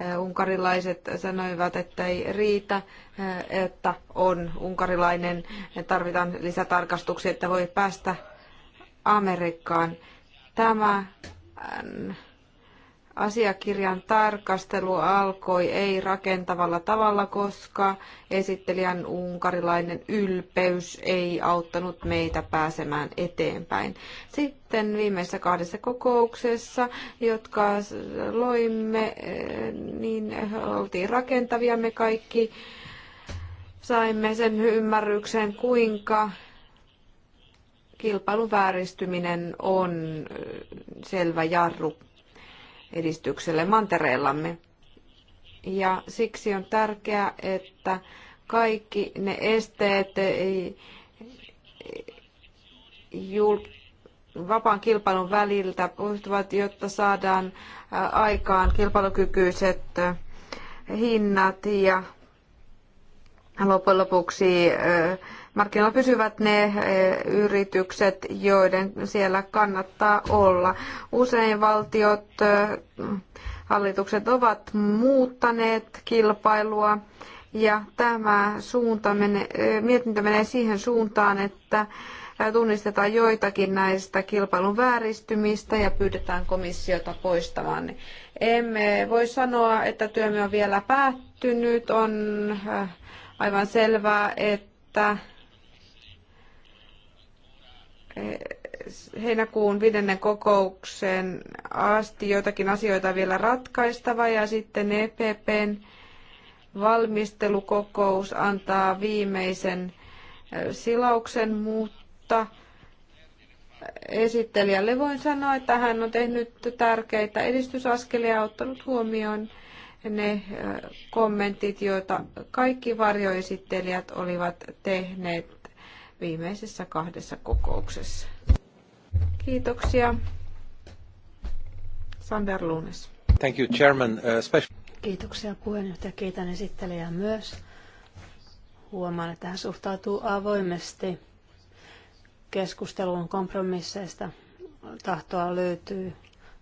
Äh, unkarilaiset sanoivat, että ei riitä, äh, että on unkarilainen, tarvitaan lisätarkastuksia, että voi päästä Amerikkaan. Tämä äh, Asiakirjan tarkastelu alkoi ei rakentavalla tavalla, koska esittelijän unkarilainen ylpeys ei auttanut meitä pääsemään eteenpäin. Sitten viimeisessä kahdessa kokouksessa, jotka loimme, niin oltiin rakentavia me kaikki. Saimme sen ymmärryksen, kuinka kilpailun vääristyminen on selvä jarru edistykselle mantereellamme. Ja siksi on tärkeää, että kaikki ne esteet vapaan kilpailun väliltä poistuvat, jotta saadaan aikaan kilpailukykyiset hinnat ja loppujen lopuksi markkinoilla pysyvät ne eh, yritykset, joiden siellä kannattaa olla. Usein valtiot, eh, hallitukset ovat muuttaneet kilpailua ja tämä suunta mene, eh, mietintö menee siihen suuntaan, että tunnistetaan joitakin näistä kilpailun vääristymistä ja pyydetään komissiota poistamaan ne. Emme voi sanoa, että työmme on vielä päättynyt. On aivan selvää, että Eh, heinäkuun viidennen kokouksen asti joitakin asioita vielä ratkaistava ja sitten EPPn valmistelukokous antaa viimeisen eh, silauksen, mutta esittelijälle voin sanoa, että hän on tehnyt tärkeitä edistysaskelia ja ottanut huomioon ne eh, kommentit, joita kaikki varjoesittelijät olivat tehneet viimeisessä kahdessa kokouksessa. Kiitoksia. Sander Lunes. Thank you, Chairman. Uh, Kiitoksia puheenjohtaja. Kiitän esittelijää myös. Huomaan, että hän suhtautuu avoimesti keskusteluun kompromisseista. Tahtoa löytyy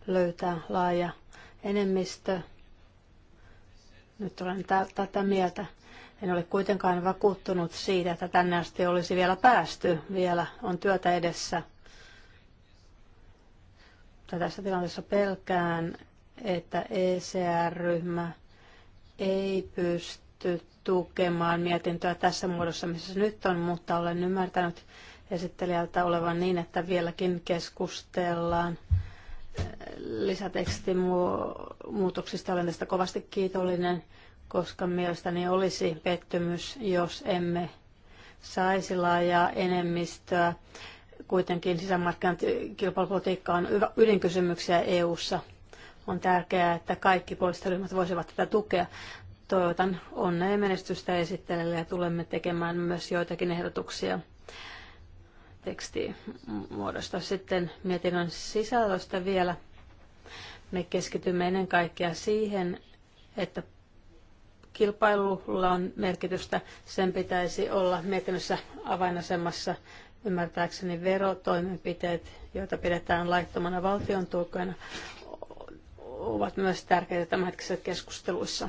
löytää laaja enemmistö. Nyt olen tätä mieltä. En ole kuitenkaan vakuuttunut siitä, että tänne asti olisi vielä päästy. Vielä on työtä edessä. Tässä tilanteessa pelkään, että ECR-ryhmä ei pysty tukemaan mietintöä tässä muodossa, missä se nyt on, mutta olen ymmärtänyt esittelijältä olevan niin, että vieläkin keskustellaan lisätekstimuutoksista Olen tästä kovasti kiitollinen koska mielestäni olisi pettymys, jos emme saisi laajaa enemmistöä. Kuitenkin sisämarkkinat kilpailupolitiikka on ydinkysymyksiä EU:ssa. On tärkeää, että kaikki poliittiset ryhmät voisivat tätä tukea. Toivotan onnea ja menestystä esittelijälle ja tulemme tekemään myös joitakin ehdotuksia tekstimuodosta. Sitten mietinnön sisällöstä vielä. Me keskitymme ennen kaikkea siihen, että kilpailulla on merkitystä. Sen pitäisi olla mietinnössä avainasemassa ymmärtääkseni verotoimenpiteet, joita pidetään laittomana valtion tukena, ovat myös tärkeitä tämänhetkisissä keskusteluissa.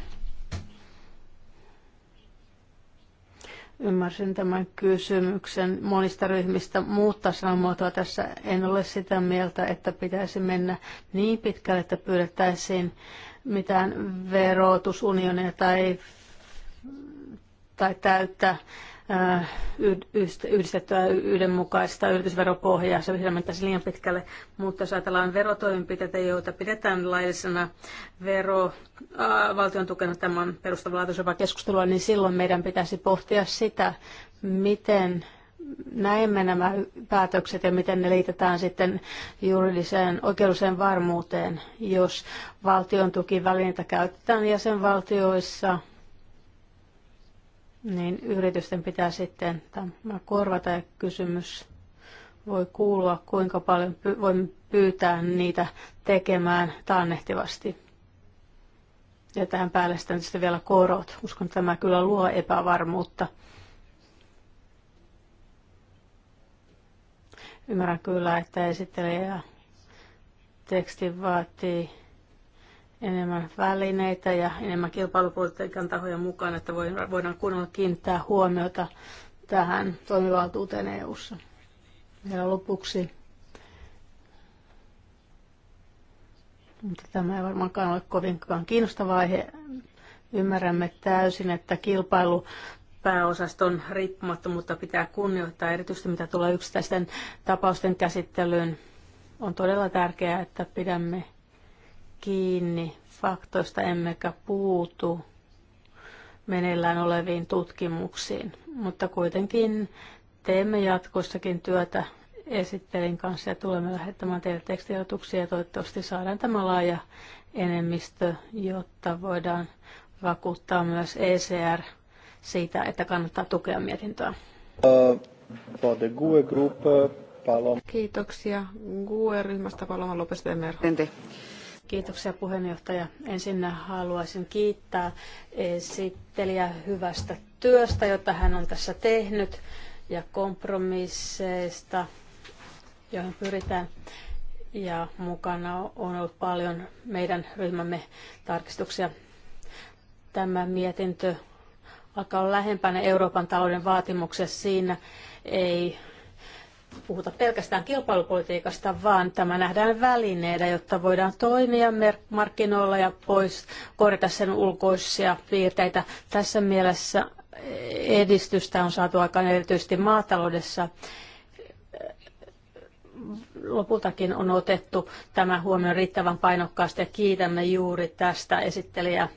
Ymmärsin tämän kysymyksen monista ryhmistä, mutta sanamuotoa tässä en ole sitä mieltä, että pitäisi mennä niin pitkälle, että pyydettäisiin mitään verotusunionia tai, tai täyttä äh, yhdistettyä yhdenmukaista yritysveropohjaa. Se vihreä mentäisi liian pitkälle, mutta jos ajatellaan verotoimenpiteitä, joita pidetään laillisena vero, ää, äh, valtion tukena tämän perustavanlaatuisempaa keskustelua, niin silloin meidän pitäisi pohtia sitä, miten näemme nämä päätökset ja miten ne liitetään sitten juridiseen oikeudelliseen varmuuteen, jos valtion tukivälineitä käytetään jäsenvaltioissa, niin yritysten pitää sitten tämä korvata ja kysymys voi kuulua, kuinka paljon py- voimme pyytää niitä tekemään taannehtivasti. Ja tähän päälle sitten vielä korot. Uskon, että tämä kyllä luo epävarmuutta. Ymmärrän kyllä, että esittelijä teksti vaatii enemmän välineitä ja enemmän kilpailupolitiikan tahoja mukaan, että voidaan kunnolla kiinnittää huomiota tähän toimivaltuuteen EU-ssa. Vielä lopuksi. Mutta tämä ei varmaankaan ole kovinkaan kiinnostava aihe. Ymmärrämme täysin, että kilpailu pääosaston riippumattomuutta pitää kunnioittaa, erityisesti mitä tulee yksittäisten tapausten käsittelyyn. On todella tärkeää, että pidämme kiinni faktoista emmekä puutu meneillään oleviin tutkimuksiin, mutta kuitenkin teemme jatkossakin työtä esittelin kanssa ja tulemme lähettämään teille tekstijoituksia ja toivottavasti saadaan tämä laaja enemmistö, jotta voidaan vakuuttaa myös ECR siitä, että kannattaa tukea mietintöä. Uh, e group, uh, Kiitoksia GUE-ryhmästä Paloma lopez Kiitoksia puheenjohtaja. Ensin haluaisin kiittää esittelijä hyvästä työstä, jota hän on tässä tehnyt ja kompromisseista, joihin pyritään. Ja mukana on ollut paljon meidän ryhmämme tarkistuksia. Tämä mietintö vaikka on lähempänä Euroopan talouden vaatimuksia, siinä ei puhuta pelkästään kilpailupolitiikasta, vaan tämä nähdään välineenä, jotta voidaan toimia markkinoilla ja pois korjata sen ulkoisia piirteitä. Tässä mielessä edistystä on saatu aikaan erityisesti maataloudessa. Lopultakin on otettu tämä huomioon riittävän painokkaasti ja kiitämme juuri tästä esittelijää.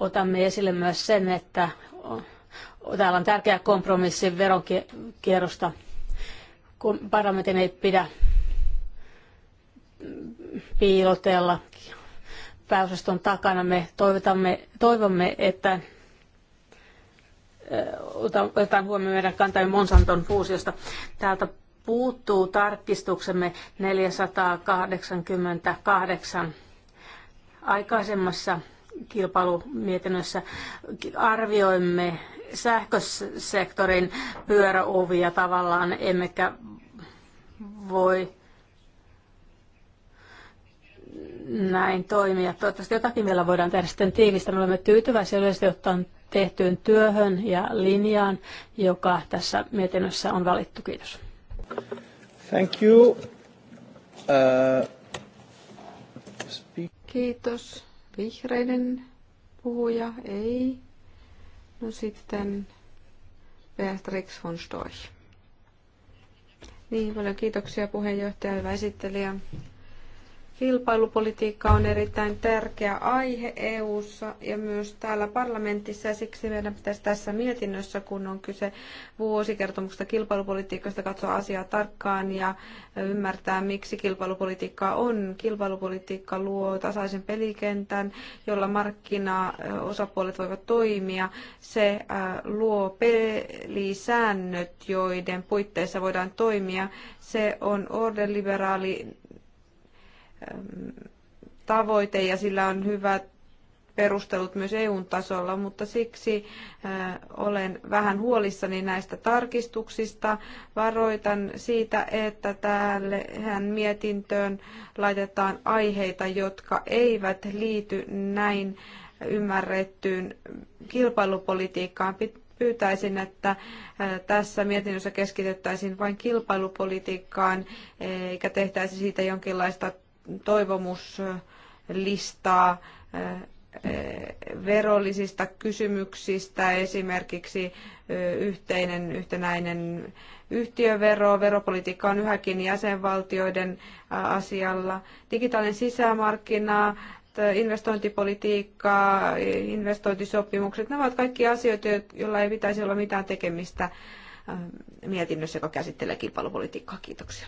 otamme esille myös sen, että täällä on tärkeä kompromissi veronkierrosta, kun parlamentin ei pidä piilotella pääosaston takana. Me toivotamme, toivomme, että otetaan huomioon meidän kantamme Monsanton fuusiosta. Täältä puuttuu tarkistuksemme 488 aikaisemmassa kilpailumietinnössä arvioimme sähkösektorin pyöräovia tavallaan, emmekä voi näin toimia. Toivottavasti jotakin vielä voidaan tehdä sitten tiivistä. Me olemme tyytyväisiä yleisesti ottaen tehtyyn työhön ja linjaan, joka tässä mietinnössä on valittu. Kiitos. Thank you. Uh, Kiitos. Vihreiden puhuja ei. No sitten Beatrix von Storch. Niin, paljon kiitoksia puheenjohtaja, hyvä esittelijä. Kilpailupolitiikka on erittäin tärkeä aihe EU:ssa ja myös täällä parlamentissa ja siksi meidän pitäisi tässä mietinnössä, kun on kyse vuosikertomuksesta kilpailupolitiikasta, katsoa asiaa tarkkaan ja ymmärtää, miksi kilpailupolitiikkaa on. Kilpailupolitiikka luo tasaisen pelikentän, jolla markkinaosapuolet voivat toimia. Se äh, luo pelisäännöt, joiden puitteissa voidaan toimia. Se on ordelliberaali tavoite ja sillä on hyvät perustelut myös EUn tasolla, mutta siksi olen vähän huolissani näistä tarkistuksista. Varoitan siitä, että tähän mietintöön laitetaan aiheita, jotka eivät liity näin ymmärrettyyn kilpailupolitiikkaan. Pyytäisin, että tässä mietinnössä keskityttäisiin vain kilpailupolitiikkaan, eikä tehtäisi siitä jonkinlaista toivomuslistaa eh, eh, verollisista kysymyksistä, esimerkiksi eh, yhteinen yhtenäinen yhtiövero, veropolitiikka on yhäkin jäsenvaltioiden asialla, digitaalinen sisämarkkina, investointipolitiikka, investointisopimukset, ne ovat kaikki asioita, joilla ei pitäisi olla mitään tekemistä mietinnössä, joka käsittelee kilpailupolitiikkaa. Kiitoksia.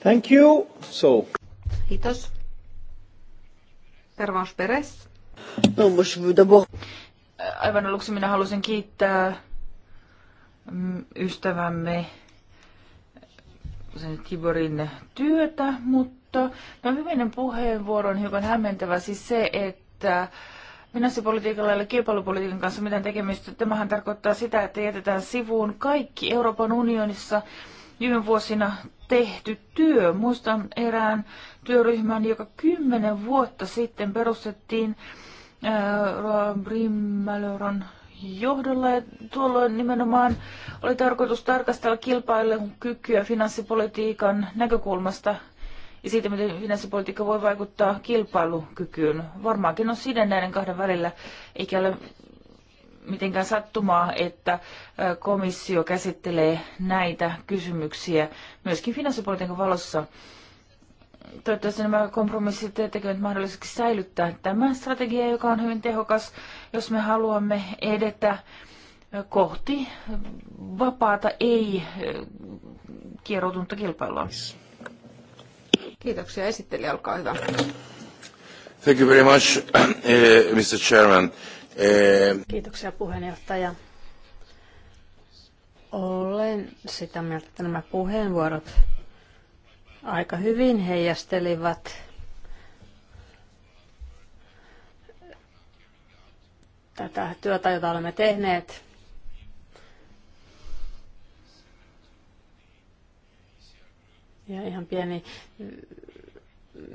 Thank you. So. Kiitos. Pervans Peres. No, Aivan aluksi minä halusin kiittää mm, ystävämme sen Tiborin työtä, mutta tämä no, hyvinen puheenvuoro on hiukan hämmentävä siis se, että finanssipolitiikalla ei ole kilpailupolitiikan kanssa mitään tekemistä. Tämähän tarkoittaa sitä, että jätetään sivuun kaikki Euroopan unionissa viime vuosina tehty työ. Muistan erään työryhmän, joka kymmenen vuotta sitten perustettiin äh, Rimmälöron johdolla ja tuolloin nimenomaan oli tarkoitus tarkastella kilpailun kykyä finanssipolitiikan näkökulmasta ja siitä, miten finanssipolitiikka voi vaikuttaa kilpailukykyyn. Varmaankin on siden näiden kahden välillä, eikä ole mitenkään sattumaa, että komissio käsittelee näitä kysymyksiä myöskin finanssipolitiikan valossa. Toivottavasti nämä kompromissit tekevät mahdolliseksi säilyttää tämä strategia, joka on hyvin tehokas, jos me haluamme edetä kohti vapaata, ei kieroutunutta kilpailua. Kiitoksia esittelijä, olkaa hyvä. Thank you very much, eh, Mr. Chairman. Eh, Kiitoksia puheenjohtaja. Olen sitä mieltä, että nämä puheenvuorot aika hyvin heijastelivat tätä työtä, jota olemme tehneet. Ja ihan pieni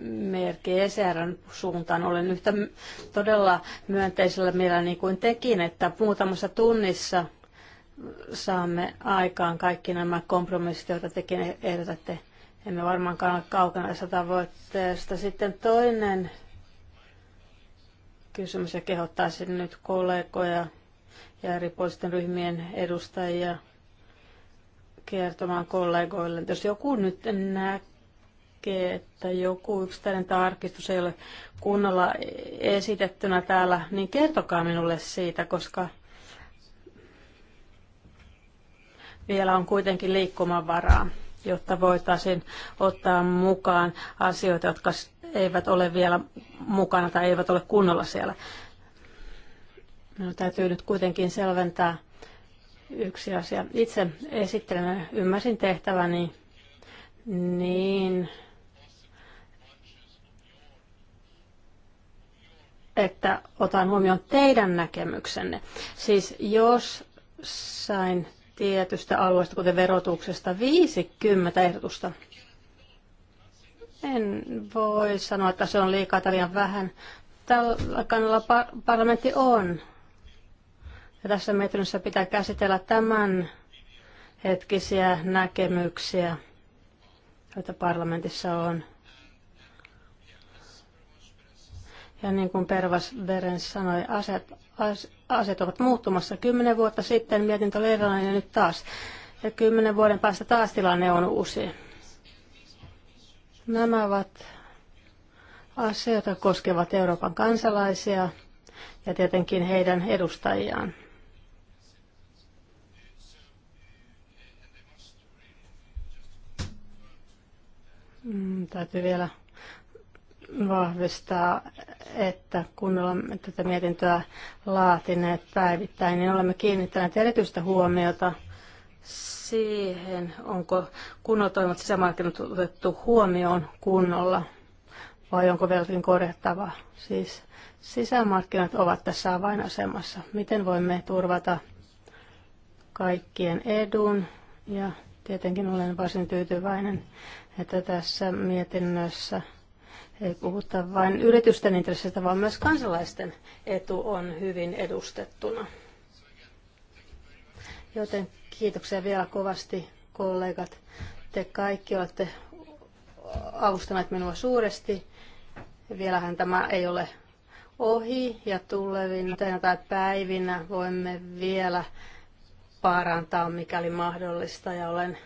merkki e suuntaan. Olen yhtä todella myönteisellä niin kuin tekin, että muutamassa tunnissa saamme aikaan kaikki nämä kompromissit, joita tekin e- ehdotatte. Emme varmaankaan ole kaukana tästä tavoitteesta. Sitten toinen kysymys, ja kehottaisin nyt kollegoja ja eri ryhmien edustajia kertomaan kollegoille. Jos joku nyt näkee, näkee, että joku yksittäinen tarkistus ei ole kunnolla esitettynä täällä, niin kertokaa minulle siitä, koska vielä on kuitenkin liikkumavaraa, jotta voitaisiin ottaa mukaan asioita, jotka eivät ole vielä mukana tai eivät ole kunnolla siellä. Minun täytyy nyt kuitenkin selventää yksi asia. Itse esittelen, ymmärsin tehtäväni niin, että otan huomioon teidän näkemyksenne. Siis jos sain tietystä alueesta, kuten verotuksesta, 50 ehdotusta, en voi sanoa, että se on liikaa tai liian vähän. Tällä kannalla par- parlamentti on. Ja tässä mietinnössä pitää käsitellä tämän hetkisiä näkemyksiä, joita parlamentissa on. Ja niin kuin Pervas Beren sanoi, asiat, as, asiat ovat muuttumassa. Kymmenen vuotta sitten mietintö oli erilainen ja nyt taas. Ja kymmenen vuoden päästä taas tilanne on uusi. Nämä ovat asioita, jotka koskevat Euroopan kansalaisia ja tietenkin heidän edustajiaan. Mm, täytyy vielä vahvistaa, että kun olemme tätä mietintöä laatineet päivittäin, niin olemme kiinnittäneet erityistä huomiota siihen, onko kunnolla toimivat sisämarkkinat otettu huomioon kunnolla vai onko vieläkin korjattava. Siis sisämarkkinat ovat tässä avainasemassa. Miten voimme turvata kaikkien edun ja tietenkin olen varsin tyytyväinen, että tässä mietinnössä – ei puhuta vain yritysten intresseistä, vaan myös kansalaisten etu on hyvin edustettuna. Joten kiitoksia vielä kovasti kollegat. Te kaikki olette avustaneet minua suuresti. Vielähän tämä ei ole ohi ja tulevina tai päivinä voimme vielä parantaa, mikäli mahdollista. Ja olen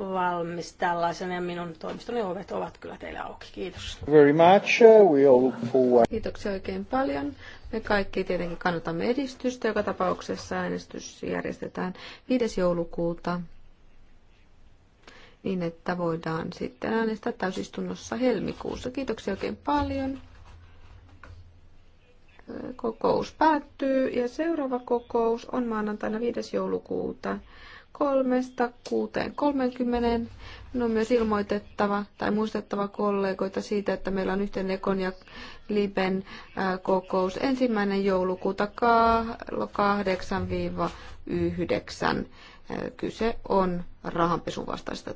valmis tällaisen ja minun toimistoni ovet ovat kyllä teille auki. Kiitos. Very much. We all for... Kiitoksia oikein paljon. Me kaikki tietenkin kannatamme edistystä. Joka tapauksessa äänestys järjestetään 5. joulukuuta niin, että voidaan sitten äänestää täysistunnossa helmikuussa. Kiitoksia oikein paljon. Kokous päättyy ja seuraava kokous on maanantaina 5. joulukuuta kolmesta kuuteen kolmenkymmenen. no on myös ilmoitettava tai muistettava kollegoita siitä, että meillä on yhteen Ekon ja Liben kokous ensimmäinen joulukuuta kello 8-9. Kyse on rahanpesun vastaista